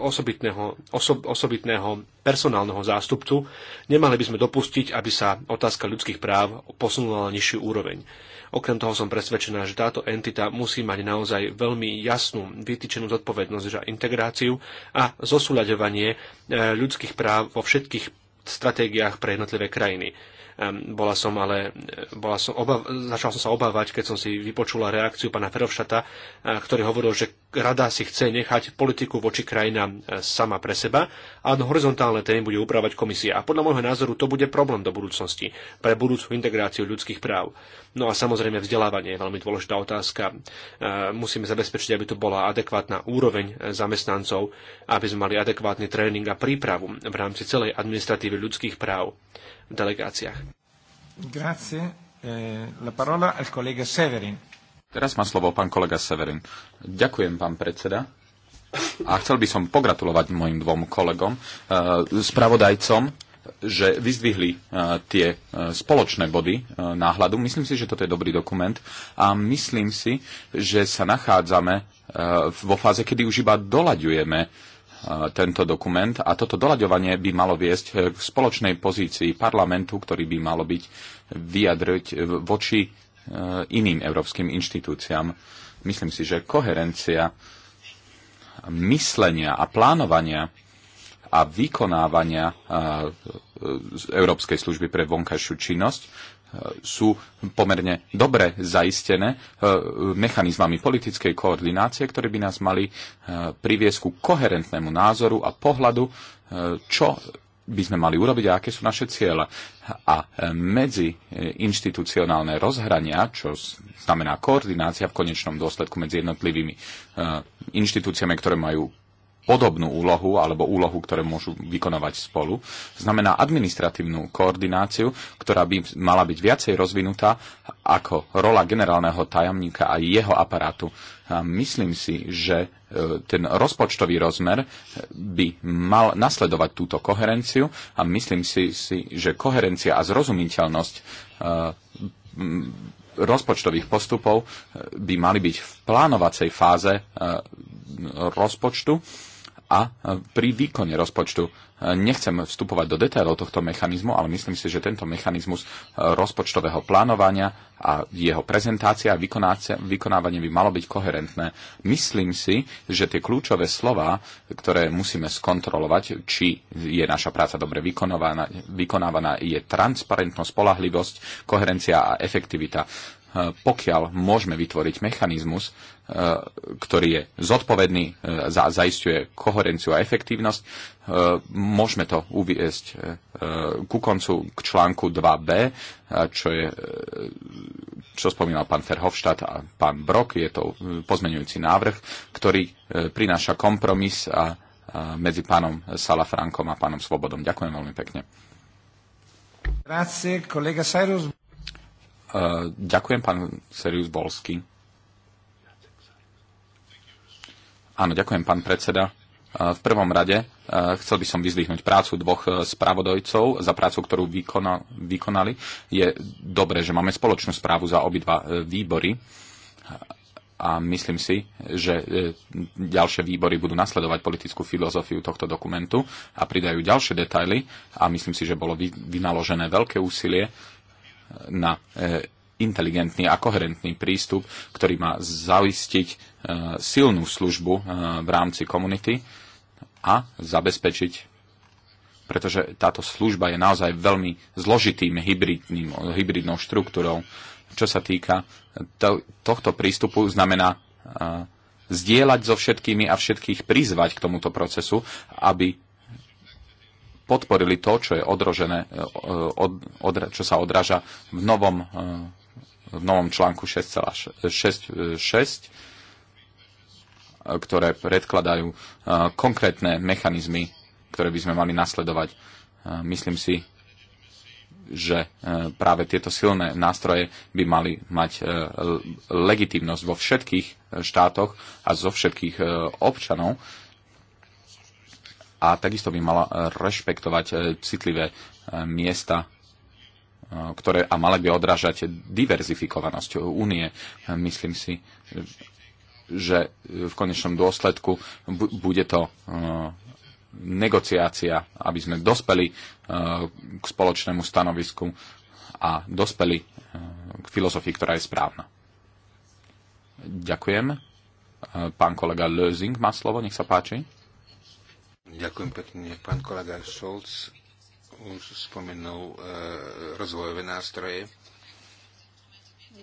osobitného, osobitného personálneho zástupcu, nemali by sme dopustiť, aby sa otázka ľudských práv posunula na nižšiu úroveň. Okrem toho som presvedčená, že táto entita musí mať naozaj veľmi jasnú, vytýčenú zodpovednosť za integráciu a zosúľaďovanie eh, ľudských práv vo všetkých stratégiách pre jednotlivé krajiny. Bola som ale, bola som oba, začal som sa obávať, keď som si vypočula reakciu pána Ferovšata, e, ktorý hovoril, že rada si chce nechať politiku voči krajinám e, sama pre seba a horizontálne témy bude upravať komisia. A podľa môjho názoru to bude problém do budúcnosti pre budúcu integráciu ľudských práv. No a samozrejme vzdelávanie je veľmi dôležitá otázka. E, musíme zabezpečiť, aby tu bola adekvátna úroveň zamestnancov, aby sme mali adekvátny tréning a prípravu v rámci celej administratívy ľudských práv delegáciách. Grazie. Eh, la parola al kolega Severin. Teraz má slovo pán kolega Severin. Ďakujem, pán predseda. A chcel by som pogratulovať mojim dvom kolegom, eh, spravodajcom, že vyzdvihli eh, tie spoločné body náhľadu. Myslím si, že toto je dobrý dokument a myslím si, že sa nachádzame vo fáze, kedy už iba dolaďujeme tento dokument a toto doľaďovanie by malo viesť e, k spoločnej pozícii parlamentu, ktorý by malo byť vyjadriť e, voči e, iným európskym inštitúciám. Myslím si, že koherencia myslenia a plánovania a vykonávania Európskej služby pre vonkajšiu činnosť sú pomerne dobre zaistené eh, mechanizmami politickej koordinácie, ktoré by nás mali eh, priviesť ku koherentnému názoru a pohľadu, eh, čo by sme mali urobiť a aké sú naše ciele. A medzi inštitucionálne rozhrania, čo znamená koordinácia v konečnom dôsledku medzi jednotlivými inštitúciami, ktoré majú podobnú úlohu alebo úlohu, ktoré môžu vykonávať spolu. Znamená administratívnu koordináciu, ktorá by mala byť viacej rozvinutá ako rola generálneho tajomníka a jeho aparátu. A myslím si, že e, ten rozpočtový rozmer by mal nasledovať túto koherenciu a myslím si, si že koherencia a zrozumiteľnosť e, rozpočtových postupov e, by mali byť v plánovacej fáze rozpočtu a e, pri výkone rozpočtu. E, nechcem vstupovať do detailov tohto mechanizmu, ale myslím si, že tento mechanizmus e, rozpočtového plánovania a jeho prezentácia a vykonávanie by malo byť koherentné. Myslím si, že tie kľúčové slova, ktoré musíme skontrolovať, či je naša práca dobre vykonávaná, vykonávaná je transparentnosť, spolahlivosť, koherencia a efektivita. Pokiaľ môžeme vytvoriť mechanizmus, E, ktorý je zodpovedný, e, za, zaistuje koherenciu a efektívnosť. E, môžeme to uviesť ku koncu k článku 2b, čo, je, čo spomínal pán Ferhofštát a pán Brok. Je to pozmenujúci návrh, ktorý prináša kompromis a, medzi pánom Salafrankom a pánom Svobodom. Ďakujem veľmi pekne. Grazie, Ďakujem, pán Serius Bolsky. Áno, ďakujem, pán predseda. E, v prvom rade e, chcel by som vyzvihnúť prácu dvoch spravodajcov za prácu, ktorú vykonali. Je dobré, že máme spoločnú správu za obidva e, výbory a myslím si, že ďalšie výbory budú nasledovať politickú filozofiu tohto dokumentu a pridajú ďalšie detaily a myslím si, že bolo vynaložené veľké úsilie na inteligentný a koherentný prístup, ktorý má zaistiť E, silnú službu e, v rámci komunity a zabezpečiť pretože táto služba je naozaj veľmi zložitým hybridným, hybridnou štruktúrou. Čo sa týka to, tohto prístupu, znamená e, zdieľať so všetkými a všetkých prizvať k tomuto procesu, aby podporili to, čo je odrožené, od, od, čo sa odráža v novom, v novom článku 6.6 ktoré predkladajú konkrétne mechanizmy, ktoré by sme mali nasledovať. Myslím si, že e, práve tieto silné nástroje by mali mať e, legitimnosť vo všetkých e, štátoch a zo všetkých občanov a takisto by mala rešpektovať citlivé miesta ktoré a mali by odrážať diverzifikovanosť únie. Myslím si, že e, v konečnom dôsledku bude to e, negociácia, aby sme dospeli e, k spoločnému stanovisku a dospeli k filozofii, ktorá je správna. Ďakujem. Pán kolega Lözing má slovo, nech sa páči. Ďakujem pekne. Pán kolega Scholz už spomenul e, rozvojové nástroje. E,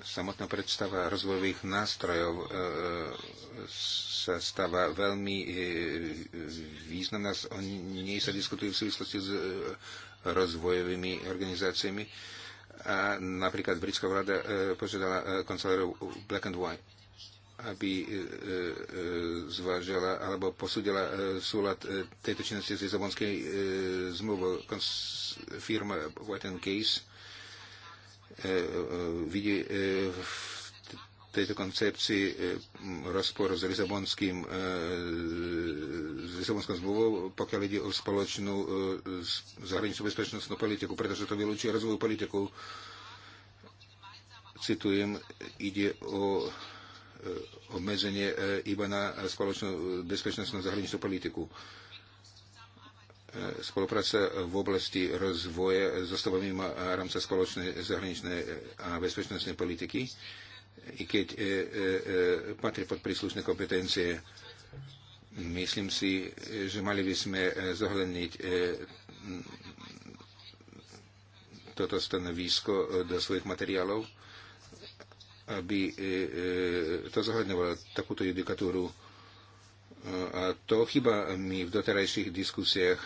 samotná predstava rozvojových nástrojov e, e, sa stáva veľmi e, významná. O nej sa diskutuje v súvislosti s rozvojovými organizáciami. A napríklad britská vláda požiadala kancelárov Black and White aby zvážila alebo posúdila súlad tejto činnosti z Lisabonskej zmluvou. Firma White and Case E, e, vidí e, v tejto koncepcii rozpor s Lisabonským s Lisabonskou zmluvou, pokiaľ ide o spoločnú zahraničnú bezpečnostnú politiku, pretože to vylúči rozvoju politiku. Citujem, ide o obmedzenie iba na spoločnú bezpečnostnú zahraničnú politiku spolupráca v oblasti rozvoja zostáva mimo rámca spoločnej zahraničnej a bezpečnostnej politiky, i keď e, e, e, patrí pod príslušné kompetencie. Myslím si, že mali by sme e, zohľadniť e, toto stanovisko do svojich materiálov, aby e, to zohľadňovalo takúto judikatúru. A to chyba mi v doterajších diskusiách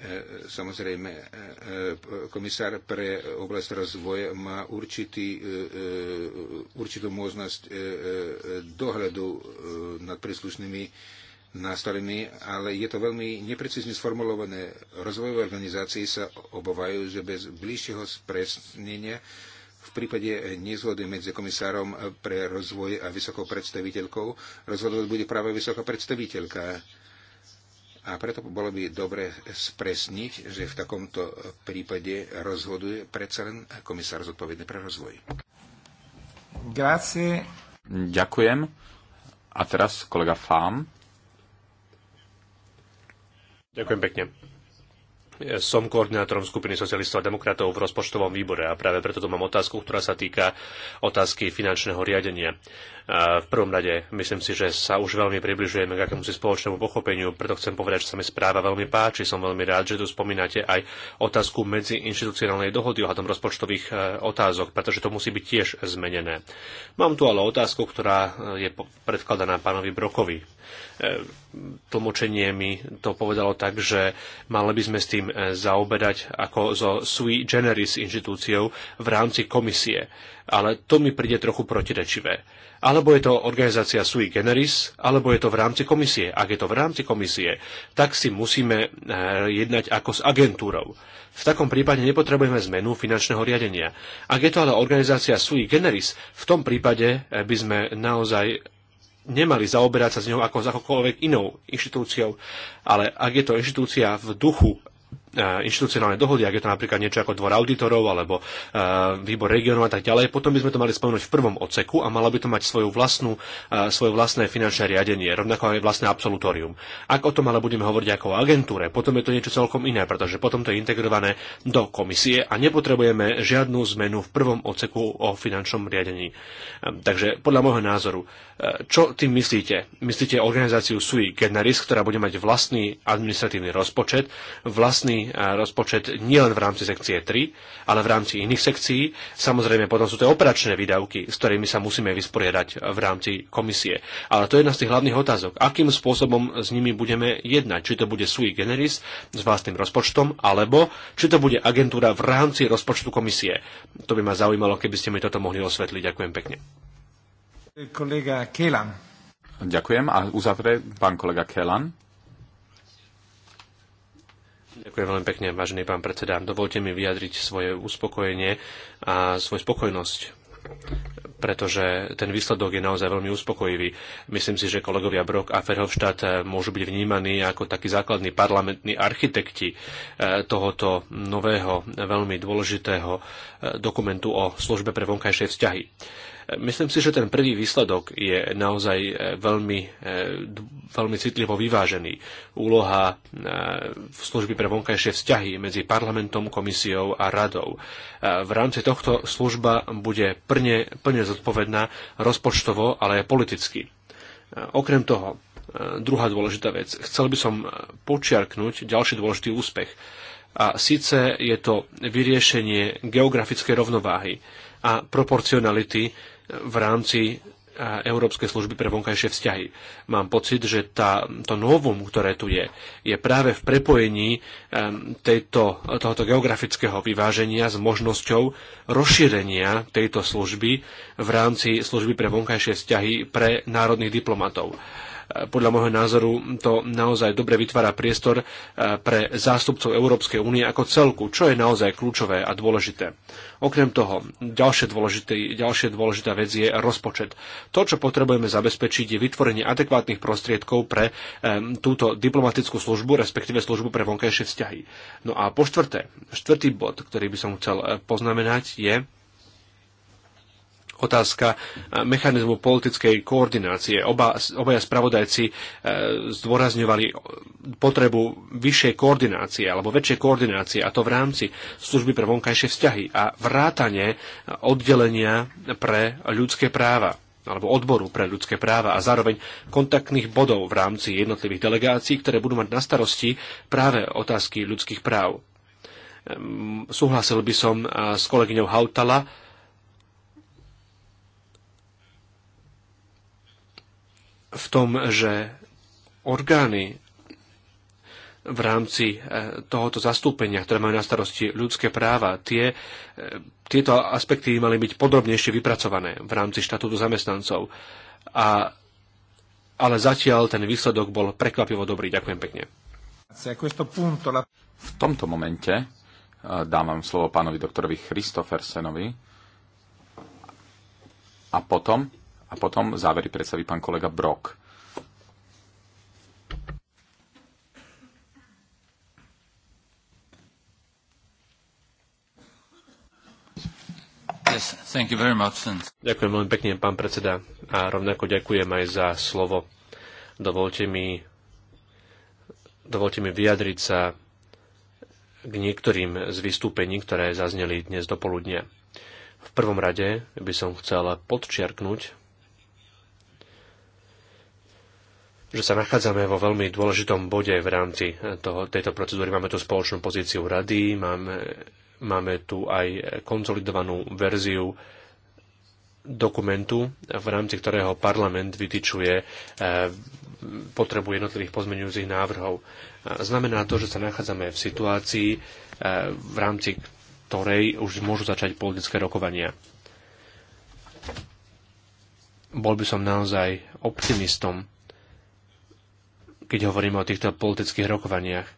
E, samozrejme, e, e, komisár pre oblasť rozvoja má určitý, určitú možnosť dohľadu nad príslušnými nástrojmi, ale je to veľmi neprecízne sformulované. Rozvojové organizácie sa obávajú, že bez bližšieho spresnenia v prípade nezhody medzi komisárom pre rozvoj a vysokou predstaviteľkou rozhodovať bude práve vysoká predstaviteľka a preto bolo by dobre spresniť, že v takomto prípade rozhoduje predsa len komisár zodpovedný pre rozvoj. Grazie. Ďakujem. A teraz kolega Fám. Ďakujem pekne som koordinátorom skupiny socialistov a demokratov v rozpočtovom výbore a práve preto tu mám otázku, ktorá sa týka otázky finančného riadenia. V prvom rade myslím si, že sa už veľmi približujeme k akémusi spoločnému pochopeniu, preto chcem povedať, že sa mi správa veľmi páči. Som veľmi rád, že tu spomínate aj otázku medziinštitucionálnej dohody ohľadom rozpočtových e, otázok, pretože to musí byť tiež zmenené. Mám tu ale otázku, ktorá e, je predkladaná pánovi Brokovi tlmočenie mi to povedalo tak, že mali by sme s tým e, zaoberať ako so sui generis inštitúciou v rámci komisie. Ale to mi príde trochu protirečivé. Alebo je to organizácia sui generis, alebo je to v rámci komisie. Ak je to v rámci komisie, tak si musíme e, jednať ako s agentúrou. V takom prípade nepotrebujeme zmenu finančného riadenia. Ak je to ale organizácia sui generis, v tom prípade e, by sme naozaj nemali zaoberať sa s ňou ako s akokoľvek inou inštitúciou. Ale ak je to inštitúcia v duchu E, inštitucionálne dohody, ak je to napríklad niečo ako dvor auditorov alebo e, výbor regionov a tak ďalej, potom by sme to mali spomenúť v prvom odseku a malo by to mať svoju vlastnú, e, svoje vlastné finančné riadenie, rovnako aj vlastné absolutórium. Ak o tom ale budeme hovoriť ako o agentúre, potom je to niečo celkom iné, pretože potom to je integrované do komisie a nepotrebujeme žiadnu zmenu v prvom odseku o finančnom riadení. Takže podľa môjho názoru, čo tým myslíte? Myslíte organizáciu sui generis, ktorá bude mať vlastný administratívny rozpočet, vlastný Eh, rozpočet nielen v rámci sekcie 3, ale v rámci iných sekcií. Samozrejme, potom sú to operačné výdavky, s ktorými sa musíme vysporiadať eh, v rámci komisie. Ale to je jedna z tých hlavných otázok. Akým spôsobom s nimi budeme jednať? Či to bude sui generis s vlastným rozpočtom, alebo či to bude agentúra v rámci rozpočtu komisie? To by ma zaujímalo, keby ste mi toto mohli osvetliť. Ďakujem pekne. Kolega Kelan. Ďakujem a uzavrie pán kolega Kelan. Ďakujem veľmi pekne, vážený pán predseda. Dovolte mi vyjadriť svoje uspokojenie a svoju spokojnosť pretože ten výsledok je naozaj veľmi uspokojivý. Myslím si, že kolegovia Brok a Ferhofštát môžu byť vnímaní ako takí základní parlamentní architekti eh, tohoto nového, veľmi dôležitého eh, dokumentu o službe pre vonkajšie vzťahy. Myslím si, že ten prvý výsledok je naozaj e, veľmi, e, veľmi citlivo vyvážený. Úloha e, v služby pre vonkajšie vzťahy medzi parlamentom, komisiou a radou. V rámci tohto služba bude plne, plne zodpovedná rozpočtovo, ale aj politicky. Okrem toho, druhá dôležitá vec. Chcel by som počiarknúť ďalší dôležitý úspech. A síce je to vyriešenie geografickej rovnováhy a proporcionality v rámci e, Európskej služby pre vonkajšie vzťahy. Mám pocit, že tá, to novum, ktoré tu je, je práve v prepojení e, tejto, tohoto geografického vyváženia s možnosťou rozšírenia tejto služby v rámci služby pre vonkajšie vzťahy pre národných diplomatov podľa môjho názoru to naozaj dobre vytvára priestor eh, pre zástupcov Európskej únie ako celku, čo je naozaj kľúčové a dôležité. Okrem toho, ďalšia, dôležitý, ďalšia dôležitá vec je rozpočet. To, čo potrebujeme zabezpečiť, je vytvorenie adekvátnych prostriedkov pre um, túto diplomatickú službu, respektíve službu pre vonkajšie vzťahy. No a po štvrté, štvrtý bod, ktorý by som chcel eh, poznamenať, je, otázka e, mechanizmu politickej koordinácie. Oba, obaja spravodajci e, zdôrazňovali potrebu vyššej koordinácie alebo väčšej koordinácie a to v rámci služby pre vonkajšie vzťahy a vrátanie oddelenia pre ľudské práva alebo odboru pre ľudské práva a zároveň kontaktných bodov v rámci jednotlivých delegácií, ktoré budú mať na starosti práve otázky ľudských práv. Ehm, súhlasil by som e, s kolegyňou Hautala, v tom, že orgány v rámci e, tohoto zastúpenia, ktoré majú na starosti ľudské práva, tie, e, tieto aspekty mali byť podrobnejšie vypracované v rámci štatútu zamestnancov. A, ale zatiaľ ten výsledok bol prekvapivo dobrý. Ďakujem pekne. V tomto momente e, dávam slovo pánovi doktorovi Christofersenovi a potom a potom závery predstaví pán kolega Brok. Yes, thank you very much. Ďakujem veľmi pekne, pán predseda, a rovnako ďakujem aj za slovo. Dovolte mi, dovolte mi vyjadriť sa k niektorým z vystúpení, ktoré zazneli dnes do poludnia. V prvom rade by som chcel podčiarknúť, že sa nachádzame vo veľmi dôležitom bode v rámci eh, toho, tejto procedúry. Máme tu spoločnú pozíciu rady, máme, máme tu aj konsolidovanú verziu dokumentu, v rámci ktorého parlament vytyčuje eh, potrebu jednotlivých pozmeňujúcich návrhov. Eh, znamená to, že sa nachádzame v situácii, v rámci ktorej už môžu začať politické rokovania bol by som naozaj optimistom, keď hovoríme o týchto politických rokovaniach.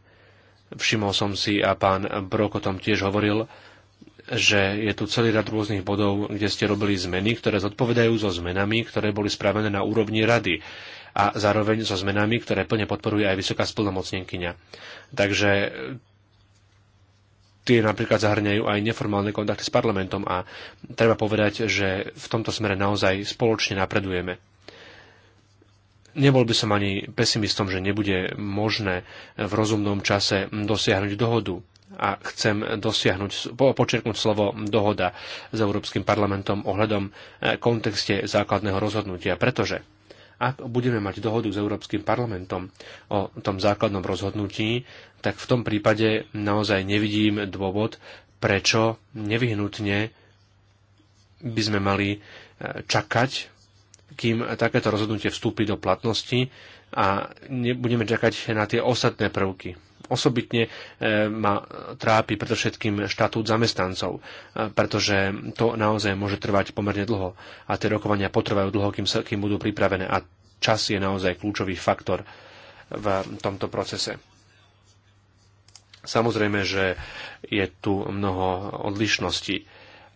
Všimol som si a pán Brok o tom tiež hovoril, že je tu celý rad rôznych bodov, kde ste robili zmeny, ktoré zodpovedajú so zmenami, ktoré boli spravené na úrovni rady a zároveň so zmenami, ktoré plne podporuje aj vysoká splnomocnenkyňa. Takže tie napríklad zahrňajú aj neformálne kontakty s parlamentom a treba povedať, že v tomto smere naozaj spoločne napredujeme. Nebol by som ani pesimistom, že nebude možné v rozumnom čase dosiahnuť dohodu a chcem dosiahnuť, počerknúť slovo dohoda s Európskym parlamentom ohľadom e, kontexte základného rozhodnutia, pretože ak budeme mať dohodu s Európskym parlamentom o tom základnom rozhodnutí, tak v tom prípade naozaj nevidím dôvod, prečo nevyhnutne by sme mali e, čakať kým takéto rozhodnutie vstúpi do platnosti a nebudeme čakať na tie ostatné prvky. Osobitne e, ma trápi predovšetkým štatút zamestnancov, e, pretože to naozaj môže trvať pomerne dlho a tie rokovania potrvajú dlho, kým, sa, kým budú pripravené a čas je naozaj kľúčový faktor v tomto procese. Samozrejme, že je tu mnoho odlišností,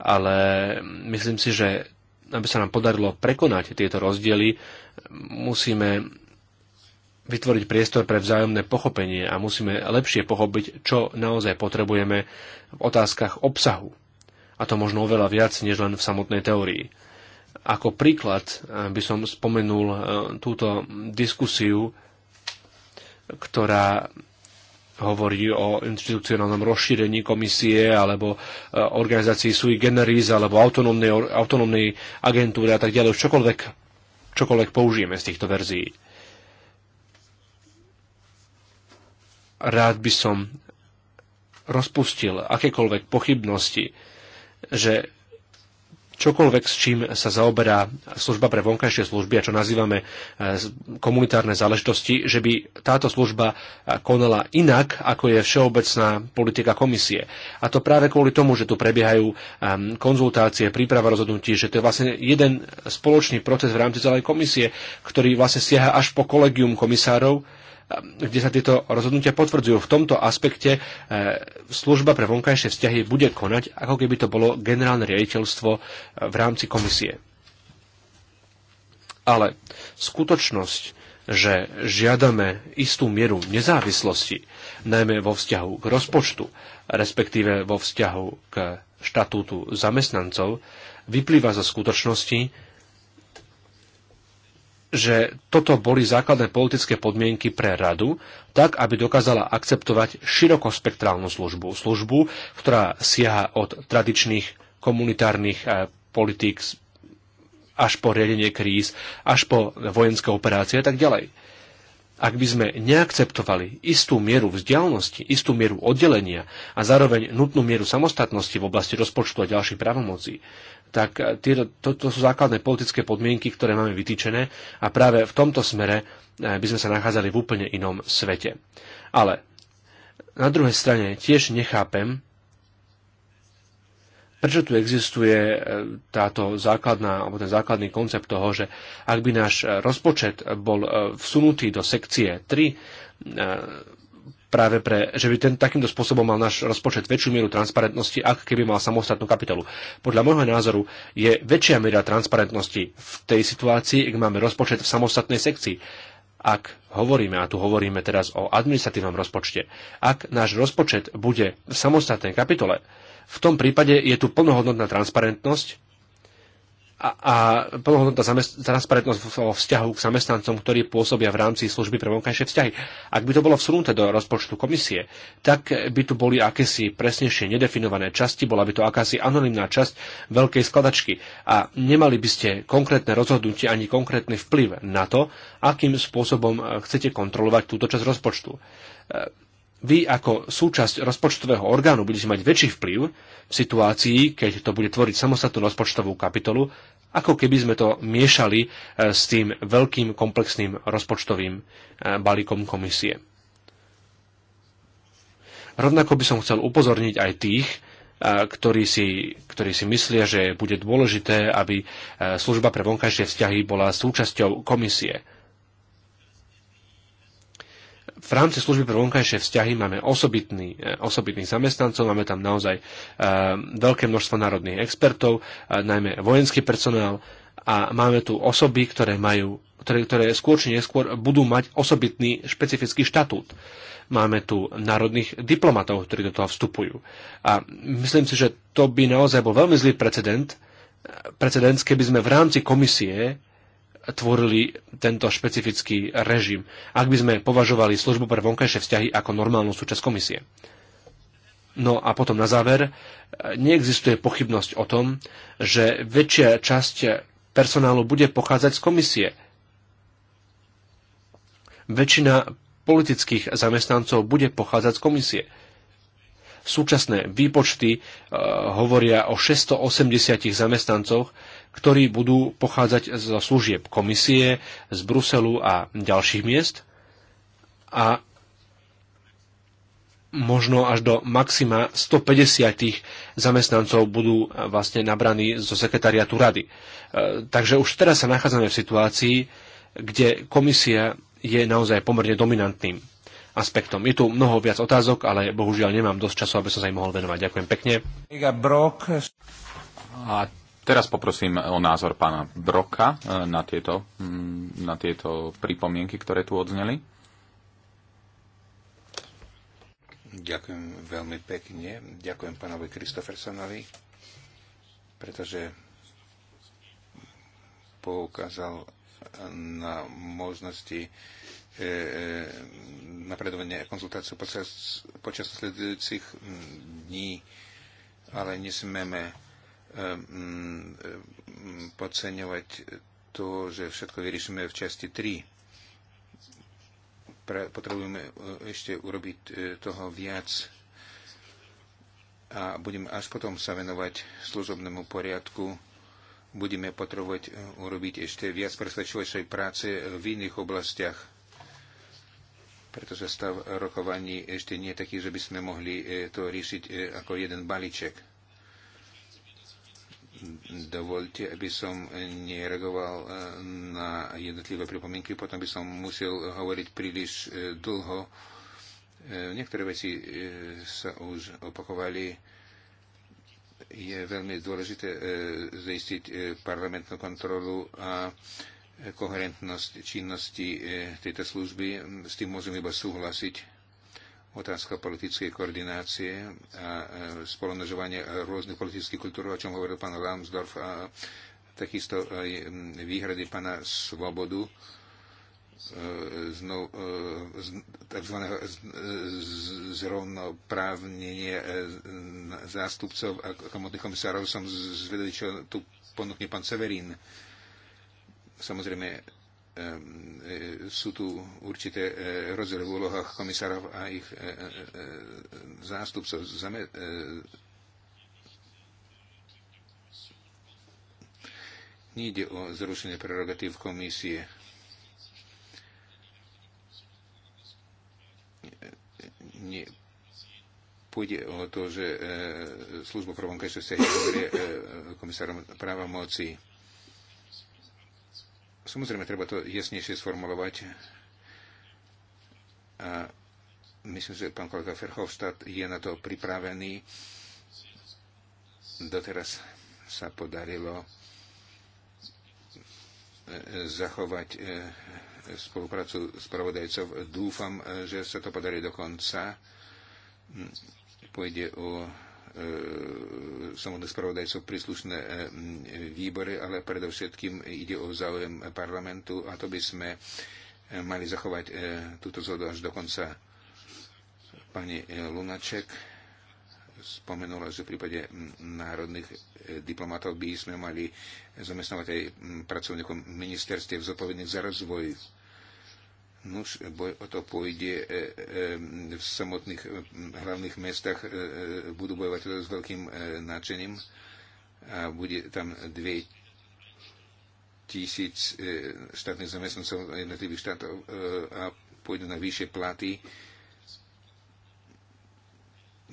ale myslím si, že aby sa nám podarilo prekonať tieto rozdiely, musíme vytvoriť priestor pre vzájomné pochopenie a musíme lepšie pochopiť, čo naozaj potrebujeme v otázkach obsahu. A to možno oveľa viac, než len v samotnej teórii. Ako príklad eh, by som spomenul eh, túto diskusiu, ktorá hovorí o institucionálnom rozšírení komisie alebo e, organizácii sui generis alebo autonómnej, autonómnej agentúry a tak ďalej. Čokoľvek, čokoľvek použijeme z týchto verzií. Rád by som rozpustil akékoľvek pochybnosti, že čokoľvek, s čím sa zaoberá služba pre vonkajšie služby a čo nazývame eh, komunitárne záležitosti, že by táto služba eh, konala inak, ako je všeobecná politika komisie. A to práve kvôli tomu, že tu prebiehajú ehm, konzultácie, príprava rozhodnutí, že to je vlastne jeden spoločný proces v rámci celej komisie, ktorý vlastne siaha až po kolegium komisárov, kde sa tieto rozhodnutia potvrdzujú. V tomto aspekte e, služba pre vonkajšie vzťahy bude konať, ako keby to bolo generálne riaditeľstvo e, v rámci komisie. Ale skutočnosť, že žiadame istú mieru nezávislosti, najmä vo vzťahu k rozpočtu, respektíve vo vzťahu k štatútu zamestnancov, vyplýva zo skutočnosti, že toto boli základné politické podmienky pre radu, tak aby dokázala akceptovať širokospektrálnu službu. Službu, ktorá siaha od tradičných komunitárnych eh, politík až po riadenie kríz, až po vojenské operácie a tak ďalej. Ak by sme neakceptovali istú mieru vzdialnosti, istú mieru oddelenia a zároveň nutnú mieru samostatnosti v oblasti rozpočtu a ďalších právomocí, tak tieto, to, to sú základné politické podmienky, ktoré máme vytýčené a práve v tomto smere eh, by sme sa nachádzali v úplne inom svete. Ale na druhej strane tiež nechápem, prečo tu existuje eh, táto základná, alebo ten základný koncept toho, že ak by náš rozpočet bol eh, vsunutý do sekcie 3, práve pre, že by ten takýmto spôsobom mal náš rozpočet väčšiu mieru transparentnosti, ako keby mal samostatnú kapitolu. Podľa môjho názoru je väčšia miera transparentnosti v tej situácii, ak máme rozpočet v samostatnej sekcii. Ak hovoríme, a tu hovoríme teraz o administratívnom rozpočte, ak náš rozpočet bude v samostatnej kapitole, v tom prípade je tu plnohodnotná transparentnosť a, a plnohodnotná transparentnosť vo vzťahu k zamestnancom, ktorí pôsobia v rámci služby pre vonkajšie vzťahy. Ak by to bolo vsunuté do rozpočtu komisie, tak by tu boli akési presnejšie nedefinované časti, bola by to akási anonimná časť veľkej skladačky a nemali by ste konkrétne rozhodnutie ani konkrétny vplyv na to, akým spôsobom chcete kontrolovať túto časť rozpočtu vy ako súčasť rozpočtového orgánu budete mať väčší vplyv v situácii, keď to bude tvoriť samostatnú rozpočtovú kapitolu, ako keby sme to miešali e, s tým veľkým komplexným rozpočtovým e, balíkom komisie. Rovnako by som chcel upozorniť aj tých, e, ktorí si, ktorí si myslia, že bude dôležité, aby služba pre vonkajšie vzťahy bola súčasťou komisie v rámci služby pre vonkajšie vzťahy máme osobitný, e, osobitných zamestnancov, máme tam naozaj e, veľké množstvo národných expertov, e, najmä vojenský personál a máme tu osoby, ktoré majú ktoré, ktoré skôr či neskôr budú mať osobitný špecifický štatút. Máme tu národných diplomatov, ktorí do toho vstupujú. A myslím si, že to by naozaj bol veľmi zlý precedent, precedens, keby sme v rámci komisie tvorili tento špecifický režim, ak by sme považovali službu pre vonkajšie vzťahy ako normálnu súčasť komisie. No a potom na záver, neexistuje pochybnosť o tom, že väčšia časť personálu bude pochádzať z komisie. Väčšina politických zamestnancov bude pochádzať z komisie. Súčasné výpočty e, hovoria o 680 zamestnancoch, ktorí budú pochádzať zo služieb komisie, z Bruselu a ďalších miest a možno až do maxima 150 zamestnancov budú vlastne nabraní zo sekretariatu rady. E, takže už teraz sa nachádzame v situácii, kde komisia je naozaj pomerne dominantným aspektom. Je tu mnoho viac otázok, ale bohužiaľ nemám dosť času, aby som sa im mohol venovať. Ďakujem pekne. A Teraz poprosím o názor pána Broka e, na tieto, mm, na tieto pripomienky, ktoré tu odzneli. Ďakujem veľmi pekne. Ďakujem pánovi Kristofersonovi, pretože poukázal na možnosti e, e, napredovania konzultáciu počas, počas sledujúcich mm, dní, ale nesmieme Ehm, ehm, podceňovať to, že všetko vyriešime v časti 3. Potrebujeme eh, ešte urobiť eh, toho viac a budem až potom sa venovať služobnému poriadku. Budeme potrebovať eh, urobiť ešte viac presvedčovejšej práce v iných oblastiach, pretože stav rokovaní ešte nie je taký, že by sme mohli to riešiť ako jeden balíček Dovolte, aby som nereagoval e, na jednotlivé pripomienky, potom by som musel hovoriť príliš e, dlho. E, niektoré veci sa už opakovali. Je veľmi dôležité zaistiť parlamentnú kontrolu a koherentnosť činnosti tejto služby. S tým môžem iba súhlasiť otázka politickej koordinácie a e, spolonožovanie rôznych politických kultúr, o čom hovoril pán Lambsdorff a takisto aj výhrady pána Svobodu e, znov, e, tzv. zrovnoprávnenie zástupcov a komodných komisárov. Som zvedel, čo tu ponúkne pán Severín. Samozrejme, Ehm, e, sú tu určité e, rozdiely v úlohách komisárov a ich e, zástupcov. Nejde o zrušenie prerogatív komisie. Nie, pôjde o to, že e, služba pro vonkajšie vzťahy e, komisárom práva moci. E, Samozrejme, treba to jasnejšie sformulovať. A myslím, že pán kolega Ferhofstadt je na to pripravený. Doteraz sa podarilo e, zachovať e, spoluprácu spravodajcov. Dúfam, že sa to podarí do konca. Hm, pôjde o E, samotné spravodajcov príslušné e, výbory, ale predovšetkým ide o záujem parlamentu a to by sme e, mali zachovať túto zhodu až do konca. Pani Lunaček spomenula, že v prípade národných diplomatov by sme mali zamestnávať aj pracovníkom ministerstiev zodpovedných za rozvoj Nuž, boj o to pôjde e, e, e, v samotných hlavných mestách, budú bojovať s veľkým nadšením a bude tam dve tisíc štátnych zamestnancov jednotlivých štátov a pôjdu na vyššie platy.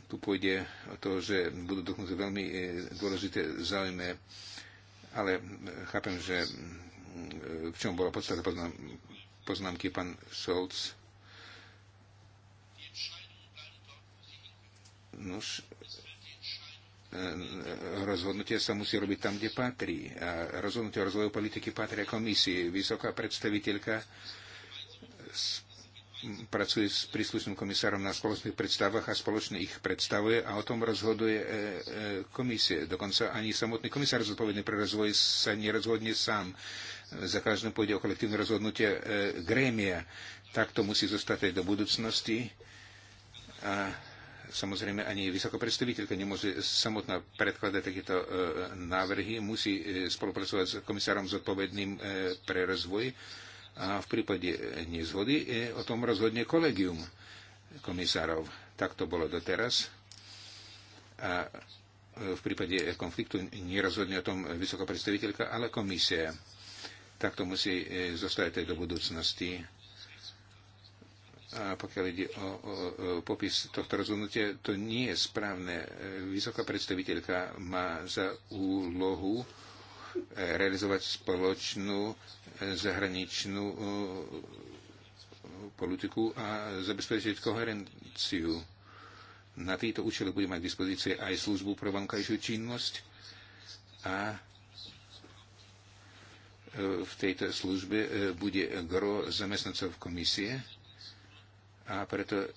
Tu pôjde o to, že budú dokonca veľmi dôležité záujme, ale chápem, že v čom bola podstata poznám poznámky pán Scholz. Nuž, eh, rozhodnutie sa musí robiť tam, kde patrí. A rozhodnutie o rozvoju politiky patria komisii. Vysoká predstaviteľka s, m, pracuje s príslušným komisárom na spoločných predstavách a spoločne ich predstavuje a o tom rozhoduje e, e, komisie. Dokonca ani samotný komisár zodpovedný pre rozvoj sa nerozhodne sám za každým pôjde o kolektívne rozhodnutie e, grémia. Tak to musí zostať aj do budúcnosti. A samozrejme ani vysokopredstaviteľka nemôže samotná predkladať takéto e, návrhy. Musí e, spolupracovať s komisárom zodpovedným e, pre rozvoj a v prípade nezhody e, o tom rozhodne kolegium komisárov. Tak to bolo doteraz. A e, v prípade konfliktu nerozhodne o tom vysoká predstaviteľka, ale komisia tak to musí e, zostať aj do budúcnosti. A pokiaľ ide o, o, o popis tohto rozhodnutia, to nie je správne. Vysoká predstaviteľka má za úlohu e, realizovať spoločnú e, zahraničnú politiku a zabezpečiť koherenciu. Na týto účely bude mať dispozície aj službu pro vankajšiu činnosť a v tejto službe e, bude gro zamestnancov komisie a preto e,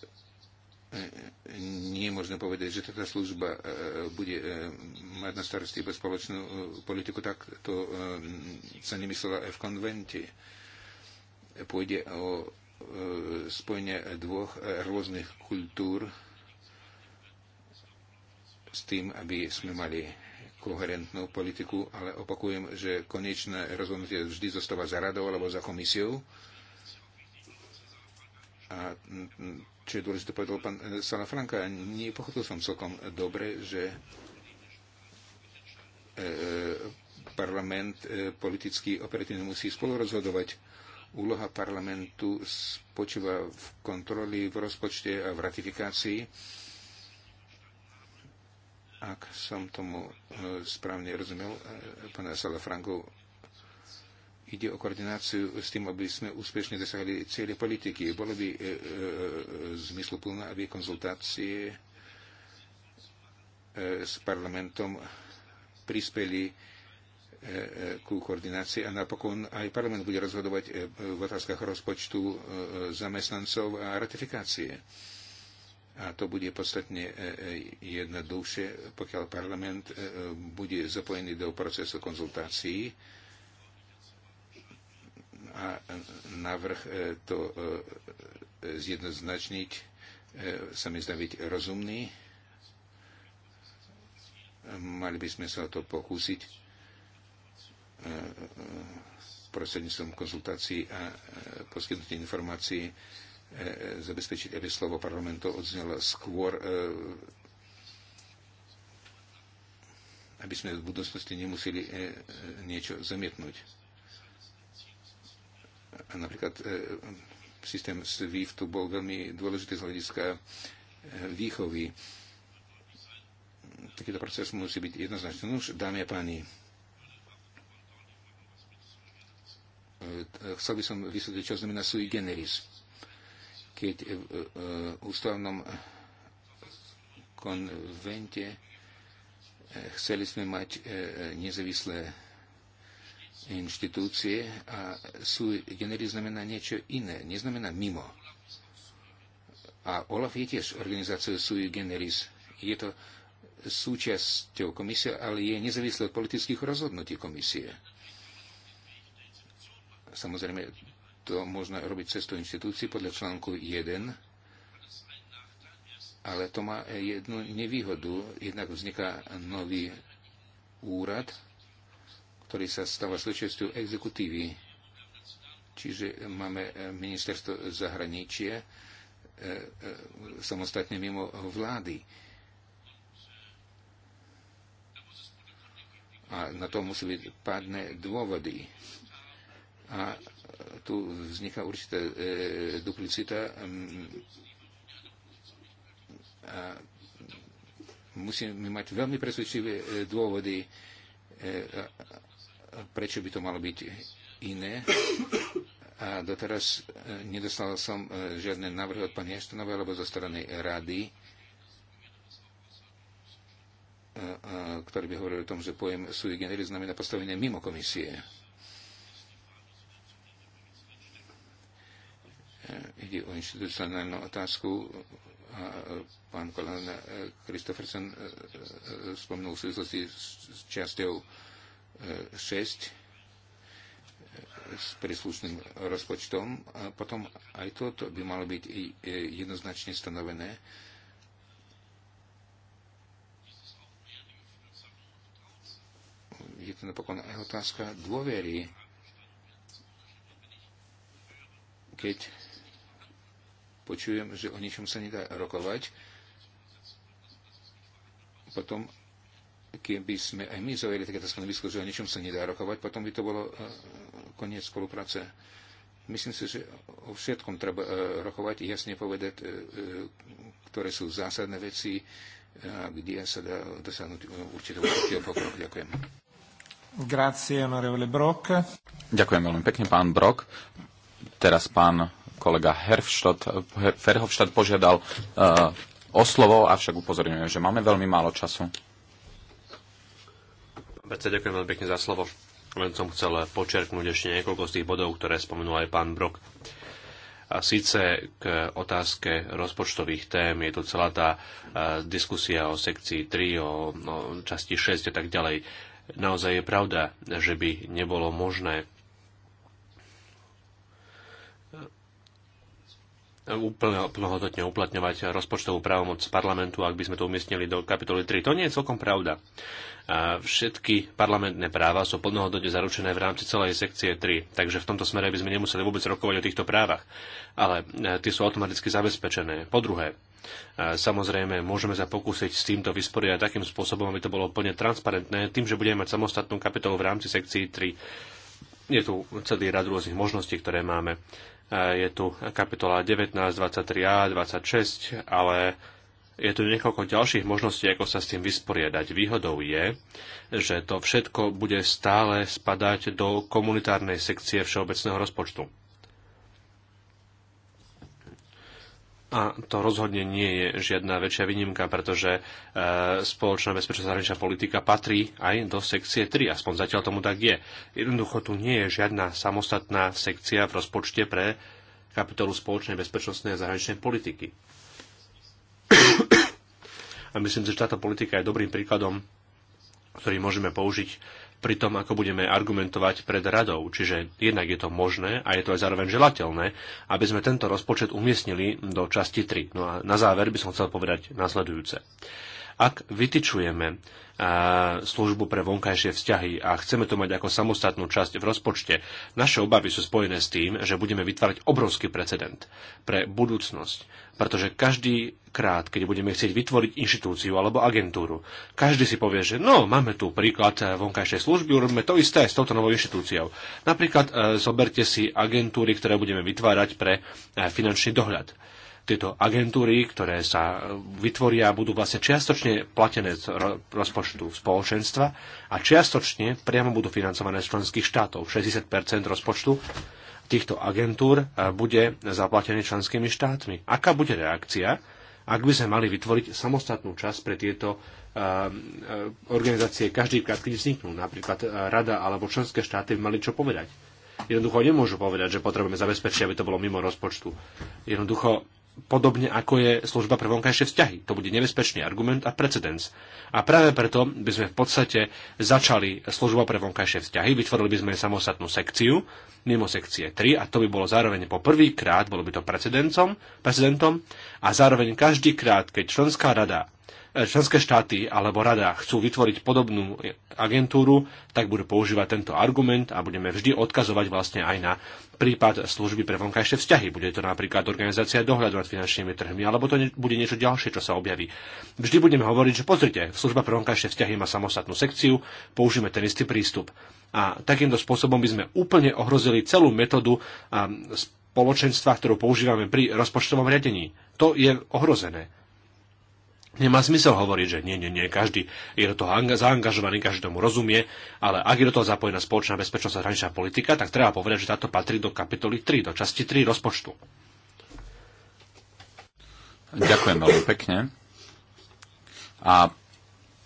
nie je možné povedať, že táto služba e, bude mať na starosti iba spoločnú politiku, tak to sa nemyslela aj v konvente. Pôjde o spojenie dvoch rôznych kultúr s tým, aby sme mali koherentnú politiku, ale opakujem, že konečné rozhodnutie vždy zostáva za radou alebo za komisiou. A čo je dôležité, povedal pán e, Salafranka, nepochopil som celkom dobre, že e, e, parlament politicky operatívne musí spolurozhodovať. Úloha parlamentu spočíva v kontroli, v rozpočte a v ratifikácii ak som tomu e, správne rozumel, e, pána Salafranku, ide o koordináciu s tým, aby sme úspešne dosahli cieľe politiky. Bolo by e, e, e, zmysluplné, aby konzultácie e, s parlamentom prispeli ku koordinácii a napokon aj parlament bude rozhodovať v otázkach rozpočtu zamestnancov a ratifikácie a to bude podstatne e, e, jednoduchšie, pokiaľ parlament e, bude zapojený do procesu konzultácií a navrh to zjednoznačniť sa mi zdá byť rozumný. Mali by sme sa o to pokúsiť prostredníctvom konzultácií a poskytnutí informácií E, zabezpečiť, aby slovo parlamentu odznelo skôr, e, aby sme v budúcnosti nemuseli e, niečo zamietnúť. A napríklad systém SWIFT bol veľmi dôležitý z hľadiska výchovy. Takýto proces musí byť jednoznačný. No už, dámy a páni, chcel by som vysvetliť, čo znamená sui generis keď e, e, v ústavnom konvente e, chceli sme mať nezávislé inštitúcie a sú generi znamená niečo iné, neznamená mimo. A OLAF je tiež organizáciou sui generis. Je to súčasťou komisie, ale je nezávislé od politických rozhodnutí komisie. Samozrejme, to možno robiť tú inštitúciu podľa článku 1, ale to má jednu nevýhodu. Jednak vzniká nový úrad, ktorý sa stáva súčasťou exekutívy. Čiže máme eh, ministerstvo zahraničie, eh, eh, samostatne mimo vlády. A na to musí byť pádne dôvody. A tu vzniká určitá e, duplicita a musíme mať veľmi presvedčivé e, dôvody, e, prečo by to malo byť iné. A doteraz e, nedostal som e, žiadne návrhy od pani Eštonovej alebo zo strany rady, ktorý by hovoril o tom, že pojem sui generis znamená postavenie mimo komisie. Eh, ide o institucionálnu otázku. A eh, pán Kolan Kristofferson eh, spomnul v súvislosti s časťou 6 s príslušným rozpočtom. A potom aj toto by malo byť jednoznačne stanovené. Je to napokon aj otázka dôvery. Keď počujem, že o ničom sa nedá rokovať, potom keby sme aj my zaujeli takéto stanovisko, že o ničom sa nedá rokovať, potom by to bolo e, koniec spolupráce. Myslím si, že o všetkom treba e, rokovať, jasne povedať, e, ktoré sú zásadné veci a kde sa dá dosiahnuť určitého pokroku. Ďakujem. Grazie, onorevole Brock. Ďakujem veľmi pekne, pán Brock. Teraz pán kolega Ferhofštad požiadal eh, o slovo, avšak upozorňujem, že máme veľmi málo času. Predsa ďakujem veľmi pekne za slovo. Len som chcel počerknúť ešte niekoľko z tých bodov, ktoré spomenul aj pán Brok. A síce k otázke rozpočtových tém je tu celá tá eh, diskusia o sekcii 3, o, no, časti 6 a tak ďalej. Naozaj je pravda, že by nebolo možné úplne, plnohodnotne uplatňovať rozpočtovú právomoc parlamentu, ak by sme to umiestnili do kapitoly 3. To nie je celkom pravda. Všetky parlamentné práva sú plnohodnotne zaručené v rámci celej sekcie 3, takže v tomto smere by sme nemuseli vôbec rokovať o týchto právach. Ale e, tie sú automaticky zabezpečené. Po druhé, e, Samozrejme, môžeme sa pokúsiť s týmto vysporiadať takým spôsobom, aby to bolo plne transparentné, tým, že budeme mať samostatnú kapitolu v rámci sekcie 3. Je tu celý rad rôznych možností, ktoré máme. Eh, je tu kapitola 19, 23a, 26, ale je tu niekoľko ďalších možností, ako sa s tým vysporiadať. Výhodou je, že to všetko bude stále spadať do komunitárnej sekcie všeobecného rozpočtu. A to rozhodne nie je žiadna väčšia výnimka, pretože e, spoločná bezpečná zahraničná politika patrí aj do sekcie 3, aspoň zatiaľ tomu tak je. Jednoducho tu nie je žiadna samostatná sekcia v rozpočte pre kapitolu spoločnej bezpečnostnej a zahraničnej politiky. a myslím si, že táto politika je dobrým príkladom, ktorý môžeme použiť pri tom, ako budeme argumentovať pred radou. Čiže jednak je to možné a je to aj zároveň želateľné, aby sme tento rozpočet umiestnili do časti 3. No a na záver by som chcel povedať nasledujúce. Ak vytyčujeme službu pre vonkajšie vzťahy a chceme to mať ako samostatnú časť v rozpočte, naše obavy sú spojené s tým, že budeme vytvárať obrovský precedent pre budúcnosť, pretože každý krát, keď budeme chcieť vytvoriť inštitúciu alebo agentúru, každý si povie, že no, máme tu príklad e, vonkajšej služby, urobíme to isté s touto novou inštitúciou. Napríklad e, zoberte si agentúry, ktoré budeme vytvárať pre e, finančný dohľad tieto agentúry, ktoré sa vytvoria, budú vlastne čiastočne platené z rozpočtu spoločenstva a čiastočne priamo budú financované z členských štátov. 60 rozpočtu týchto agentúr eh, bude zaplatené členskými štátmi. Aká bude reakcia, ak by sme mali vytvoriť samostatnú časť pre tieto eh, eh, organizácie každý krát, keď vzniknú. Napríklad rada alebo členské štáty by mali čo povedať. Jednoducho nemôžu povedať, že potrebujeme zabezpečiť, aby to bolo mimo rozpočtu. Jednoducho podobne ako je služba pre vonkajšie vzťahy. To bude nebezpečný argument a precedens. A práve preto by sme v podstate začali služba pre vonkajšie vzťahy, vytvorili by sme samostatnú sekciu, mimo sekcie 3, a to by bolo zároveň po prvýkrát, bolo by to precedencom, precedentom, a zároveň každý krát, keď členská rada členské štáty alebo rada chcú vytvoriť podobnú agentúru, tak budú používať tento argument a budeme vždy odkazovať vlastne aj na prípad služby pre vonkajšie vzťahy. Bude to napríklad organizácia dohľadu nad finančnými trhmi, alebo to bude niečo ďalšie, čo sa objaví. Vždy budeme hovoriť, že pozrite, služba pre vonkajšie vzťahy má samostatnú sekciu, použijeme ten istý prístup. A takýmto spôsobom by sme úplne ohrozili celú metódu spoločenstva, ktorú používame pri rozpočtovom riadení. To je ohrozené. Nemá zmysel hovoriť, že nie, nie, nie, každý je do toho zaangažovaný, každý tomu rozumie, ale ak je do toho zapojená spoločná bezpečnosť a hraničná politika, tak treba povedať, že táto patrí do kapitoly 3, do časti 3 rozpočtu. Ďakujem veľmi pekne. A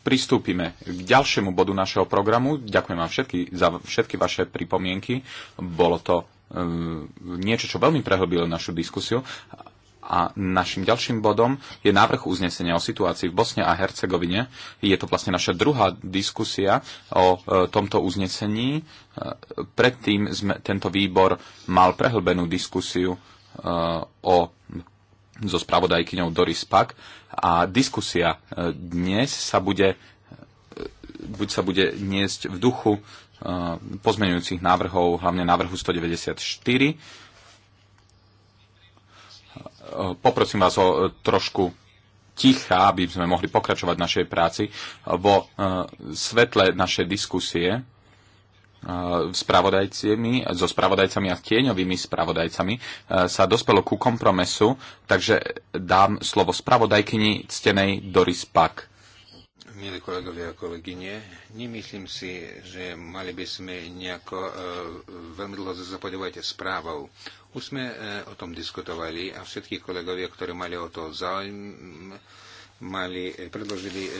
pristúpime k ďalšiemu bodu našeho programu. Ďakujem vám všetky za všetky vaše pripomienky. Bolo to eh, niečo, čo veľmi prehlbilo našu diskusiu a našim ďalším bodom je návrh uznesenia o situácii v Bosne a Hercegovine. Je to vlastne naša druhá diskusia o e, tomto uznesení. E, predtým sme, tento výbor mal prehlbenú diskusiu e, o, so spravodajkyňou Doris Pak a diskusia dnes sa bude buď sa bude niesť v duchu pozmenujúcich návrhov, hlavne návrhu 194, Eh, poprosím vás o eh, trošku ticha, aby sme mohli pokračovať v našej práci vo eh, svetle našej diskusie spravodajcami, so spravodajcami a tieňovými spravodajcami sa dospelo ku kompromisu, takže dám slovo spravodajkyni ctenej Doris Pak milí kolegovia a kolegyne, nemyslím si, že mali by sme nejako e, veľmi dlho zapodovať správou. Už sme e, o tom diskutovali a všetky kolegovia, ktorí mali o to záujem, mali, e, predložili e, e,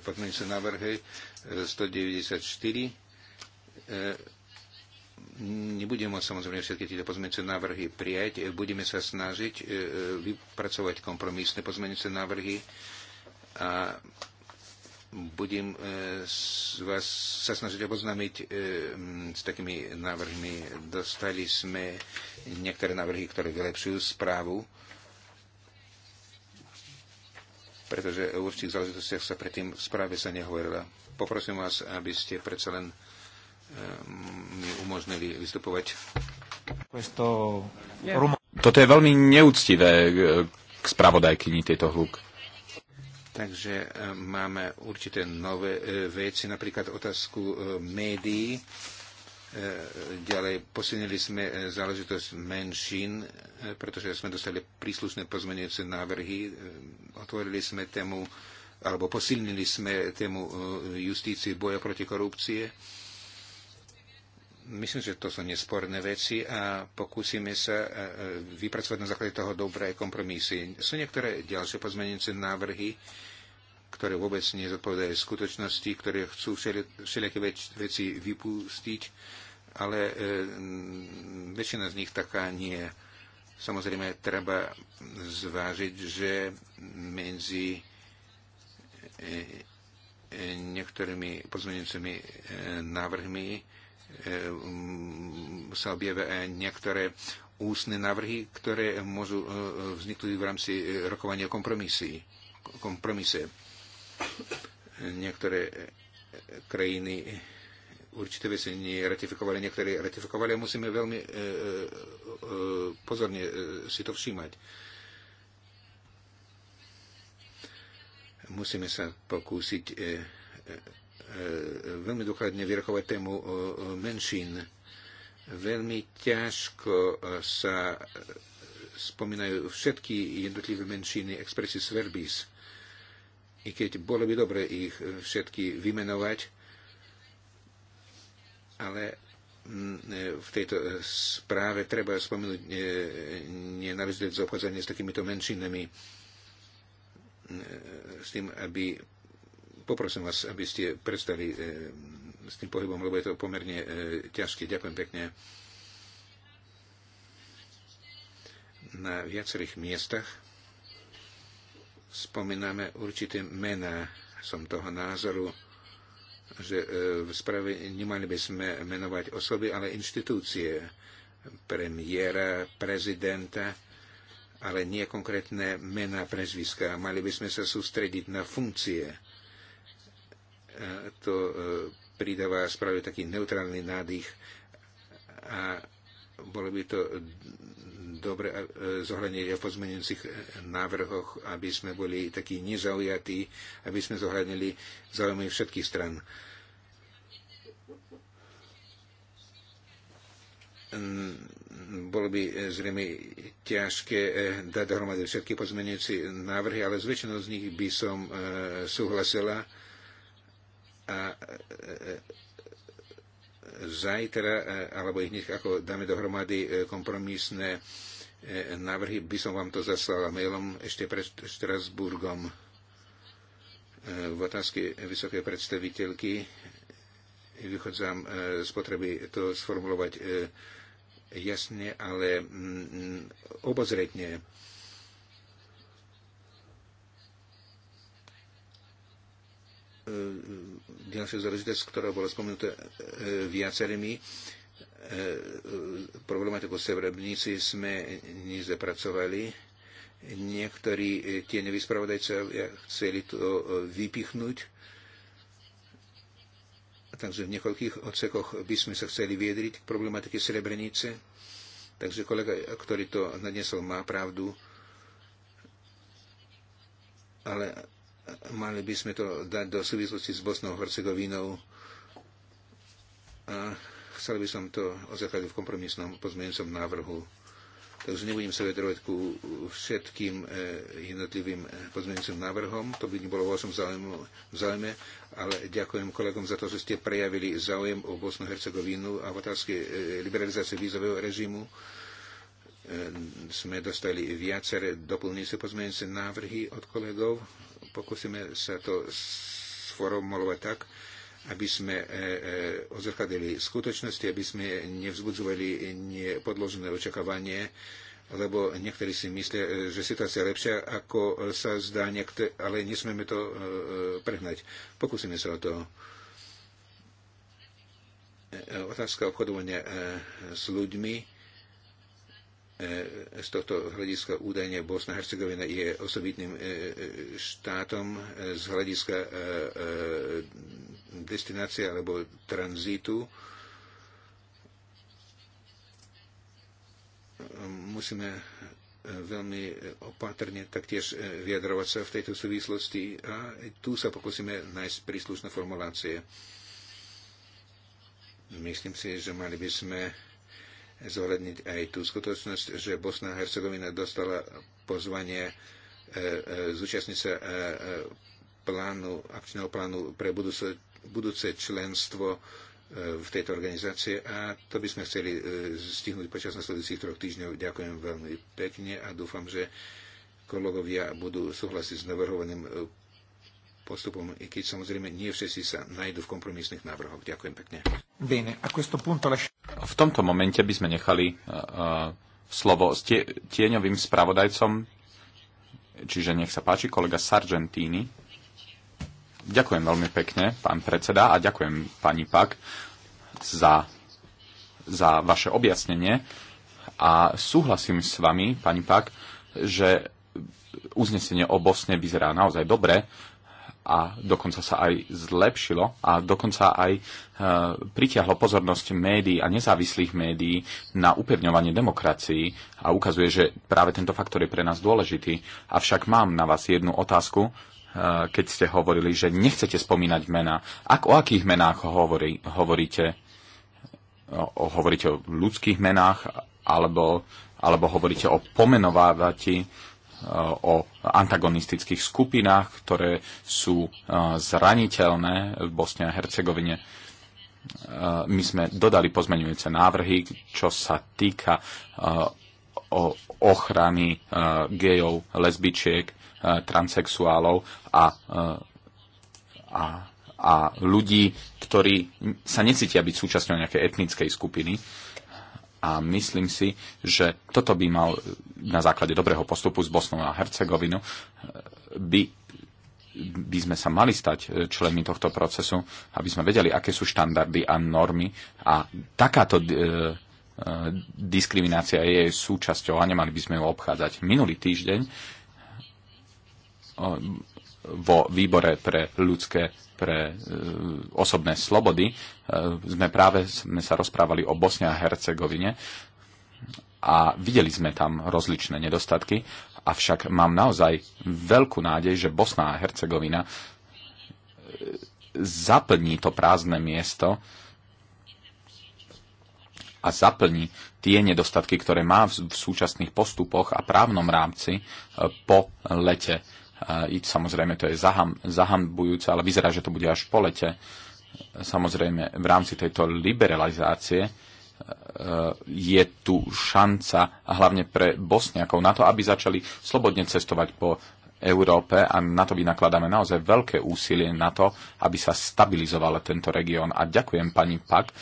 podmienice návrhy 194. E, e nebudeme samozrejme všetky tieto pozmeňujúce návrhy prijať, e, budeme sa snažiť vypracovať kompromisné pozmeňujúce návrhy a budem e, vás sa snažiť oboznámiť e, s takými návrhmi. Dostali sme niektoré návrhy, ktoré vylepšujú správu, pretože o určitých záležitostiach sa predtým v správe sa nehovorila. Poprosím vás, aby ste predsa len e, mi umožnili vystupovať. Toto je veľmi neúctivé k spravodajkyni tejto hluk. Takže e, máme určité nové e, veci, napríklad otázku e, médií. Ďalej posilnili sme záležitosť menšín, pretože sme dostali príslušné pozmenujúce návrhy. Otvorili sme tému, alebo posilnili sme tému justície boja proti korupcie Myslím, že to sú nesporné veci a pokúsime sa e, e, vypracovať na základe toho dobré kompromisy. Sú niektoré ďalšie pozmenujúce návrhy, ktoré vôbec nezodpovedajú skutočnosti, ktoré chcú všelijaké veci vypustiť, ale e, väčšina z nich taká nie Samozrejme, treba zvážiť, že medzi niektorými pozmeňujúcimi návrhmi Ehm, sa objavia aj niektoré ústne návrhy, ktoré môžu e, vzniknúť v rámci e, rokovania kompromisy, kompromise. Niektoré e, krajiny určité veci neratifikovali, niektoré ratifikovali a musíme veľmi pozorne si to všímať. Musíme sa pokúsiť E, veľmi dôkladne vyrokovať tému e, menšín. Veľmi ťažko e, sa spomínajú všetky jednotlivé menšiny expressis verbis. I keď bolo by dobre ich všetky vymenovať, ale v tejto správe treba spomenúť nenávisť zaobchádzanie s takýmito menšinami s tým, aby Poprosím vás, aby ste prestali eh, s tým pohybom, lebo je to pomerne eh, ťažké. Ďakujem pekne. Na viacerých miestach spomíname určité mená. Som toho názoru, že eh, v správe nemali by sme menovať osoby, ale inštitúcie. Premiéra, prezidenta, ale nie konkrétne mená, prezviska. Mali by sme sa sústrediť na funkcie to e, pridáva správe taký neutrálny nádych a bolo by to dobre e, zohľadniť v pozmenujúcich návrhoch, aby sme boli takí nezaujatí, aby sme zohľadnili záujmy všetkých stran. Bolo by e, zrejme ťažké dať dohromady všetky pozmenujúce návrhy, ale s väčšinou z nich by som súhlasila a e, e, zajtra, e, alebo ich hneď ako dáme dohromady kompromisné návrhy, by som vám to zaslala mailom ešte pred Štrasburgom v otázke vysokej predstaviteľky. Vychodzám z potreby to sformulovať jasne, ale mm, obozretne ďalšia záležitosť, ktorá bola spomenutá e, viacerými, e, problematiku Srebrenici sme nezapracovali. Niektorí e, tie nevyspravodajcovia chceli to vypichnúť, takže v niekoľkých odsekoch by sme sa chceli viedriť k problematike Srebrenice. Takže kolega, ktorý to nadnesol, má pravdu. Ale Mali by sme to dať do súvislosti s Bosnou a Hercegovinou. A chcel by som to ozakať v kompromisnom pozmeňujúcom návrhu. Takže nebudem sa vedrovať ku všetkým e, jednotlivým e, pozmeňujúcim návrhom. To by nebolo vo vašom záujme, ale ďakujem kolegom za to, že ste prejavili záujem o Bosnu Hercegovinu a v otázke e, liberalizácie vízového režimu sme dostali viacere doplňujúce pozmeňujúce návrhy od kolegov. Pokúsime sa to sformulovať tak, aby sme e, e, ozrkadili skutočnosti, aby sme nevzbudzovali nepodložené očakávanie, lebo niektorí si myslia, e, že situácia je lepšia, ako sa zdá, niektor- ale nesmieme to prehnať. Pokúsime sa o to. Otázka obchodovania s ľuďmi E, z tohto hľadiska údajne Bosna a Hercegovina je osobitným e, e, štátom z hľadiska destinácie alebo tranzitu. Musíme veľmi opatrne taktiež vyjadrovať sa v tejto súvislosti a tu sa pokúsime nájsť príslušné formulácie. Myslím si, že mali by sme zohľadniť aj tú skutočnosť, že Bosna a Hercegovina dostala pozvanie e, e, zúčastniť sa e, plánu, akčného plánu pre budúce, budúce členstvo v tejto organizácie a to by sme chceli stihnúť počas nasledujúcich troch týždňov. Ďakujem veľmi pekne a dúfam, že kolegovia budú súhlasiť s navrhovaným postupom, i keď samozrejme nie všetci sa nájdú v kompromisných návrhoch. Ďakujem pekne. Bene, a questo punto V tomto momente by sme nechali uh, slovo tie, tieňovým spravodajcom, čiže nech sa páči kolega Sargentini. Ďakujem veľmi pekne, pán predseda, a ďakujem pani Pak za, za vaše objasnenie. A súhlasím s vami, pani Pak, že uznesenie o Bosne vyzerá naozaj dobre a dokonca sa aj zlepšilo a dokonca aj e, pritiahlo pozornosť médií a nezávislých médií na upevňovanie demokracií a ukazuje, že práve tento faktor je pre nás dôležitý. Avšak mám na vás jednu otázku, e, keď ste hovorili, že nechcete spomínať mená. Ak, o akých menách hovorí, hovoríte? O, hovoríte o ľudských menách alebo, alebo hovoríte o pomenovávati o antagonistických skupinách, ktoré sú e, zraniteľné v Bosne a Hercegovine. E, my sme dodali pozmeňujúce návrhy, čo sa týka e, ochrany gejov, lesbičiek, transexuálov a, a, a ľudí, ktorí sa necítia byť súčasťou nejakej etnickej skupiny a myslím si, že toto by mal na základe dobrého postupu s Bosnou a Hercegovinu by, by sme sa mali stať e, členmi tohto procesu, aby sme vedeli, aké sú štandardy a normy a takáto e, e, diskriminácia je jej súčasťou a nemali by sme ju obchádzať. Minulý týždeň vo výbore pre ľudské pre e, osobné slobody e, sme práve sme sa rozprávali o Bosne a Hercegovine a videli sme tam rozličné nedostatky, avšak mám naozaj veľkú nádej, že Bosna a Hercegovina e, zaplní to prázdne miesto a zaplní tie nedostatky, ktoré má v súčasných postupoch a právnom rámci po lete i samozrejme to je zaham, zahambujúce, ale vyzerá, že to bude až po lete. Samozrejme, v rámci tejto liberalizácie e, je tu šanca, hlavne pre Bosniakov, na to, aby začali slobodne cestovať po Európe a na to vynakladáme naozaj veľké úsilie na to, aby sa stabilizoval tento región. A ďakujem pani Pak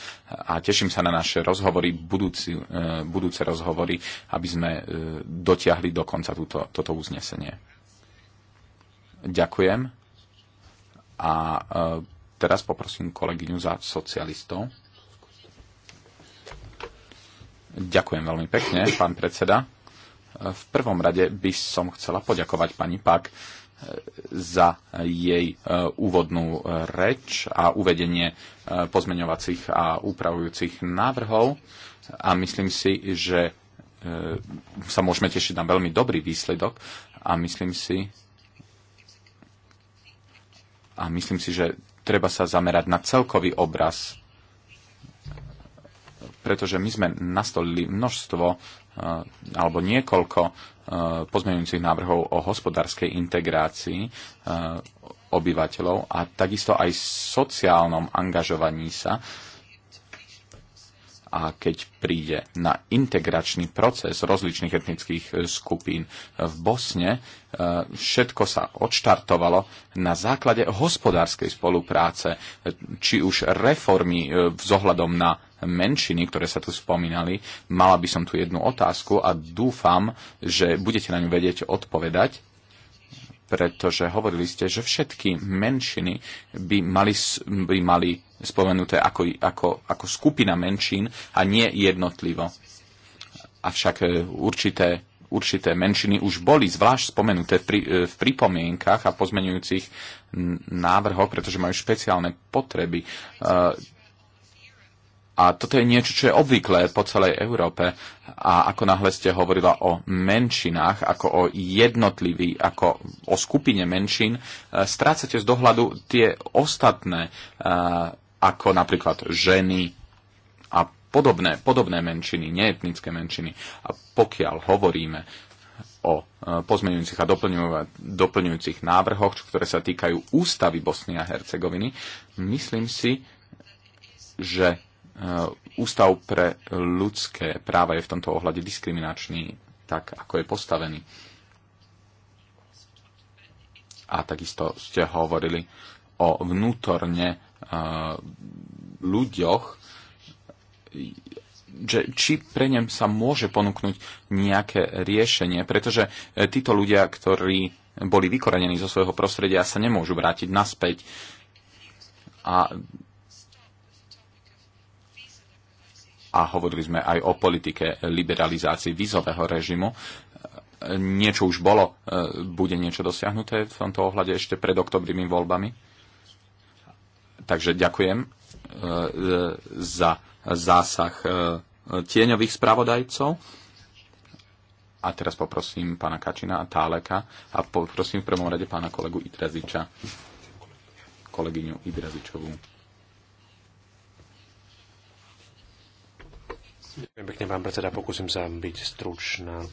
a teším sa na naše rozhovory, budúci, e, budúce rozhovory, aby sme e, dotiahli do konca túto, toto uznesenie. Ďakujem. A e, teraz poprosím kolegyňu za socialistov. Ďakujem veľmi pekne, pán predseda. E, v prvom rade by som chcela poďakovať pani Pak e, za jej úvodnú reč a uvedenie pozmeňovacích a upravujúcich návrhov a myslím si, že sa môžeme tešiť na veľmi dobrý výsledok a myslím si, a myslím si, že treba sa zamerať na celkový obraz, pretože my sme nastolili množstvo eh, alebo niekoľko eh, pozmeňujúcich návrhov o hospodárskej integrácii eh, obyvateľov a takisto aj sociálnom angažovaní sa a keď príde na integračný proces rozličných etnických e, skupín e, v Bosne, e, všetko sa odštartovalo na základe hospodárskej spolupráce, či už reformy vzhľadom na menšiny, ktoré sa tu spomínali. Mala by som tu jednu otázku a dúfam, že budete na ňu vedieť odpovedať pretože hovorili ste, že všetky menšiny by mali, by mali spomenuté ako, ako, ako skupina menšín a nie jednotlivo. Avšak e, určité, určité menšiny už boli zvlášť spomenuté pri, e, v pripomienkach a pozmenujúcich návrhoch, pretože majú špeciálne potreby. E, a toto je niečo, čo je obvyklé po celej Európe. A ako náhle ste hovorila o menšinách, ako o jednotlivý, ako o skupine menšín, e, strácate z dohľadu tie ostatné, e, ako napríklad ženy a podobné, podobné menšiny, neetnické menšiny. A pokiaľ hovoríme o e, pozmeňujúcich a doplňujúcich návrhoch, ktoré sa týkajú ústavy Bosny a Hercegoviny, myslím si, že Eh, Ústav pre ľudské práva je v tomto ohľade diskriminačný, tak ako je postavený. A takisto ste hovorili o vnútorne eh, ľuďoch, že či pre ňem sa môže ponúknuť nejaké riešenie, pretože eh, títo ľudia, ktorí boli vykorenení zo svojho prostredia, sa nemôžu vrátiť naspäť. A a hovorili sme aj o politike liberalizácie vízového režimu. Niečo už bolo, e, bude niečo dosiahnuté v tomto ohľade ešte pred oktobrými voľbami. Takže ďakujem e, e, za zásah tieňových spravodajcov. A teraz poprosím pána Kačina a Táleka a poprosím v prvom rade pána kolegu Idraziča, kolegyňu Idrazičovú. Ďakujem pekne, pán predseda, pokúsim sa byť stručná.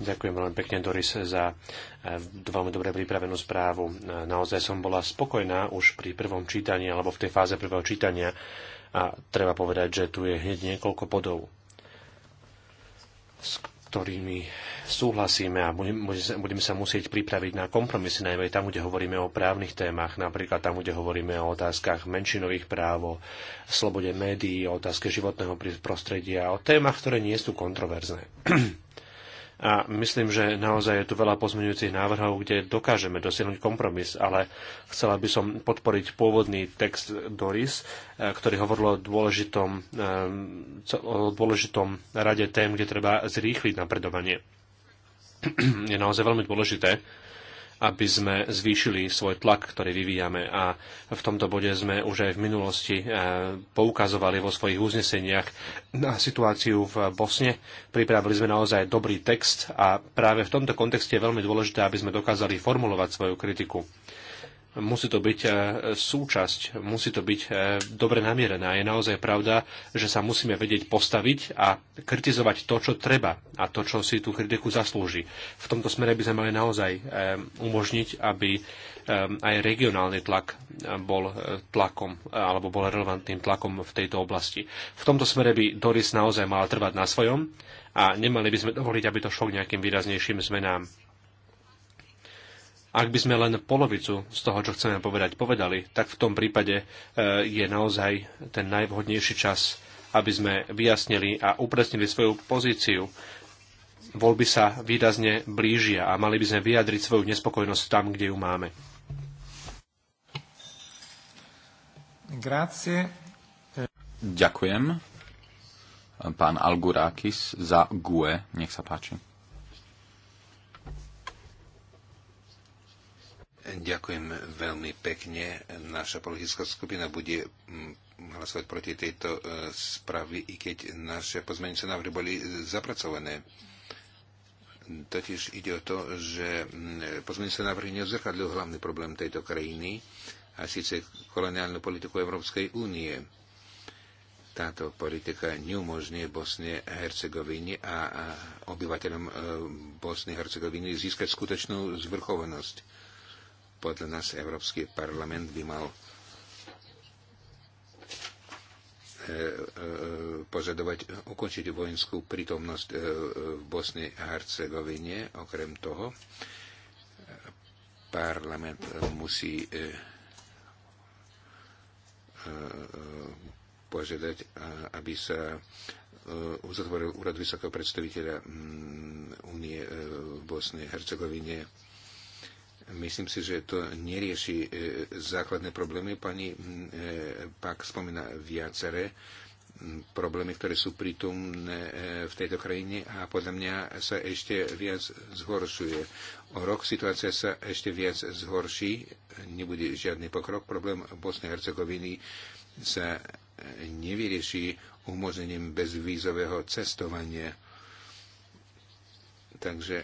Ďakujem veľmi pekne, Doris, za eh, veľmi dobre pripravenú správu. Eh, naozaj som bola spokojná už pri prvom čítaní, alebo v tej fáze prvého čítania. A treba povedať, že tu je hneď niekoľko bodov, s ktorými súhlasíme a budeme sa musieť pripraviť na kompromisy, najmä tam, kde hovoríme o právnych témach, napríklad tam, kde hovoríme o otázkach menšinových práv, o slobode médií, o otázke životného prostredia, o témach, ktoré nie sú kontroverzné. [clears throat] A myslím, že naozaj je tu veľa pozmeňujúcich návrhov, kde dokážeme dosiahnuť kompromis, ale chcela by som podporiť pôvodný text Doris, eh, ktorý hovoril o dôležitom, eh, o dôležitom rade tém, kde treba zrýchliť napredovanie. [clears throat] je naozaj veľmi dôležité, aby sme zvýšili svoj tlak, ktorý vyvíjame. A v tomto bode sme už aj v minulosti eh, poukazovali vo svojich uzneseniach na situáciu v Bosne. Pripravili sme naozaj dobrý text a práve v tomto kontexte je veľmi dôležité, aby sme dokázali formulovať svoju kritiku musí to byť e, súčasť, musí to byť e, dobre namierené. A je naozaj pravda, že sa musíme vedieť postaviť a kritizovať to, čo treba a to, čo si tú kritiku zaslúži. V tomto smere by sme mali naozaj e, umožniť, aby aj regionálny tlak bol tlakom alebo bol relevantným tlakom v tejto oblasti. V tomto smere by Doris naozaj mala trvať na svojom a nemali by sme dovoliť, aby to šlo k nejakým výraznejším zmenám. Ak by sme len polovicu z toho, čo chceme povedať, povedali, tak v tom prípade e, je naozaj ten najvhodnejší čas, aby sme vyjasnili a upresnili svoju pozíciu. Voľby sa výrazne blížia a mali by sme vyjadriť svoju nespokojnosť tam, kde ju máme. Grazie. Ďakujem. Pán Algurakis za GUE. Nech sa páči. Ďakujem veľmi pekne. Naša politická skupina bude mm, hlasovať proti tejto e, správy, i keď naše pozmeňujúce návrhy boli zapracované. Totiž ide o to, že mm, pozmeňujúce návrhy neodzrkadľujú hlavný problém tejto krajiny, a síce koloniálnu politiku Európskej únie. Táto politika neumožňuje Bosne a Hercegovine a obyvateľom e, Bosny a Hercegoviny získať skutočnú zvrchovanosť podľa nás Európsky parlament by mal e, e, požadovať ukončiť vojenskú prítomnosť e, v Bosne a Hercegovine. Okrem toho, parlament musí požiadať, aby sa uzatvoril úrad vysokého predstaviteľa Unie v Bosne a Hercegovine Myslím si, že to nerieši e, základné problémy. Pani e, pak spomína viaceré problémy, ktoré sú prítomné e, v tejto krajine a podľa mňa sa ešte viac zhoršuje. O rok situácia sa ešte viac zhorší, nebude žiadny pokrok. Problém Bosnej Hercegoviny sa nevyrieši umožnením bezvízového cestovania. Takže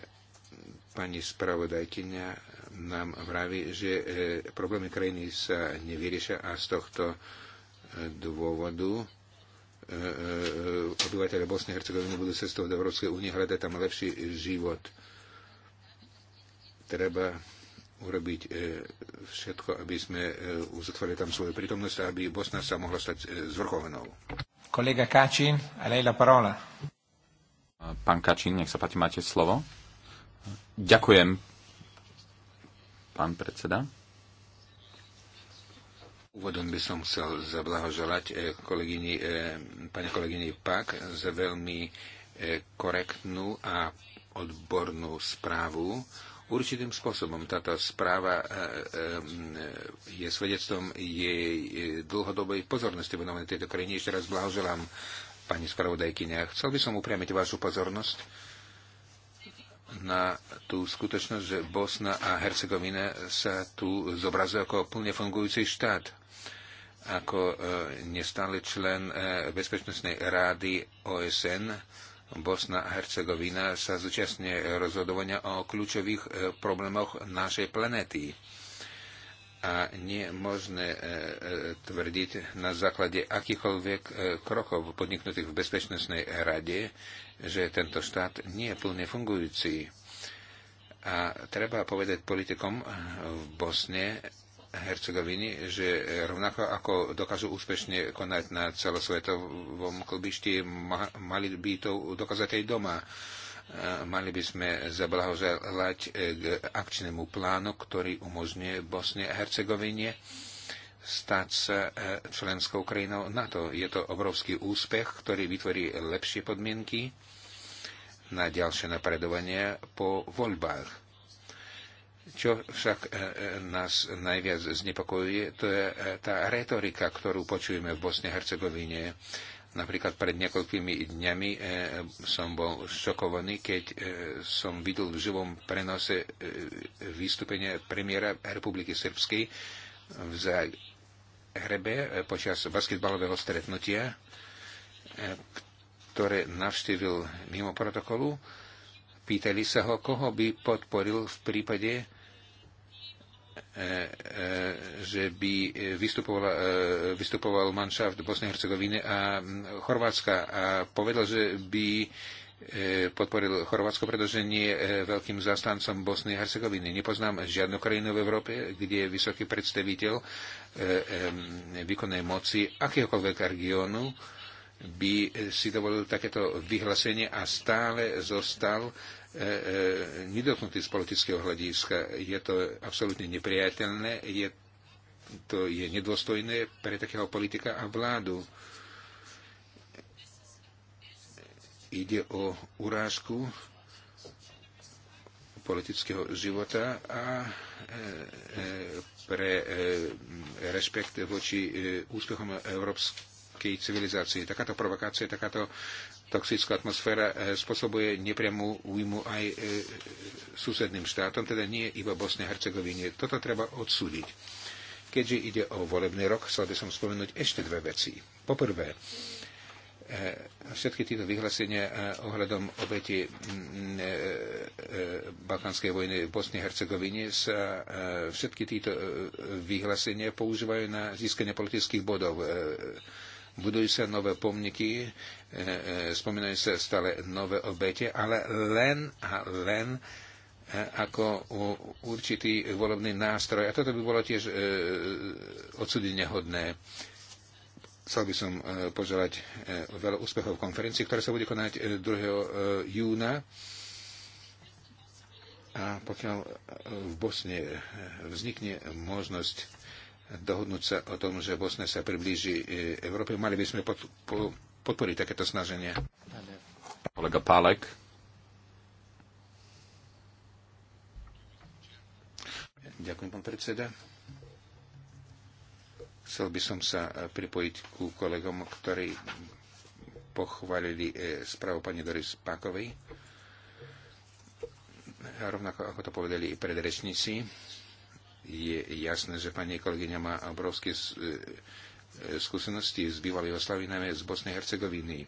pani spravodajkyňa nám vraví, že e, problémy krajiny sa nevyriešia a z tohto e, dôvodu e, obyvateľe Bosny a Hercegoviny budú cestovať do Európskej únie, hľadať tam lepší život. Treba urobiť všetko, aby sme uzatvorili tam svoju prítomnosť a aby Bosna sa mohla stať zvrchovanou. Kolega Kačín, a lei la parola. Pán Kačín, nech sa páči, máte slovo. Ďakujem, Pán predseda. Úvodom by som chcel zablahoželať eh, kolegyni, eh, pani kolegyni Pak za veľmi eh, korektnú a odbornú správu. Určitým spôsobom táto správa je svedectvom jej dlhodobej pozornosti venovanej tejto krajine. Ešte raz blahoželám pani spravodajkyne. Chcel by som upriamiť vašu pozornosť na tú skutočnosť, že Bosna a Hercegovina sa tu zobrazuje ako plne fungujúci štát, ako e, nestály člen e, Bezpečnostnej rády OSN. Bosna a Hercegovina sa zúčastňuje rozhodovania o kľúčových e, problémoch našej planéty. A nie možné tvrdiť na základe akýchkoľvek krokov podniknutých v Bezpečnostnej rade, že tento štát nie je plne fungujúci. A treba povedať politikom v Bosne, Hercegoviny, že rovnako ako dokážu úspešne konať na celosvetovom klbišti, mali by to dokázať aj doma. E, mali by sme zablahoželať k akčnému plánu, ktorý umožňuje Bosne a Hercegovine stať sa e, členskou krajinou NATO. Je to obrovský úspech, ktorý vytvorí lepšie podmienky na ďalšie napredovanie po voľbách. Čo však e, e, nás najviac znepokojuje, to je e, tá retorika, ktorú počujeme v Bosne a Hercegovine. Napríklad pred niekoľkými dňami som bol šokovaný, keď som videl v živom prenose vystúpenie premiéra Republiky Srbskej v Zagrebe počas basketbalového stretnutia, ktoré navštívil mimo protokolu. Pýtali sa ho, koho by podporil v prípade, e, e, že by e, vystupoval, vystupoval manšaft Bosnej Hercegoviny a Chorvátska a povedal, že by podporil Chorvátsko, pretože nie je veľkým zastancom Bosny a Hercegoviny. Nepoznám žiadnu krajinu v Európe, kde je vysoký predstaviteľ výkonnej moci akéhokoľvek regiónu by eh, si dovolil takéto vyhlásenie a stále zostal eh, eh, nedotknutý z politického hľadiska. Je to absolútne nepriateľné, je, to je nedôstojné pre takého politika a vládu. Ide o urážku politického života a pre rešpekt voči úspechom Európskej všetkej civilizácie. Takáto provokácia, takáto toxická atmosféra eh, spôsobuje nepriamú újmu aj eh, susedným štátom, teda nie iba Bosne a Hercegovine. Toto treba odsúdiť. Keďže ide o volebný rok, chcel by som spomenúť ešte dve veci. Poprvé, eh, všetky tieto vyhlásenia ohľadom obeti mm, Balkánskej vojny v Bosne a Hercegovine sa všetky tieto vyhlásenia používajú na získanie politických bodov budujú sa nové pomniky, e, e, spomínajú sa stále nové obete, ale len a len e, ako určitý volebný nástroj. A toto by bolo tiež e, hodné. Chcel by som poželať veľa úspechov v konferencii, ktorá sa bude konať 2. júna. A pokiaľ v Bosne vznikne možnosť dohodnúť sa o tom, že Bosna sa priblíži e, Európe. Mali by sme pod, po, podporiť takéto snaženie. Kolega Pálek. Ďakujem, pán predseda. Chcel by som sa pripojiť ku kolegom, ktorí pochválili e, správu pani Doris Pákovej. A Rovnako ako to povedali i predrečníci je jasné, že pani kolegyňa má obrovské e, e, skúsenosti z bývalej oslavy, najmä z Bosnej Hercegoviny.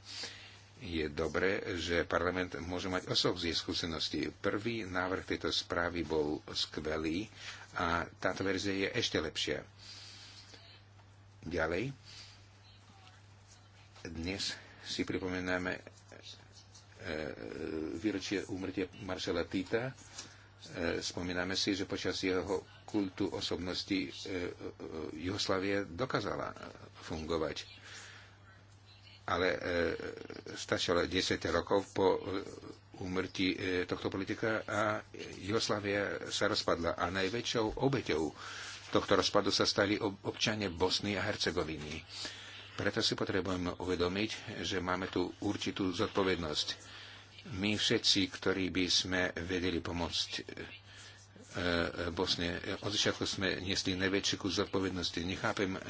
Je dobré, že parlament môže mať osob z jej skúsenosti. Prvý návrh tejto správy bol skvelý a táto verzia je ešte lepšia. Ďalej. Dnes si pripomíname e, výročie úmrtia maršala Tita E, spomíname si, že počas jeho kultu osobnosti e, e, Jugoslavie dokázala fungovať. Ale stačilo 10 rokov po úmrtí tohto politika a Jugoslavia sa rozpadla. A najväčšou obeťou tohto rozpadu sa stali občania Bosny a Hercegoviny. Preto si potrebujeme uvedomiť, že máme tu určitú zodpovednosť my všetci, ktorí by sme vedeli pomôcť e, e, Bosne. Od začiatku sme niesli najväčší kus zodpovednosti. Nechápem e,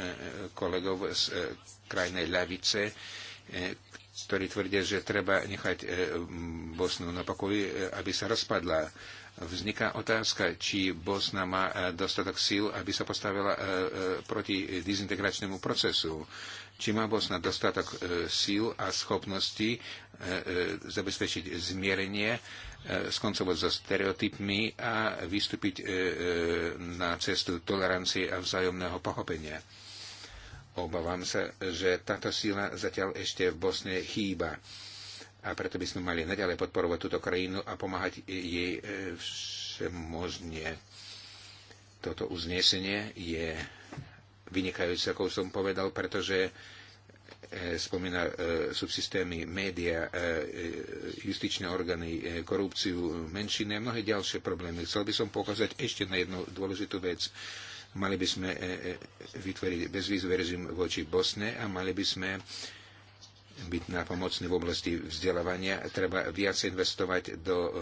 kolegov z krajnej ľavice, ktorí tvrdia, že treba nechať Bosnu na pokoji, aby sa rozpadla. Vzniká otázka, či Bosna má e, dostatok síl, aby sa postavila e, e, proti dezintegračnému procesu. Či má Bosna dostatok síl a schopnosti zabezpečiť zmierenie, skoncovať so stereotypmi a vystúpiť na cestu tolerancie a vzájomného pochopenia. Obávam sa, že táto síla zatiaľ ešte v Bosne chýba a preto by sme mali naďalej podporovať túto krajinu a pomáhať jej e, všemožne. Toto uznesenie je vynikajúce, ako som povedal, pretože e, spomína e, subsystémy média, justičné orgány, korupciu, menšiny a mnohé ďalšie problémy. Chcel by som pokazať ešte na jednu dôležitú vec. Mali by sme vytvoriť bezvýzový režim voči Bosne a mali by sme byť nápomocný v oblasti vzdelávania. Treba viac investovať do e, e,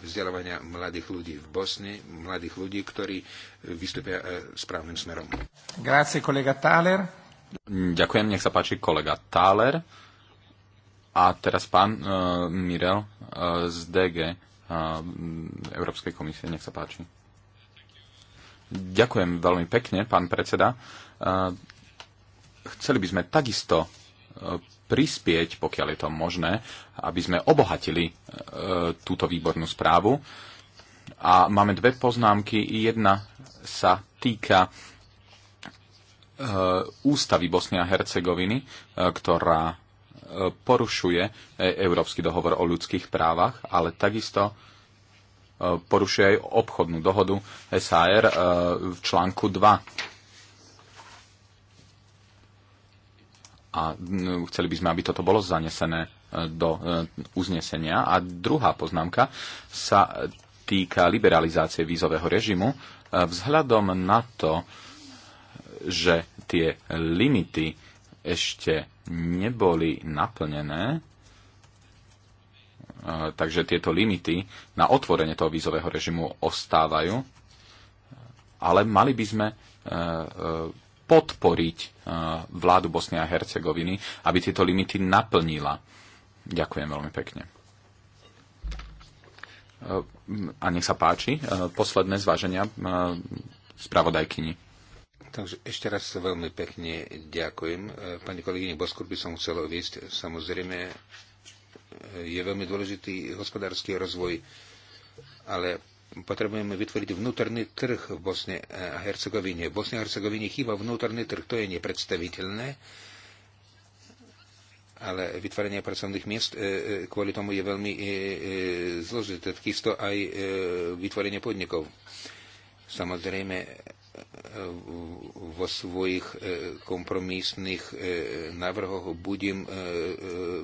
vzdelávania mladých ľudí v Bosne, mladých ľudí, ktorí vystúpia e, správnym smerom. Grazie, kolega Thaler. Ďakujem, nech sa páči kolega Thaler. A teraz pán uh, Mirel uh, z DG uh, Európskej komisie, nech sa páči. Ďakujem veľmi pekne, pán predseda. Uh, chceli by sme takisto uh, prispieť, pokiaľ je to možné, aby sme obohatili e, túto výbornú správu. A máme dve poznámky. Jedna sa týka e, ústavy Bosny a Hercegoviny, e, ktorá porušuje Európsky dohovor o ľudských právach, ale takisto porušuje aj obchodnú dohodu SAR v článku 2 a chceli by sme, aby toto bolo zanesené e, do e, uznesenia. A druhá poznámka sa týka liberalizácie vízového režimu e, vzhľadom na to, že tie limity ešte neboli naplnené, takže tieto limity na otvorenie toho vízového režimu ostávajú, ale mali by sme podporiť e, vládu Bosny a Hercegoviny, aby tieto limity naplnila. Ďakujem veľmi pekne. E, a nech sa páči, e, posledné zváženia spravodajkyni. Takže ešte raz veľmi pekne ďakujem. Pani kolegyne Boskur by som chcel uviesť. Samozrejme, je veľmi dôležitý hospodársky rozvoj, ale potrebujeme vytvoriť vnútorný trh v Bosne a Hercegovine. V Bosne a Hercegovine chýba vnútorný trh, to je nepredstaviteľné, ale vytvorenie pracovných miest e, e, kvôli tomu je veľmi e, zložité, takisto aj vytvorenie podnikov. Samozrejme, vo svojich kompromisných návrhoch budem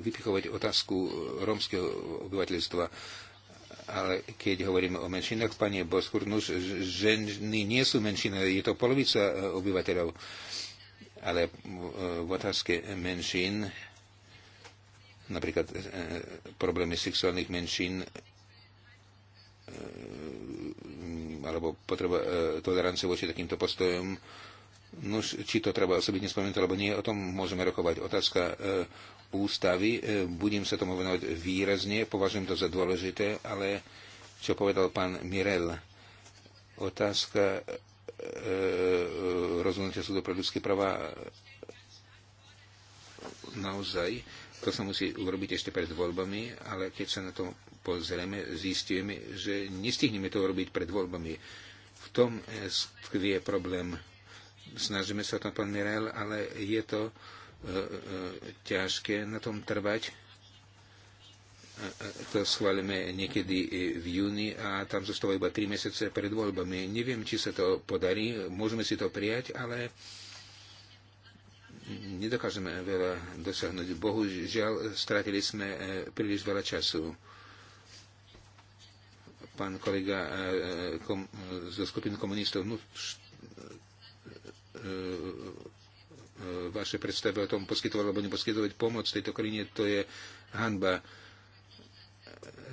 vypichovať otázku rómskeho obyvateľstva ale keď hovoríme o menšinách, pani Boskur, nuž, no, ženy nie sú menšina, je to polovica e, obyvateľov. Ale e, v otázke menšín, napríklad e, problémy sexuálnych menšín, alebo potreba tolerancie voči takýmto postojom, no, či to treba osobitne spomenúť, alebo nie, o tom môžeme rokovať. Otázka ústavy. E, budem sa tomu venovať výrazne, považujem to za dôležité, ale čo povedal pán Mirel, otázka e, e, rozhodnutia súdu pre ľudské práva naozaj, to sa musí urobiť ešte pred voľbami, ale keď sa na to pozrieme, zistíme, že nestihneme to urobiť pred voľbami. V tom skvie problém. Snažíme sa o tom, pán Mirel, ale je to ťažké na tom trvať. To schválime niekedy v júni a tam zostáva iba 3 mesiace pred voľbami. Neviem, či sa to podarí, môžeme si to prijať, ale nedokážeme veľa dosiahnuť. Bohužiaľ, stratili sme eh, príliš veľa času. Pán kolega eh, zo skupiny komunistov, no, eh, E, vaše predstavy o tom poskytovať alebo neposkytovať pomoc tejto krajine, to je hanba. E,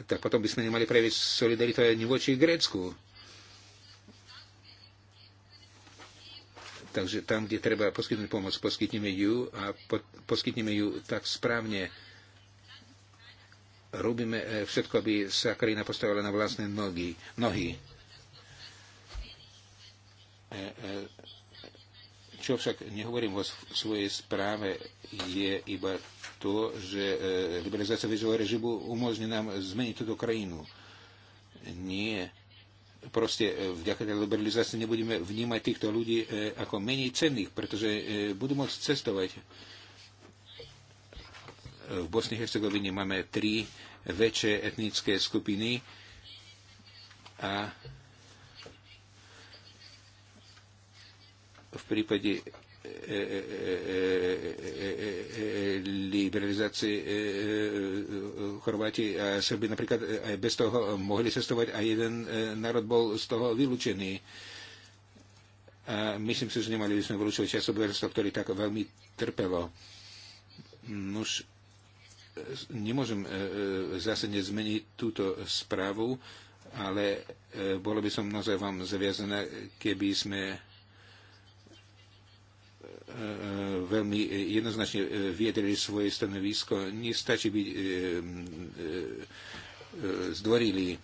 tak potom by sme nemali prejaviť solidaritu ani voči Grécku. Takže tam, kde treba poskytnúť pomoc, poskytneme ju a po, poskytneme ju tak správne. Robíme e, všetko, aby sa krajina postavila na vlastné nohy. nohy. E, e, čo však nehovorím o svojej správe, je iba to, že e, liberalizácia vizového režimu umožní nám zmeniť túto krajinu. Nie. Proste e, vďaka tej liberalizácii nebudeme vnímať týchto ľudí e, ako menej cenných, pretože budú môcť cestovať. V Bosni Hercegovine máme tri väčšie etnické skupiny a v prípade e, e, e, liberalizácie Chorváti a Srby napríklad aj bez toho mohli cestovať a jeden národ bol z toho vylúčený. A myslím si, že nemali by sme vylúčovať časoberstvo, ktoré tak veľmi trpelo. Nuž, nemôžem zase nezmeniť túto správu, ale bolo by som naozaj vám zaviazané, keby sme E, veľmi jednoznačne e, viedrili svoje stanovisko. Nestačí byť e, zdvorili.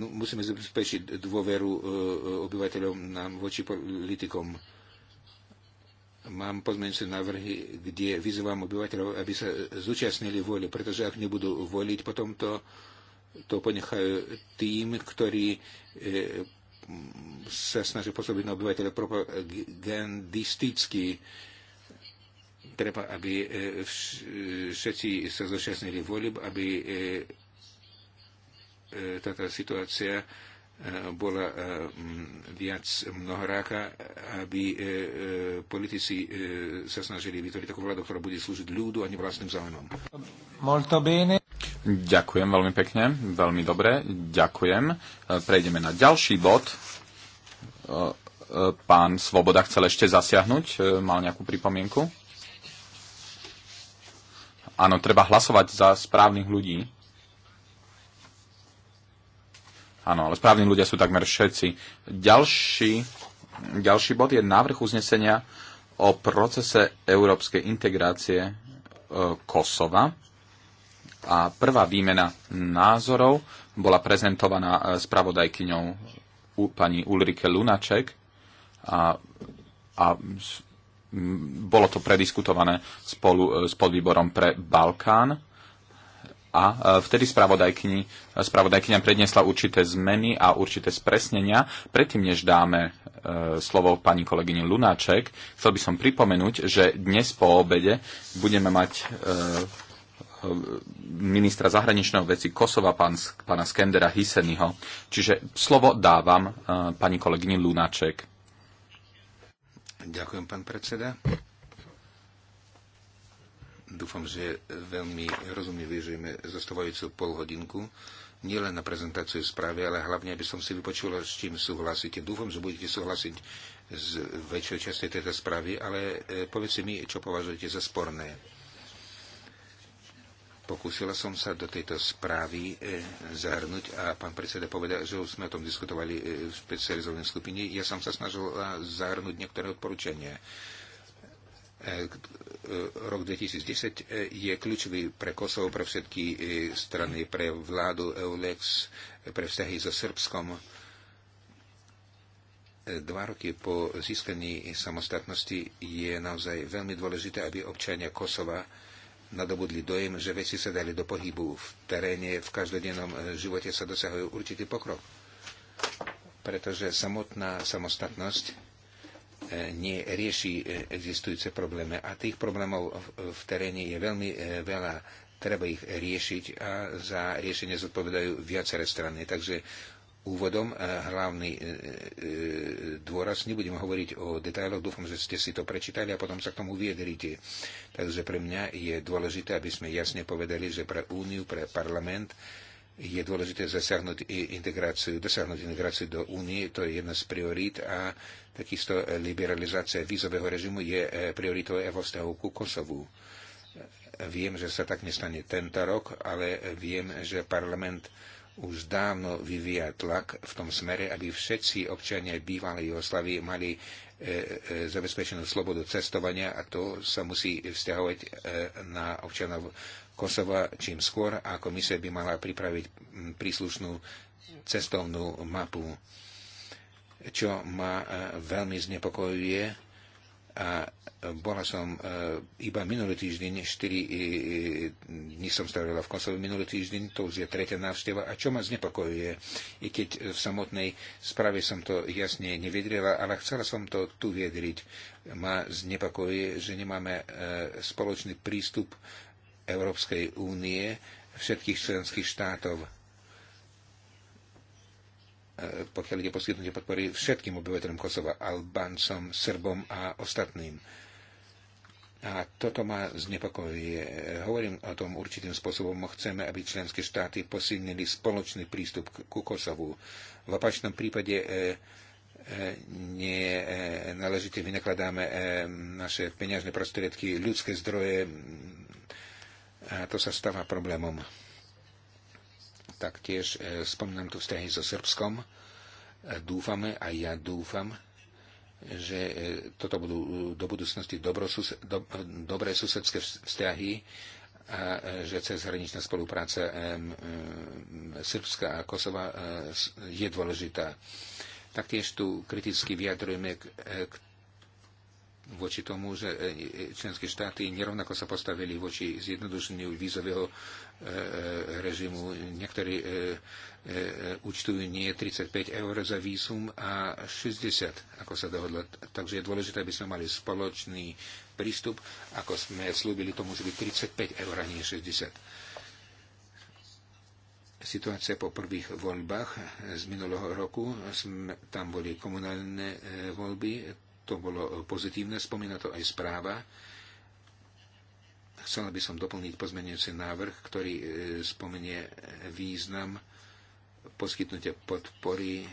No, musíme zabezpečiť dôveru obyvateľom nám voči politikom. Mám pozmeňujúce návrhy, kde vyzývam obyvateľov, aby sa zúčastnili voli, pretože ak nebudú voliť, potom to, to ponechajú tým, ktorí sa snaží pôsobiť na obyvateľov propagandisticky. Treba, aby e, všetci sa zúčastnili volieb, aby e, e, táto situácia Eh, bola eh, mm, viac mnohoráka, aby eh, politici sa snažili vytvoriť takú vládu, ktorá bude slúžiť ľudu a vlastným záujmom. Molto bene. Ďakujem veľmi pekne, veľmi dobre, ďakujem. Prejdeme na ďalší bod. Pán Svoboda chcel ešte zasiahnuť, mal nejakú pripomienku? Áno, treba hlasovať za správnych ľudí. Áno, ale správni ľudia sú takmer všetci. Ďalší, ďalší bod je návrh uznesenia o procese európskej integrácie e, Kosova. A prvá výmena názorov bola prezentovaná e, spravodajkyňou pani Ulrike Lunaček a, a bolo to prediskutované spolu e, s podvýborom pre Balkán a e, vtedy spravodajkyňa predniesla určité zmeny a určité spresnenia. Predtým, než dáme e, slovo pani kolegyni Lunáček, chcel by som pripomenúť, že dnes po obede budeme mať e, ministra zahraničného veci Kosova, pán, pána Skendera Hiseniho. Čiže slovo dávam pani kolegyni Lunáček. Ďakujem, pán predseda. Dúfam, že veľmi rozumne využijeme zostávajúcu hodinku nielen na prezentáciu správy, ale hlavne, aby som si vypočula, s čím súhlasíte. Dúfam, že budete súhlasiť s väčšou časti tejto správy, ale si e, mi, čo považujete za sporné. Pokúsila som sa do tejto správy e, zahrnúť a pán predseda povedal, že už sme o tom diskutovali e, v špecializovanej skupine. Ja som sa snažil zahrnúť niektoré odporúčania E, rok 2010 e, je kľúčový pre Kosovo, pre všetky e, strany, pre vládu EULEX, pre vzťahy so Srbskom. Dva roky po získaní samostatnosti je naozaj veľmi dôležité, aby občania Kosova nadobudli dojem, že veci sa dali do pohybu v teréne, v každodennom živote sa dosahuje určitý pokrok. Pretože samotná samostatnosť E, nerieši e, existujúce problémy. A tých problémov v teréne je veľmi e, veľa. Treba ich riešiť a za riešenie zodpovedajú viaceré strany. Takže úvodom hlavný dôraz. Nebudem hovoriť o detailoch, dúfam, že ste si to prečítali a potom sa k tomu vyjadrite. Takže pre mňa je dôležité, aby sme jasne povedali, že pre Úniu, pre parlament je dôležité zasiahnuť integráciu, dosiahnuť integráciu do únie, to je jedna z priorít a Takisto e, liberalizácia vízového režimu je e, prioritou vo vzťahu ku Kosovu. E, viem, že sa tak nestane tento rok, ale viem, že parlament už dávno vyvíja tlak v tom smere, aby všetci občania bývalej Jugoslavy mali zabezpečenú slobodu cestovania a to sa musí vzťahovať na občanov Kosova čím skôr a komisia by mala pripraviť príslušnú cestovnú mapu čo ma e, veľmi znepokojuje. A e, bola som e, iba minulý týždeň, 4 dní som strávila v Kosove minulý týždeň, to už je tretia návšteva. A čo ma znepokojuje, i keď v samotnej správe som to jasne nevyjadrila, ale chcela som to tu vedriť. Ma znepokojuje, že nemáme spoločný prístup Európskej únie všetkých členských štátov E, pokiaľ ide poskytnutie podpory všetkým obyvateľom Kosova, Albáncom, Srbom a ostatným. A toto ma znepokojuje. E, hovorím o tom určitým spôsobom. Chceme, aby členské štáty posilnili spoločný prístup ku Kosovu. V opačnom prípade nenáležite e, nie vynakladáme naše peňažné prostriedky, ľudské zdroje a to sa stáva problémom taktiež e, spomínam tu vzťahy so Srbskom. E, dúfame, a ja dúfam, že e, toto budú do budúcnosti dobrosus- do- dobré susedské vzťahy a že cez hraničná spolupráca Srbska a Kosova je dôležitá. Taktiež tu kriticky vyjadrujeme k, k voči tomu, že členské štáty nerovnako sa postavili voči zjednodušeniu vízového E, e, režimu. Niektorí e, účtujú nie 35 eur za výsum a 60, ako sa dohodlo. Takže je dôležité, aby sme mali spoločný prístup, ako sme slúbili, to môže byť 35 eur a nie 60. Situácia po prvých voľbách z minulého roku, tam boli komunálne voľby, to bolo pozitívne, spomína to aj správa chcel by som doplniť pozmeniaci návrh, ktorý e, spomenie význam poskytnutia podpory e,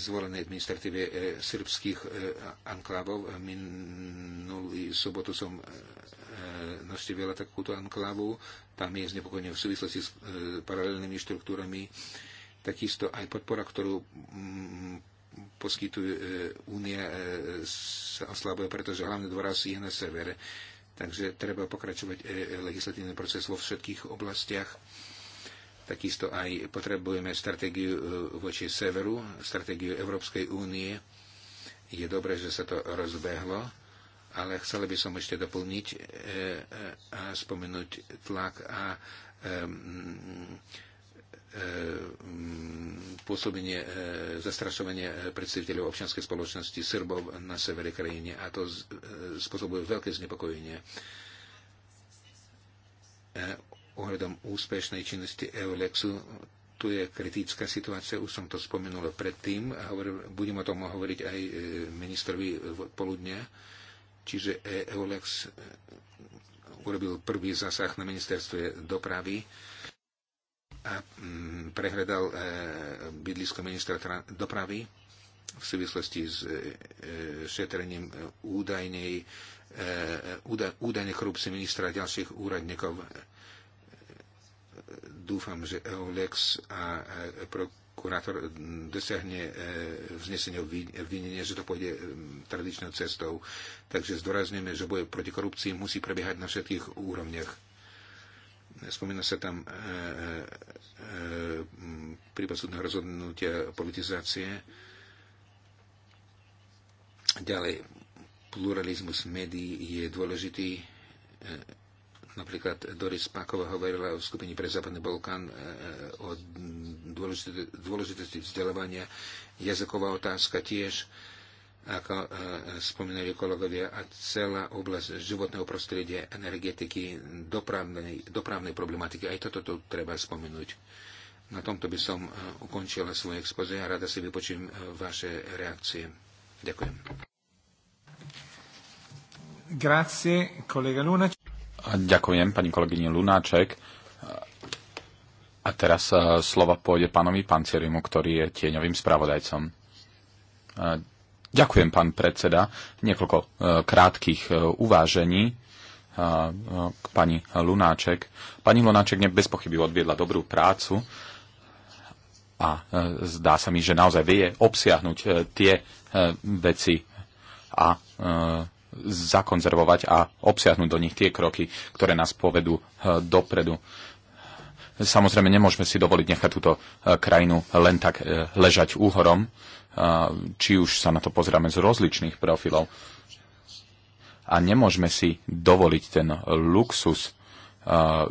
zvolenej administratíve e, srbských anklavov. Minulý sobotu som navštívila takúto anklavu. Tam je znepokojenie v súvislosti s paralelnými štruktúrami. Takisto aj podpora, ktorú poskytuje Únia, sa oslabuje, pretože hlavný dôraz je na severe. Takže treba pokračovať e, legislatívny proces vo všetkých oblastiach. Takisto aj potrebujeme stratégiu e, voči severu, stratégiu Európskej únie. Je dobré, že sa to rozbehlo, ale chcela by som ešte doplniť e, a spomenúť tlak a Eh, pôsobenie, eh, zastrašovanie eh, predstaviteľov občianskej spoločnosti Srbov na severe krajine a to spôsobuje veľké znepokojenie ohľadom úspešnej činnosti Eulexu. Tu je kritická situácia, už som to spomenul predtým, a budem o tom hovoriť aj ministrovi v poludne, čiže Eulex urobil prvý zásah na ministerstve dopravy a mm, prehľadal e, bydlisko ministra dopravy v súvislosti s e, e, šetrením údajnej, údajnej korupcie ministra a ďalších úradníkov. Dúfam, že Eulex a prokurátor dosiahne vznesenie obvinenia, že to pôjde tradičnou cestou. Takže zdôrazňujeme, že boj proti korupcii musí prebiehať na všetkých úrovniach Spomína sa tam e, e, e, prípad súdneho rozhodnutia politizácie. Ďalej, pluralizmus médií je dôležitý. napríklad Doris Pakova hovorila o skupine pre Západný Balkán, o dôležitosti vzdelávania. Jazyková otázka tiež. E, ako e, spomínali kolegovia, a celá oblasť životného prostredia, energetiky, dopravnej, dopravnej problematiky. Aj toto tu treba spomenúť. Na tomto by som e, ukončila svoje expoze a rada si vypočím e, vaše reakcie. Ďakujem. Grazie, kolega Lunaček. Ďakujem, pani kolegyne Lunáček. A teraz e, slova pôjde pánovi Pancierimu, ktorý je tieňovým spravodajcom. E, Ďakujem, pán predseda. Niekoľko e, krátkých e, uvážení e, k pani Lunáček. Pani Lunáček bez pochyby odviedla dobrú prácu a zdá sa mi, že naozaj vie obsiahnuť tie veci a zakonzervovať a obsiahnuť do nich tie kroky, ktoré nás povedú dopredu. Samozrejme, nemôžeme si dovoliť nechať túto e, krajinu len tak e, ležať úhorom, e, či už sa na to pozeráme z rozličných profilov. A nemôžeme si dovoliť ten luxus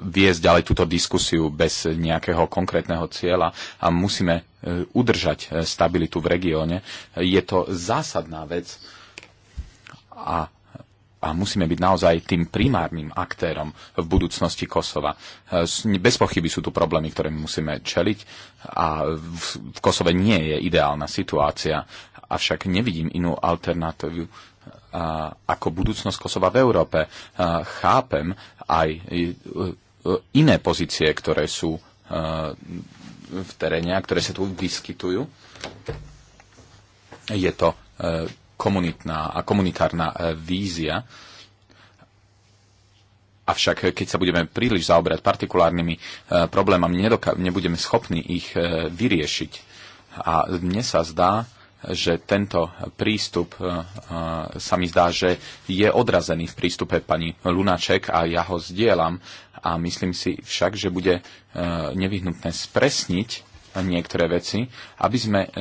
viesť ďalej túto diskusiu bez nejakého konkrétneho cieľa a musíme udržať stabilitu v regióne. Je to zásadná vec a a musíme byť naozaj tým primárnym aktérom v budúcnosti Kosova. E, bez pochyby sú tu problémy, ktoré musíme čeliť a v Kosove nie je ideálna situácia, avšak nevidím inú alternatívu e, ako budúcnosť Kosova v Európe. E, chápem aj iné pozície, ktoré sú v teréne a ktoré sa tu vyskytujú. Je to komunitná a komunitárna e, vízia. Avšak e, keď sa budeme príliš zaoberať partikulárnymi e, problémami, nebudeme schopní ich vyriešiť. A mne sa zdá, že tento prístup sa mi zdá, že je odrazený v prístupe pani Lunaček a ja ho zdieľam a myslím si však, že bude nevyhnutné spresniť niektoré veci, aby sme e, e,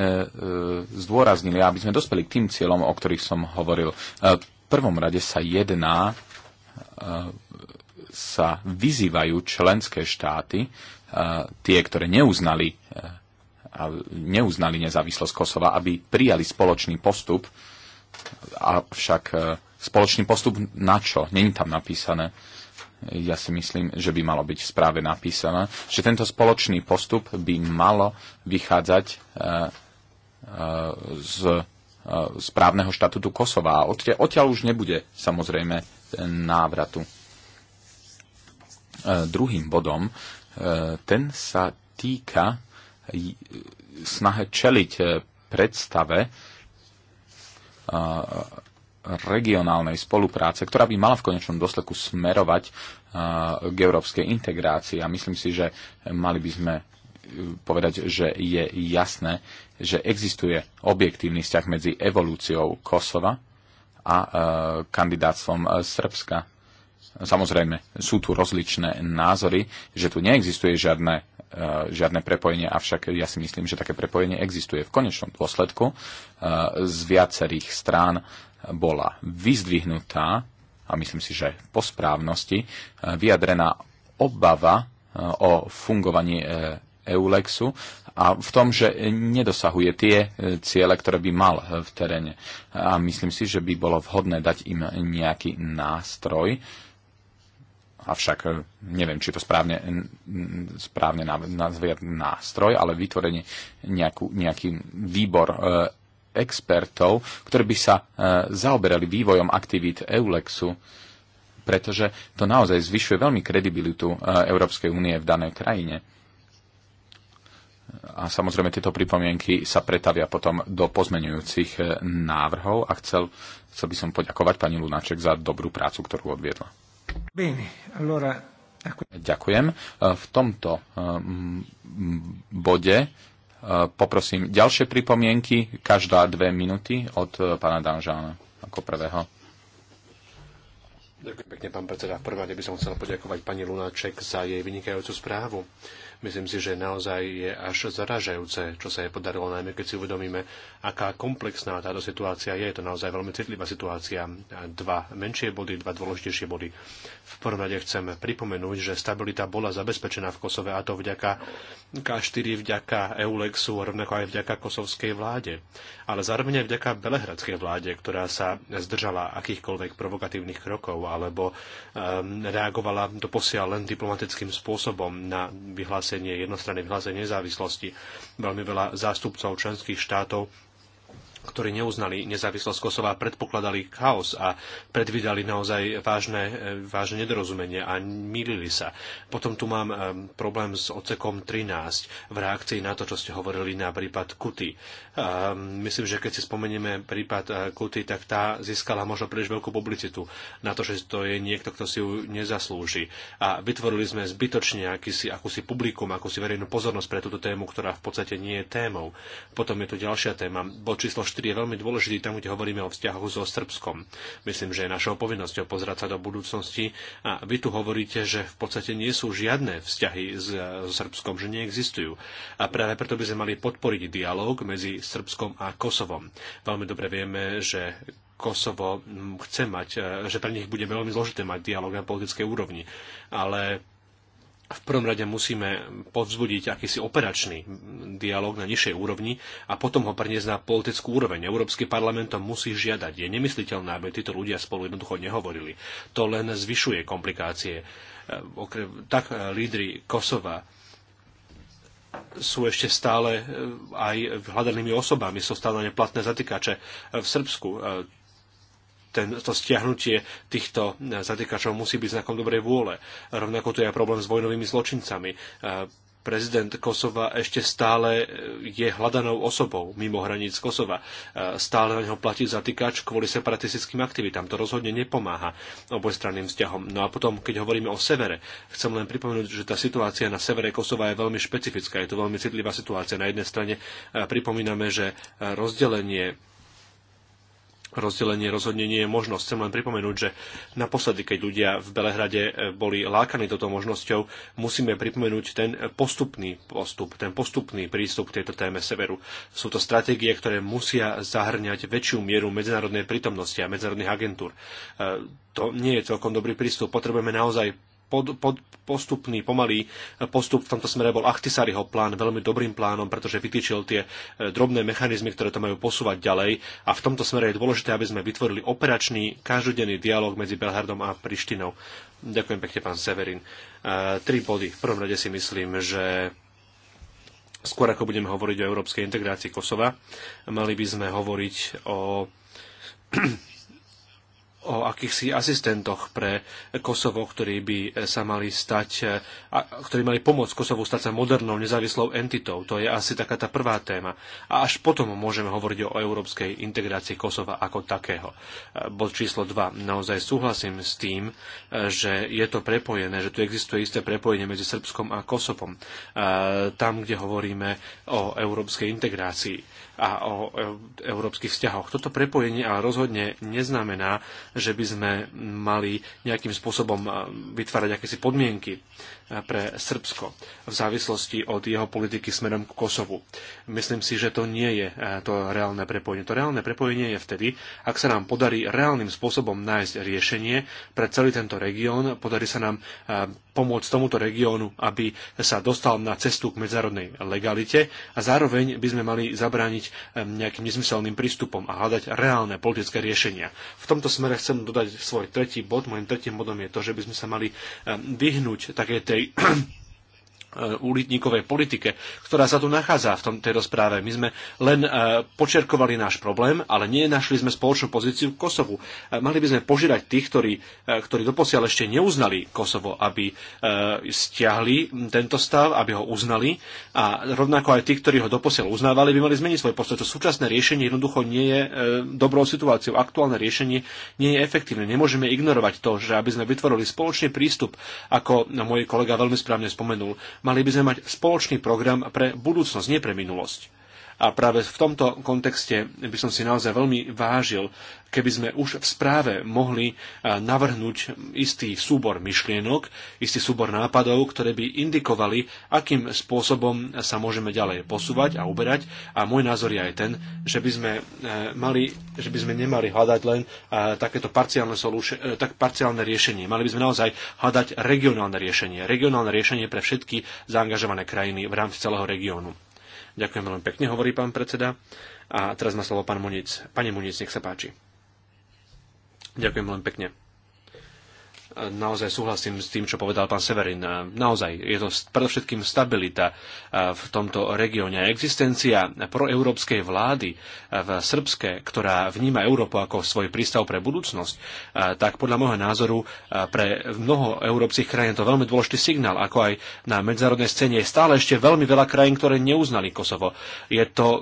zdôraznili, aby sme dospeli k tým cieľom, o ktorých som hovoril. E, v prvom rade sa jedná, sa vyzývajú členské štáty, tie, ktoré neuznali, neuznali nezávislosť Kosova, aby prijali spoločný postup, avšak spoločný postup na čo? Není tam napísané ja si myslím, že by malo byť v správe napísané, že tento spoločný postup by malo vychádzať e, e, z e, správneho štatutu Kosova. A odtiaľ už nebude samozrejme návratu. Druhým bodom, ten sa týka snahe čeliť predstave regionálnej spolupráce, ktorá by mala v konečnom dôsledku smerovať eh, k európskej integrácii. A myslím si, že mali by sme eh, povedať, že je jasné, že existuje objektívny vzťah medzi evolúciou Kosova a eh, kandidátstvom Srbska. Samozrejme, sú tu rozličné názory, že tu neexistuje žiadne, eh, žiadne prepojenie, avšak ja si myslím, že také prepojenie existuje. V konečnom dôsledku eh, z viacerých strán bola vyzdvihnutá, a myslím si, že po správnosti, eh, vyjadrená obava o fungovaní Eulexu a v tom, že nedosahuje tie ciele, ktoré by mal v teréne. A myslím si, že by bolo vhodné dať im nejaký nástroj, avšak e, neviem, či to správne, správne nazvie nástroj, ale vytvorenie nejakú, nejaký výbor e, expertov, ktorí by sa e, zaoberali vývojom aktivít Eulexu, pretože to naozaj zvyšuje veľmi kredibilitu Európskej únie v danej krajine. A samozrejme tieto pripomienky sa pretavia potom do pozmenujúcich návrhov a chcel, chcel by som poďakovať pani Lunáček za dobrú prácu, ktorú odviedla. Ďakujem. E, v tomto e, bode e, poprosím ďalšie pripomienky, každá dve minúty od pána Danžána ako prvého. Ďakujem pekne, pán predseda. V prvom rade by som chcel poďakovať pani Lunáček za jej vynikajúcu správu. Myslím si, že naozaj je až zaražajúce, čo sa je podarilo, najmä keď si uvedomíme, aká komplexná táto situácia je. Je to naozaj veľmi citlivá situácia. Dva menšie body, dva dôležitejšie body. V prvom rade chcem pripomenúť, že stabilita bola zabezpečená v Kosove a to vďaka K4, vďaka Eulexu, rovnako aj vďaka kosovskej vláde. Ale zároveň aj vďaka belehradskej vláde, ktorá sa zdržala akýchkoľvek provokatívnych krokov alebo um, reagovala posiaľ len diplomatickým spôsobom na vyhlásenie vyhlásenie, jednostranné vyhlásenie nezávislosti. Veľmi veľa zástupcov členských štátov ktorí neuznali nezávislosť Kosova, predpokladali chaos a predvídali naozaj vážne, e, vážne nedorozumenie a mýlili sa. Potom tu mám e, problém s odsekom 13 v reakcii na to, čo ste hovorili na prípad Kuty. E, myslím, že keď si spomenieme prípad Kuty, tak tá získala možno príliš veľkú publicitu na to, že to je niekto, kto si ju nezaslúži. A vytvorili sme zbytočne akýsi, akúsi publikum, akúsi verejnú pozornosť pre túto tému, ktorá v podstate nie je témou. Potom je tu ďalšia téma, bod číslo 4 je veľmi dôležitý tam, kde hovoríme o vzťahu so Srbskom. Myslím, že je našou povinnosťou pozerať sa do budúcnosti a vy tu hovoríte, že v podstate nie sú žiadne vzťahy s, so Srbskom, že neexistujú. A práve preto by sme mali podporiť dialog medzi Srbskom a Kosovom. Veľmi dobre vieme, že Kosovo chce mať, e, že pre nich bude veľmi zložité mať dialog na politickej úrovni. Ale v prvom rade musíme povzbudiť akýsi operačný dialog na nižšej úrovni a potom ho preniesť na politickú úroveň. Európsky parlament to musí žiadať. Je nemysliteľné, aby títo ľudia spolu jednoducho nehovorili. To len zvyšuje komplikácie. Eh, okrem, tak eh, lídry Kosova, sú ešte stále eh, aj hľadanými osobami, sú stále neplatné zatýkače v Srbsku ten, to stiahnutie týchto eh, zatýkačov musí byť znakom dobrej vôle. Rovnako tu je aj problém s vojnovými zločincami. Eh, prezident Kosova ešte stále eh, je hľadanou osobou mimo hraníc Kosova. Stále na neho platí zatýkač kvôli separatistickým aktivitám. To rozhodne nepomáha obojstranným vzťahom. No a potom, keď hovoríme o severe, chcem len pripomenúť, že tá situácia na severe Kosova je veľmi špecifická. Je to veľmi citlivá situácia. Na jednej strane pripomíname, že rozdelenie rozdelenie rozhodne nie je možnosť. Chcem len pripomenúť, že naposledy, keď ľudia v Belehrade eh, boli lákaní touto možnosťou, musíme pripomenúť ten postupný postup, ten postupný prístup k tejto téme severu. Sú to stratégie, ktoré musia zahrňať väčšiu mieru medzinárodnej prítomnosti a medzinárodných agentúr. Eh, to nie je celkom dobrý prístup. Potrebujeme naozaj pod, pod, postupný, pomalý postup v tomto smere bol Achtisariho plán veľmi dobrým plánom, pretože vytýčil tie e, drobné mechanizmy, ktoré to majú posúvať ďalej a v tomto smere je dôležité, aby sme vytvorili operačný, každodenný dialog medzi Belhardom a Prištinou. Ďakujem pekne, pán Severin. E, tri body. V prvom rade si myslím, že skôr ako budeme hovoriť o európskej integrácii Kosova, mali by sme hovoriť o o akýchsi asistentoch pre Kosovo, ktorí by sa mali stať, a, ktorí mali pomôcť Kosovu stať sa modernou nezávislou entitou. To je asi taká tá prvá téma. A až potom môžeme hovoriť o európskej integrácii Kosova ako takého. Bod číslo 2. Naozaj súhlasím s tým, že je to prepojené, že tu existuje isté prepojenie medzi Srbskom a Kosovom. Tam, kde hovoríme o európskej integrácii a o európskych vzťahoch. Toto prepojenie ale rozhodne neznamená, že by sme mali nejakým spôsobom eh, vytvárať akési podmienky pre Srbsko v závislosti od jeho politiky smerom k Kosovu. Myslím si, že to nie je e, to reálne prepojenie. To reálne prepojenie je vtedy, ak sa nám podarí reálnym spôsobom nájsť riešenie pre celý tento región, podarí sa nám e, pomôcť tomuto regiónu, aby sa dostal na cestu k medzárodnej legalite a zároveň by sme mali zabrániť e, nejakým nezmyselným prístupom a hľadať reálne politické riešenia. V tomto smere chcem dodať svoj tretí bod. Mojím tretím bodom je to, že by sme sa mali vyhnúť také. tej aj [clears throat] Eh, úlitníkovej politike, ktorá sa tu nachádza v tom, tej rozpráve. My sme len eh, počerkovali náš problém, ale nenašli sme spoločnú pozíciu Kosovu. Eh, mali by sme požiadať tých, ktorí, ktorí doposiaľ ešte neuznali Kosovo, aby stiahli tento stav, aby ho uznali a rovnako aj tí, ktorí ho doposiaľ uznávali, by mali zmeniť svoj postoj. To súčasné riešenie jednoducho nie je dobrou situáciou. Aktuálne riešenie nie je efektívne. Nemôžeme ignorovať to, že aby sme vytvorili spoločný prístup, ako môj kolega veľmi správne spomenul, Mali by sme mať spoločný program pre budúcnosť, nie pre minulosť. A práve v tomto kontexte by som si naozaj veľmi vážil, keby sme už v správe mohli e, navrhnúť istý súbor myšlienok, istý súbor nápadov, ktoré by indikovali, akým spôsobom sa môžeme ďalej posúvať a uberať. A môj názor je aj ten, že by sme, e, mali, že by sme nemali hľadať len e, takéto parciálne, solúše, tak parciálne riešenie. Mali by sme naozaj hľadať regionálne riešenie. Regionálne riešenie pre všetky zaangažované krajiny v rámci celého regiónu. Ďakujem veľmi pekne, hovorí pán predseda. A teraz má slovo pán Munic. Pane Munic, nech sa páči. Ďakujem veľmi pekne naozaj súhlasím s tým, čo povedal pán Severin. Naozaj je to predovšetkým stabilita v tomto regióne. Existencia proeurópskej vlády v Srbske, ktorá vníma Európu ako svoj prístav pre budúcnosť, tak podľa môjho názoru pre mnoho európskych krajín to veľmi dôležitý signál, ako aj na medzinárodnej scéne je stále ešte veľmi veľa krajín, ktoré neuznali Kosovo. Je to e,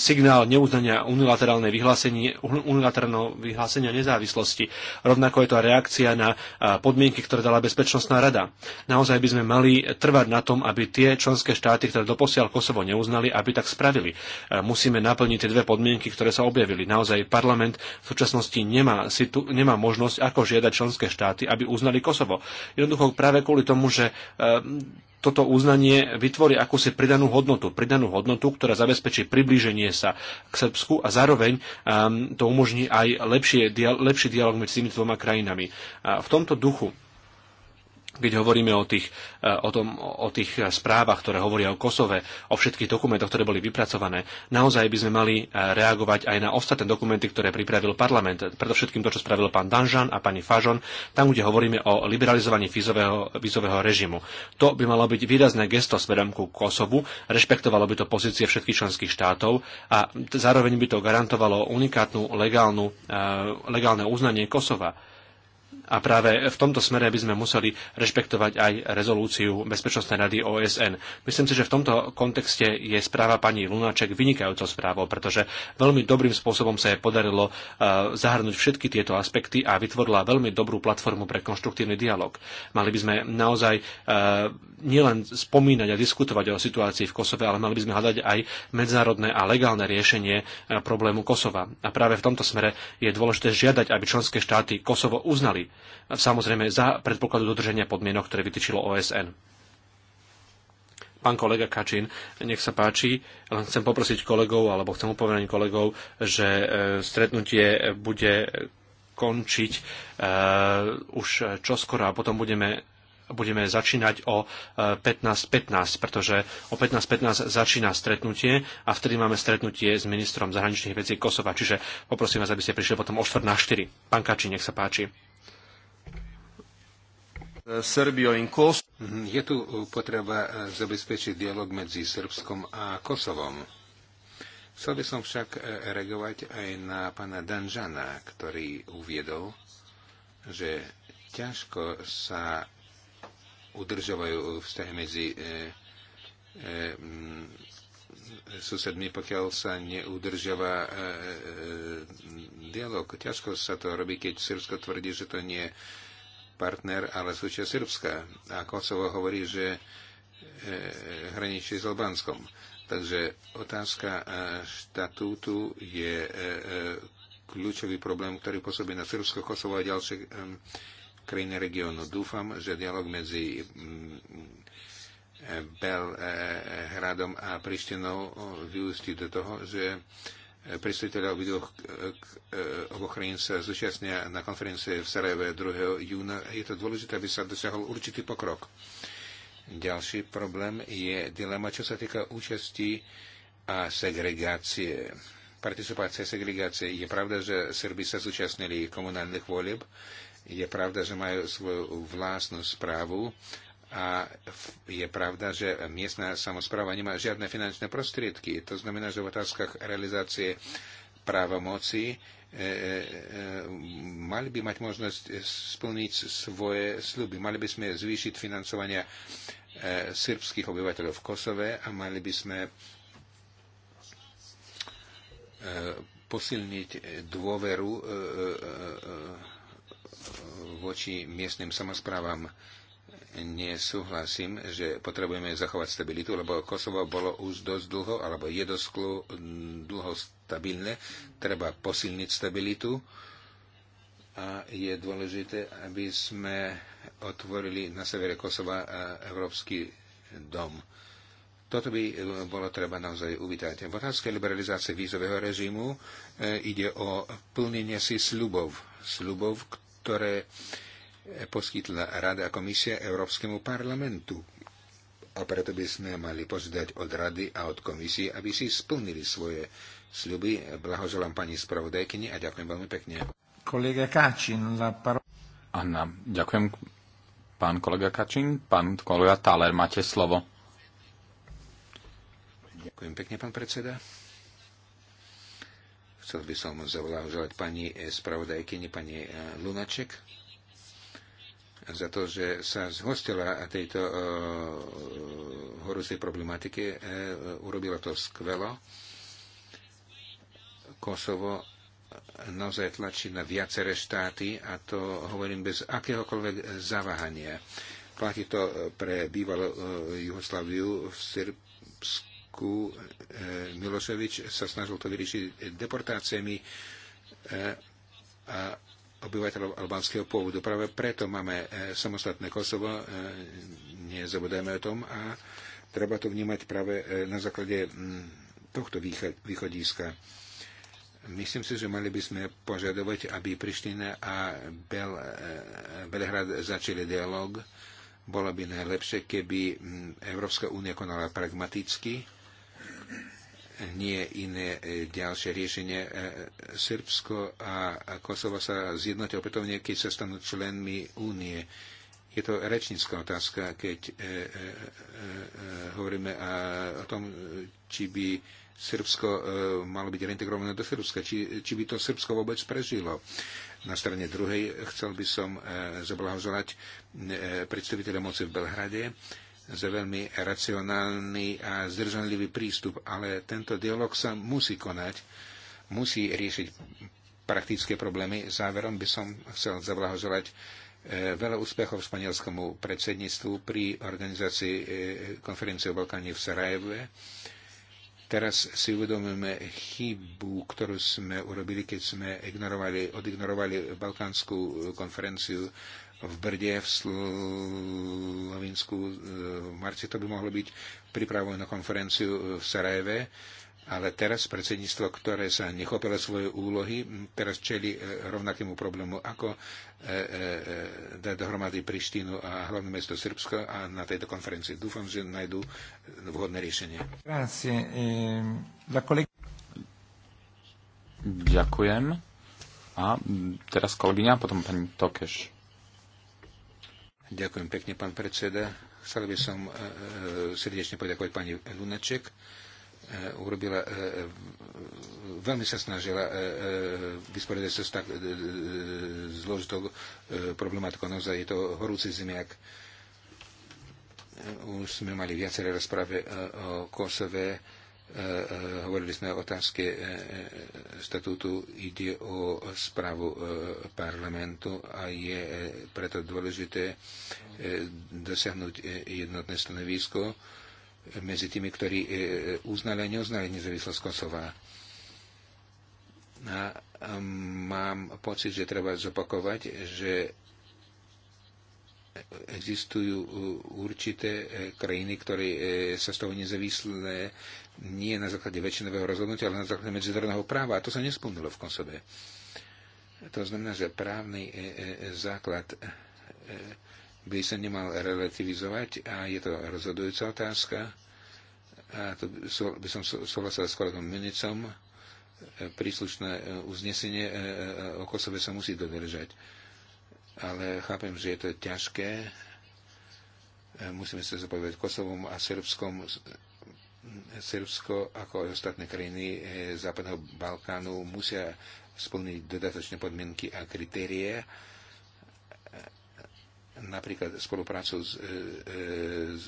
signál neuznania unilaterálnej vyhlásenie, unilaterálne vyhlásenia nezávislosti. Rovnako je to reakcia na podmienky, ktoré dala Bezpečnostná rada. Naozaj by sme mali trvať na tom, aby tie členské štáty, ktoré doposiaľ Kosovo neuznali, aby tak spravili. E, musíme naplniť tie dve podmienky, ktoré sa objavili. Naozaj parlament v súčasnosti nemá, situ- nemá možnosť, ako žiadať členské štáty, aby uznali Kosovo. Jednoducho práve kvôli tomu, že e, toto uznanie vytvorí akúsi pridanú hodnotu. Pridanú hodnotu, ktorá zabezpečí priblíženie sa k Srbsku a zároveň um, to umožní aj lepšie, dia, lepší dialog medzi tými dvoma krajinami. A v tomto duchu keď hovoríme o tých, e, o, tom, o tých správach, ktoré hovoria o Kosove, o všetkých dokumentoch, ktoré boli vypracované, naozaj by sme mali e, reagovať aj na ostatné dokumenty, ktoré pripravil parlament. Predovšetkým to, čo spravil pán Danžan a pani Fažon, tam, kde hovoríme o liberalizovaní vízového, režimu. To by malo byť výrazné gesto smerom ku Kosovu, rešpektovalo by to pozície všetkých členských štátov a zároveň by to garantovalo unikátnu legálnu, e, legálne uznanie Kosova. A práve v tomto smere by sme museli rešpektovať aj rezolúciu Bezpečnostnej rady OSN. Myslím si, že v tomto kontexte je správa pani Lunáček vynikajúcou správou, pretože veľmi dobrým spôsobom sa jej podarilo e, zahrnúť všetky tieto aspekty a vytvorila veľmi dobrú platformu pre konštruktívny dialog. Mali by sme naozaj e, nielen spomínať a diskutovať o situácii v Kosove, ale mali by sme hľadať aj medzinárodné a legálne riešenie e, problému Kosova. A práve v tomto smere je dôležité žiadať, aby členské štáty Kosovo uznali Samozrejme za predpokladu dodrženia podmienok, ktoré vytýčilo OSN. Pán kolega Kačin, nech sa páči, len chcem poprosiť kolegov, alebo chcem upovedať kolegov, že e, stretnutie bude končiť uh, už čoskoro a potom budeme budeme začínať o 15.15, e, .15, pretože o 15.15 .15 začína stretnutie a vtedy máme stretnutie s ministrom zahraničných vecí Kosova. Čiže poprosím vás, aby ste prišli potom o 4 na Pán Kačín, nech sa páči. Mhm, je tu uh, potreba uh, zabezpečiť dialog medzi Srbskom a Kosovom. Chcel by som však uh, reagovať aj na pána Danžana, ktorý uviedol, že ťažko sa udržovajú vzťahy medzi e, e, susedmi, pokiaľ sa neudržiava e, e, dialog. Ťažko sa to robí, keď Srbsko tvrdí, že to nie je partner, ale súčasť Srbska. A Kosovo hovorí, že e, hraničí s Albánskom. Takže otázka e, štatútu je e, kľúčový problém, ktorý pôsobí na Srbsko, Kosovo a ďalšie krajiny regiónu. Dúfam, že dialog medzi mm, Belhradom a Prištinou vyústi do toho, že predstaviteľa obidvoch eh, eh, oboch krajín sa zúčastnia na konferencie v Sarajeve 2. júna. Je to dôležité, aby sa dosiahol určitý pokrok. Ďalší problém je dilema, čo sa týka účasti a segregácie. Participácia a segregácie. Je pravda, že Srbi sa zúčastnili komunálnych volieb. Je pravda, že majú svoju vlastnú správu a je pravda, že miestna samozpráva nemá žiadne finančné prostriedky. To znamená, že v otázkach realizácie právomoci e, e, e, mali by mať možnosť splniť svoje sľuby. Mali by sme zvýšiť financovania srbských obyvateľov v Kosove a mali by sme e, posilniť dôveru e, e, e, voči miestnym samozprávam. e, nesúhlasím, že potrebujeme zachovať stabilitu, lebo Kosovo bolo už dosť dlho, alebo je dosť dlho stabilné. Treba posilniť stabilitu a je dôležité, aby sme otvorili na severe Kosova Európsky dom. Toto by e, bolo treba naozaj uvítať. V otázke liberalizácie vízového režimu e, ide o plnenie si sľubov. Sľubov, ktoré E, poskytla Rada a Komisia Európskemu parlamentu. A preto by sme mali požiadať od Rady a od Komisie, aby si splnili svoje sľuby. Blahoželám pani spravodajkyni a ďakujem veľmi pekne. Kolega Kačin, la paro... Anna, ďakujem pán kolega Kačin. Pán kolega Thaler, máte slovo. Ďakujem pekne, pán predseda. Chcel by som zavolať pani spravodajkyni, pani e, Lunaček, za to, že sa zhostila tejto uh, horúcej problematiky. Uh, e, urobila to skvelo. Kosovo naozaj tlačí na viaceré štáty a to hovorím bez akéhokoľvek zaváhania. Platí to pre bývalú uh, e, Jugoslaviu v Srbsku. Uh, Miloševič sa snažil to vyriešiť deportáciami uh, a obyvateľov albánskeho pôvodu. Práve preto máme e, samostatné Kosovo, e, nezabudajme o tom a treba to vnímať práve e, na základe tohto východiska. Myslím si, že mali by sme požadovať, aby Priština a Bel, Belhrad začali dialog. Bolo by najlepšie, keby Európska únia konala pragmaticky nie iné e, ďalšie riešenie. E, Srbsko a Kosovo sa zjednotia opätovne, keď sa stanú členmi únie. Je to rečnícka otázka, keď e, e, e, hovoríme a, o tom, či by Srbsko e, malo byť reintegrované do Srbska, či, či by to Srbsko vôbec prežilo. Na strane druhej chcel by som e, zablahoželať e, predstaviteľa moci v Belhrade, e, za veľmi racionálny a zdržanlivý prístup, ale tento dialog sa musí konať, musí riešiť praktické problémy. Záverom by som chcel zablahoželať e, veľa úspechov španielskému predsedníctvu pri organizácii e, konferencie o Balkáne v Sarajeve. Teraz si uvedomujeme chybu, ktorú sme urobili, keď sme ignorovali, odignorovali Balkánsku konferenciu v Brde, v Slovensku. E, v marci to by mohlo byť pripravujú na konferenciu v Sarajeve, ale teraz predsedníctvo, ktoré sa nechopilo svoje úlohy, teraz čeli e, rovnakému problému, ako e, dať dohromady Prištínu a hlavné mesto Srbsko a na tejto konferencii. Dúfam, že nájdú vhodné riešenie. Ďakujem. A teraz kolegyňa, potom pani Tokeš. Ďakujem pekne, pán predseda. Chcel by som e, e, srdečne poďakovať pani Lunaček. E, urobila, veľmi sa snažila vysporiadať sa s tak zložitou problematikou. Naozaj je to horúci zimiak. Už sme mali viaceré rozprávy o Kosove E, e, hovorili sme o otázke statútu, e, ide o správu parlamentu a je preto dôležité dosiahnuť jednotné stanovisko medzi tými, ktorí uznali a neuznali nezávislosť Kosova. A mám pocit, že treba zopakovať, že existujú určité krajiny, ktoré sa z toho nezávislé nie na základe väčšinového rozhodnutia, ale na základe medzinárodného práva. A to sa nesplnilo v Kosove. To znamená, že právny e, e, základ e, by sa nemal relativizovať a je to rozhodujúca otázka. A to by som súhlasil s kolegom Minicom. Príslušné uznesenie o Kosove sa musí dodržať. Ale chápem, že je to ťažké. Musíme sa zapovedať Kosovom a Srbskom Srbsko, ako aj ostatné krajiny e, Západného Balkánu, musia splniť dodatočné podmienky a kritérie, napríklad spoluprácu s, e, e, s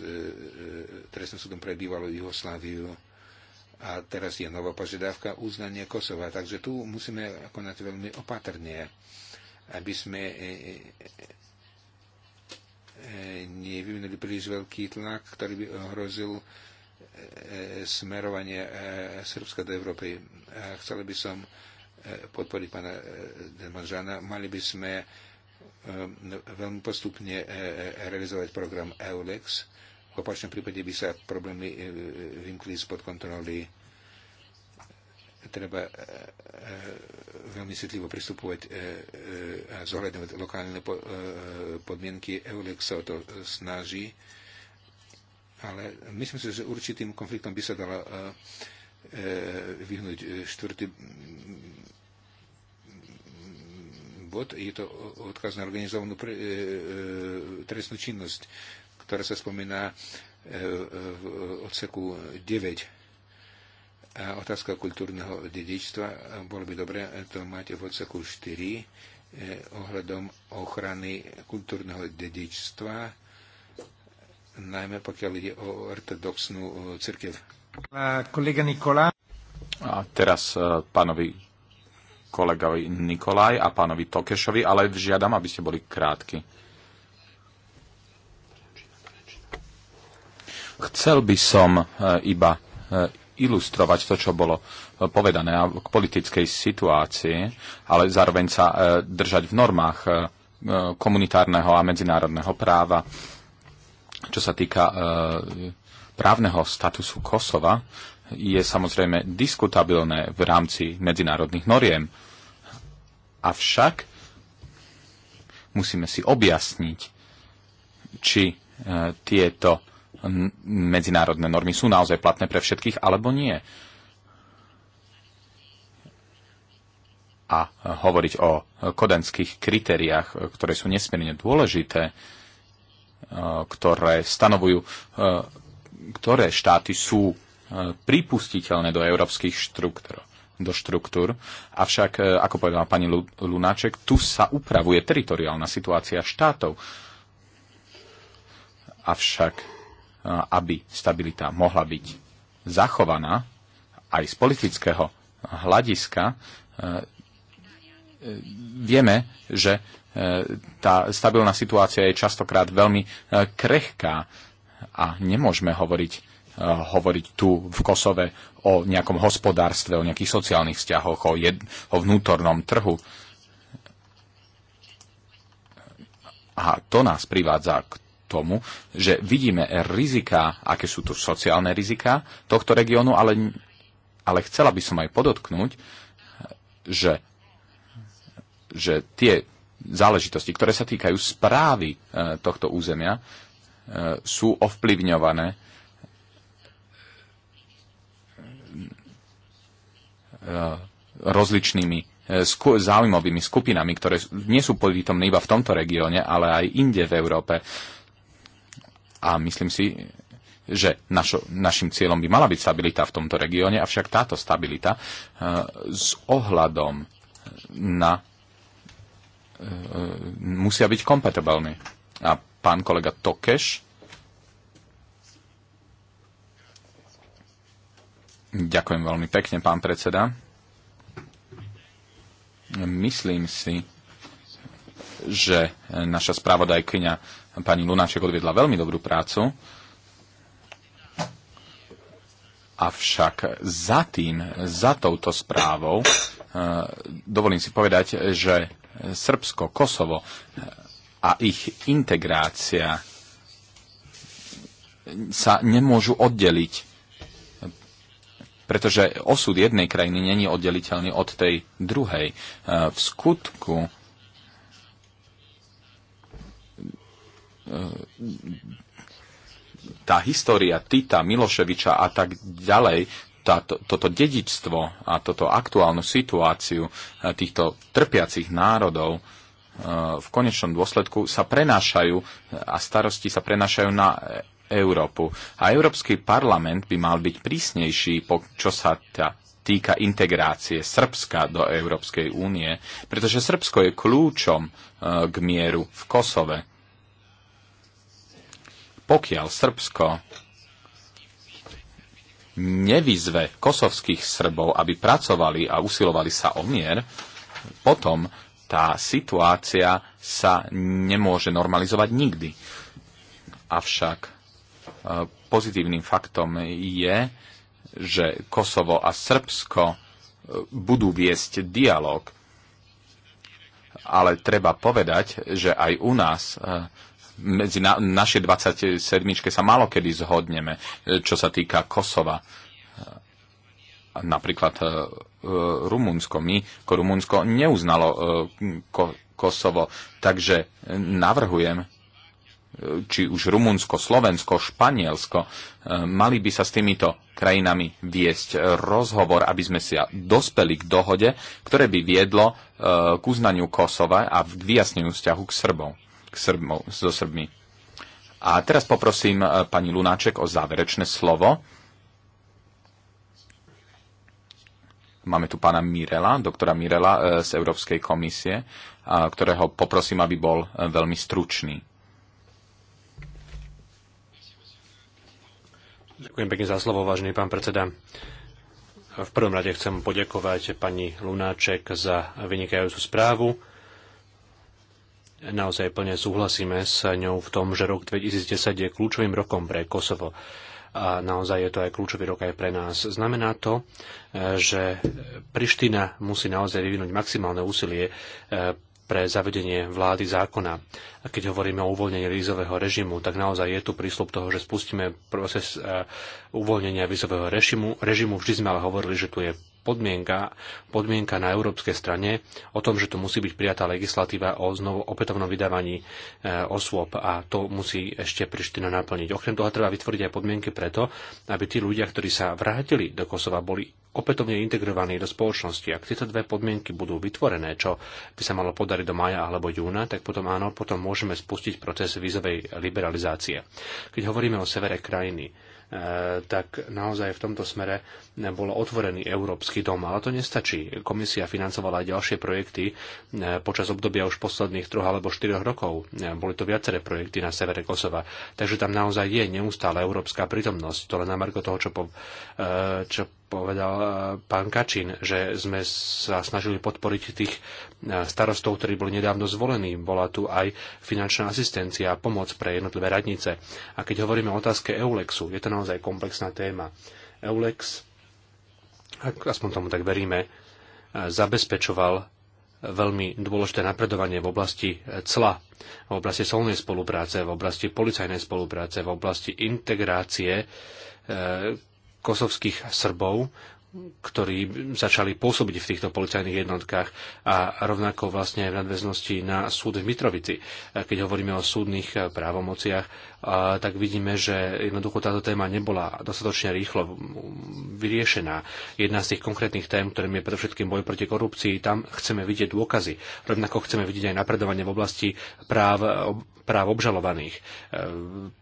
Trestným súdom pre bývalú Jugosláviu a teraz je nová požiadavka uznania Kosova. Takže tu musíme konať veľmi opatrne, aby sme nevyvinuli príliš veľký tlak, ktorý by ohrozil E, smerovanie e, Srbska do Európy. E, Chceli by som podporiť pána Demanžana. Mali by sme veľmi postupne realizovať program EULEX. V opačnom prípade by sa problémy vymkli spod kontroly. Treba veľmi citlivo pristupovať a zohľadňovať lokálne podmienky. EULEX sa o to snaží ale myslím si, že určitým konfliktom by sa dala e, e, vyhnúť e, štvrtý bod. Je to odkaz na organizovanú trestnú činnosť, ktorá sa spomína v odseku 9 a otázka kultúrneho dedičstva. Bolo by dobre to mať v odseku 4 ohľadom ochrany kultúrneho dedičstva najmä pokiaľ ide o ortodoxnú e, církev. Kolega Nikola. A teraz e, pánovi kolegovi Nikolaj a pánovi Tokešovi, ale žiadam, aby ste boli krátky. Chcel by som e, iba ilustrovať to, čo bolo povedané k politickej situácii, ale zároveň sa držať v normách komunitárneho a medzinárodného práva čo sa týka e, právneho statusu Kosova, je samozrejme diskutabilné v rámci medzinárodných noriem. Avšak musíme si objasniť, či e, tieto medzinárodné normy sú naozaj platné pre všetkých alebo nie. A e, hovoriť o kodenských kritériách, ktoré sú nesmierne dôležité, E, ktoré stanovujú, e, ktoré štáty sú e, pripustiteľné do európskych štruktúr do štruktúr. Avšak, ako povedala pani Lunáček, tu sa upravuje teritoriálna situácia štátov. Avšak, aby stabilita mohla byť zachovaná aj z politického hľadiska, vieme, že e, tá stabilná situácia je častokrát veľmi e, krehká a nemôžeme hovoriť e, hovoriť tu v Kosove o nejakom hospodárstve, o nejakých sociálnych vzťahoch, o, jed, o vnútornom trhu. A to nás privádza k tomu, že vidíme rizika, aké sú tu sociálne rizika tohto regiónu, ale, ale chcela by som aj podotknúť, že že tie záležitosti, ktoré sa týkajú správy e, tohto územia, e, sú ovplyvňované e, rozličnými záujmovými skupinami, ktoré nie sú prítomné iba v tomto regióne, ale aj inde v Európe. A myslím si, že našo, našim cieľom by mala byť stabilita v tomto regióne, avšak táto stabilita s ohľadom na E, e, musia byť kompatibilní. A pán kolega Tokeš. Ďakujem veľmi pekne, pán predseda. Myslím si, že naša správodajkyňa pani Lunáček odviedla veľmi dobrú prácu. Avšak za tým, za touto správou, e, dovolím si povedať, že Srbsko, Kosovo e, a ich integrácia sa nemôžu oddeliť, pretože osud jednej krajiny není oddeliteľný od tej druhej. E, v skutku e, tá história Tita, Miloševiča a tak ďalej táto, toto dedičstvo a toto aktuálnu situáciu eh, týchto trpiacich národov eh, v konečnom dôsledku sa prenášajú eh, a starosti sa prenášajú na Európu. A Európsky parlament by mal byť prísnejší, čo sa tá týka integrácie Srbska do Európskej únie, pretože Srbsko je kľúčom k mieru v Kosove. Pokiaľ Srbsko nevyzve kosovských Srbov, aby pracovali a usilovali sa o mier, potom tá situácia sa nemôže normalizovať nikdy. Avšak e, pozitívnym faktom je, že Kosovo a Srbsko e, budú viesť dialog, ale treba povedať, že aj u nás e, medzi na, naše 27 sa málo kedy zhodneme, e, čo sa týka Kosova. E, napríklad e, Rumunsko. My, ako Rumunsko neuznalo ko, Kosovo. Takže navrhujem, či už Rumunsko, Slovensko, Španielsko, mali by sa s týmito krajinami viesť rozhovor, aby sme sa dospeli k dohode, ktoré by viedlo k uznaniu Kosova a k vyjasneniu vzťahu k Srbom k Srbmo, so Srbmi. A teraz poprosím eh, pani Lunáček o záverečné slovo. Máme tu pána Mirela, doktora Mirela eh, z Európskej komisie, ktorého poprosím, aby bol eh, veľmi stručný. Ďakujem pekne za slovo, vážený pán predseda. V prvom rade chcem poďakovať pani Lunáček za vynikajúcu správu naozaj plne súhlasíme s ňou v tom, že rok 2010 je kľúčovým rokom pre Kosovo a naozaj je to aj kľúčový rok aj pre nás. Znamená to, e, že Priština musí naozaj vyvinúť maximálne úsilie e, pre zavedenie vlády zákona. A keď hovoríme o uvoľnení vízového režimu, tak naozaj je tu prísľub toho, že spustíme proces e, uvoľnenia vízového režimu. režimu. Vždy sme ale hovorili, že tu je podmienka, podmienka na európskej strane o tom, že tu musí byť prijatá legislatíva o znovu opätovnom vydávaní e, osôb a to musí ešte Priština naplniť. Okrem toho treba vytvoriť aj podmienky preto, aby tí ľudia, ktorí sa vrátili do Kosova, boli opätovne integrovaní do spoločnosti. Ak tieto dve podmienky budú vytvorené, čo by sa malo podariť do maja alebo júna, tak potom áno, potom môžeme spustiť proces vízovej liberalizácie. Keď hovoríme o severe krajiny, e, tak naozaj v tomto smere bol otvorený Európsky dom. Ale to nestačí. Komisia financovala aj ďalšie projekty e, počas obdobia už posledných troch alebo štyroch rokov. E, boli to viaceré projekty na severe Kosova. Takže tam naozaj je neustále európska prítomnosť. To len na marko toho, čo, po, čo povedal eh, pán Kačin, že sme sa snažili podporiť tých eh, starostov, ktorí boli nedávno zvolení. Bola tu aj finančná asistencia a pomoc pre jednotlivé radnice. A keď hovoríme o otázke Eulexu, je to naozaj komplexná téma. Eulex, aspoň tomu tak veríme, eh, zabezpečoval veľmi dôležité napredovanie v oblasti cla, v oblasti solnej spolupráce, v oblasti policajnej spolupráce, v oblasti integrácie kosovských Srbov, ktorí začali pôsobiť v týchto policajných jednotkách a rovnako vlastne aj v nadväznosti na súd v Mitrovici. Keď hovoríme o súdnych právomociach tak vidíme, že jednoducho táto téma nebola dostatočne rýchlo vyriešená. Jedna z tých konkrétnych tém, ktorým je predovšetkým boj proti korupcii, tam chceme vidieť dôkazy. Rovnako chceme vidieť aj napredovanie v oblasti práv, práv obžalovaných. E,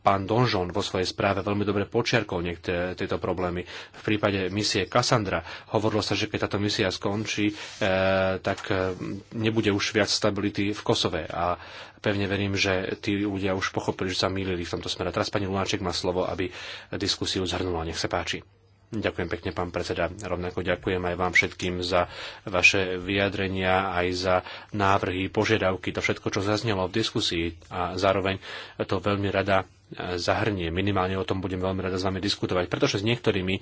pán Donžon vo svojej správe veľmi dobre počiarkol niektoré tieto problémy. V prípade misie Cassandra hovorilo sa, že keď táto misia skončí, e, tak e, nebude už viac stability v Kosove. A pevne verím, že tí ľudia už pochopili, že sa mýlili v tomto smere. Teraz pani Lunáček má slovo, aby diskusiu zhrnula. Nech sa páči. Ďakujem pekne, pán predseda. Rovnako ďakujem aj vám všetkým za vaše vyjadrenia, aj za návrhy, požiadavky, to všetko, čo zaznelo v diskusii a zároveň to veľmi rada zahrnie. Minimálne o tom budem veľmi rada s vami diskutovať, pretože s niektorými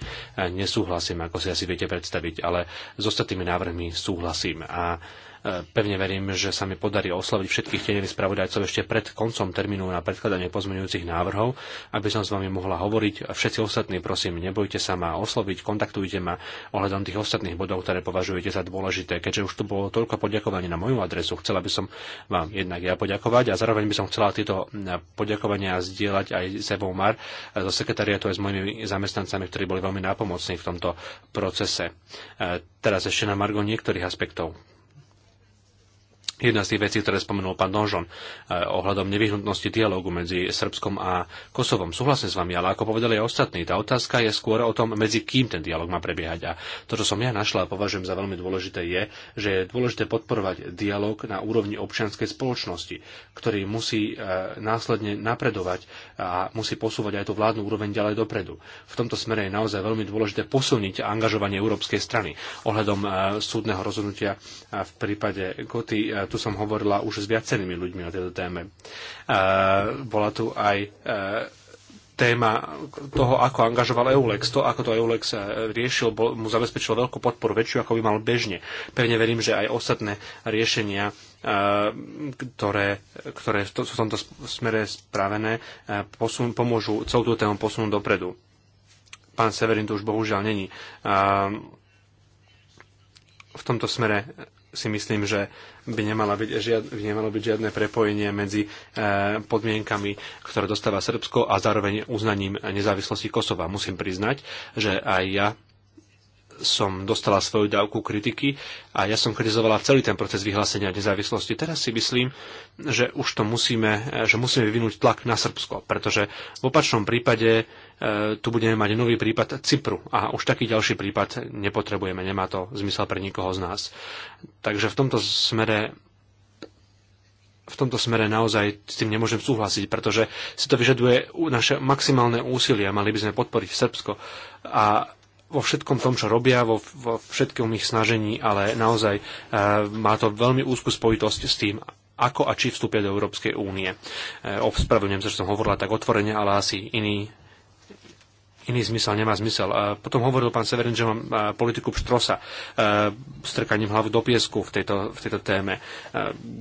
nesúhlasím, ako si asi viete predstaviť, ale s ostatnými návrhmi súhlasím. A Pevne verím, že sa mi podarí osloviť všetkých tenevých spravodajcov ešte pred koncom termínu na predkladanie pozmeňujúcich návrhov, aby som s vami mohla hovoriť. všetci ostatní, prosím, nebojte sa ma osloviť, kontaktujte ma ohľadom tých ostatných bodov, ktoré považujete za dôležité. Keďže už tu bolo toľko poďakovaní na moju adresu, chcela by som vám jednak ja poďakovať a zároveň by som chcela tieto poďakovania zdieľať aj s Evou Mar, zo sekretariatu aj s mojimi zamestnancami, ktorí boli veľmi nápomocní v tomto procese. E, teraz ešte na margo niektorých aspektov. Jedna z tých vecí, ktoré spomenul pán Donžon eh, ohľadom nevyhnutnosti dialógu medzi Srbskom a Kosovom. Súhlasím s vami, ale ako povedali aj ostatní, tá otázka je skôr o tom, medzi kým ten dialog má prebiehať. A to, čo som ja našla a považujem za veľmi dôležité, je, že je dôležité podporovať dialog na úrovni občianskej spoločnosti, ktorý musí eh, následne napredovať a musí posúvať aj tú vládnu úroveň ďalej dopredu. V tomto smere je naozaj veľmi dôležité posilniť angažovanie európskej strany ohľadom eh, súdneho rozhodnutia v prípade Koty tu som hovorila už s viacerými ľuďmi o tejto téme. Bola tu aj e, téma toho, ako angažoval Eulex, to, ako to Eulex e, riešil, bol, mu zabezpečilo veľkú podporu, väčšiu, ako by mal bežne. Pevne verím, že aj ostatné riešenia, e, ktoré, ktoré sú v tomto smere spravené, posun, pomôžu celú tú tému posunúť dopredu. Pán Severin tu už bohužiaľ není v tomto smere si myslím, že by, nemala byť žiad, by nemalo byť žiadne prepojenie medzi e, podmienkami, ktoré dostáva Srbsko a zároveň uznaním nezávislosti Kosova. Musím priznať, že aj ja som dostala svoju dávku kritiky a ja som kritizovala celý ten proces vyhlásenia nezávislosti. Teraz si myslím, že už to musíme, že musíme vyvinúť tlak na Srbsko, pretože v opačnom prípade e, tu budeme mať nový prípad Cypru a už taký ďalší prípad nepotrebujeme, nemá to zmysel pre nikoho z nás. Takže v tomto smere v tomto smere naozaj s tým nemôžem súhlasiť, pretože si to vyžaduje naše maximálne úsilie. Mali by sme podporiť Srbsko a vo všetkom tom, čo robia, vo, vo všetkom ich snažení, ale naozaj e, má to veľmi úzkú spojitosť s tým, ako a či vstúpia do Európskej únie. E, Ospravedlňujem sa, že som hovorila tak otvorene, ale asi iní iný zmysel nemá zmysel. potom hovoril pán Severin, že mám politiku pštrosa, strkaním hlavu do piesku v tejto, v tejto téme.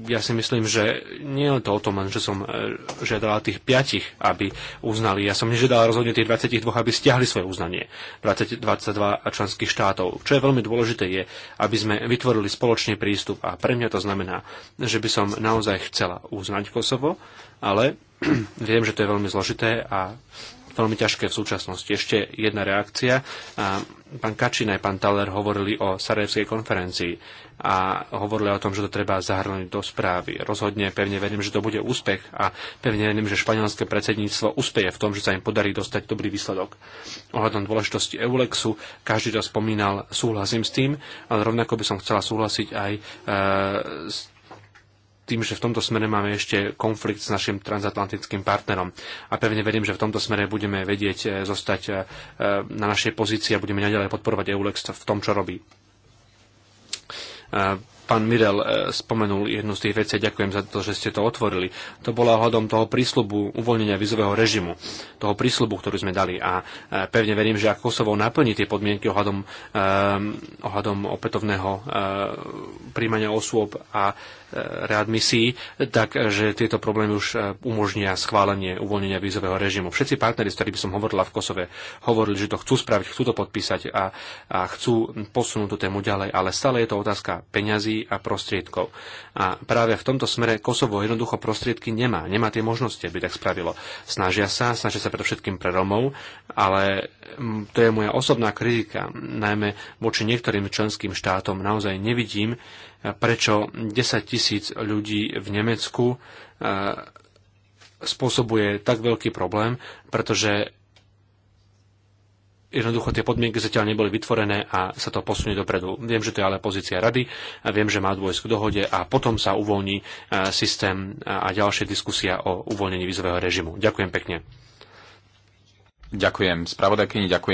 Ja si myslím, že nie je to o tom, že som e, žiadala tých piatich, aby uznali. Ja som nežiadala rozhodne tých 22, aby stiahli svoje uznanie 20, 22 členských štátov. Čo je veľmi dôležité je, aby sme vytvorili spoločný prístup a pre mňa to znamená, že by som naozaj chcela uznať Kosovo, ale [clears throat] viem, že to je veľmi zložité a veľmi ťažké v súčasnosti. Ešte jedna reakcia. Pán Kačín aj pán Taler hovorili o Sarajevskej konferencii a hovorili o tom, že to treba zahrnúť do správy. Rozhodne pevne verím, že to bude úspech a pevne verím, že španielské predsedníctvo úspeje v tom, že sa im podarí dostať dobrý výsledok. Ohľadom dôležitosti Eulexu, každý to spomínal, súhlasím s tým, ale rovnako by som chcela súhlasiť aj e, s tým, že v tomto smere máme ešte konflikt s našim transatlantickým partnerom. A pevne verím, že v tomto smere budeme vedieť eh, zostať eh, eh, na našej pozícii a budeme naďalej podporovať EULEX v tom, čo robí. Pán Mirel spomenul jednu z tých vecí, ďakujem za to, že ste to otvorili. To bola hľadom toho prísľubu uvoľnenia vizového režimu, toho prísľubu, ktorý sme dali. A pevne verím, že ak Kosovo naplní tie podmienky ohľadom, ohľadom opätovného príjmania osôb a readmisií, takže tieto problémy už eh, umožnia schválenie uvoľnenia vízového režimu. Všetci partneri, s ktorými som hovorila v Kosove, hovorili, že to chcú spraviť, chcú to podpísať a, a chcú posunúť tú tému ďalej, ale stále je to otázka peňazí a prostriedkov. A práve v tomto smere Kosovo jednoducho prostriedky nemá, nemá tie možnosti, aby tak spravilo. Snažia sa, snažia sa predovšetkým pre Romov, ale mm, to je moja osobná kritika, najmä voči niektorým členským štátom naozaj nevidím, prečo 10 tisíc ľudí v Nemecku e, spôsobuje tak veľký problém, pretože jednoducho tie podmienky zatiaľ neboli vytvorené a sa to posunie dopredu. Viem, že to je ale pozícia rady a viem, že má dôjsť k dohode a potom sa uvoľní e, systém a ďalšia diskusia o uvoľnení vízového režimu. Ďakujem pekne. Ďakujem spravodajkyni, ďakujem.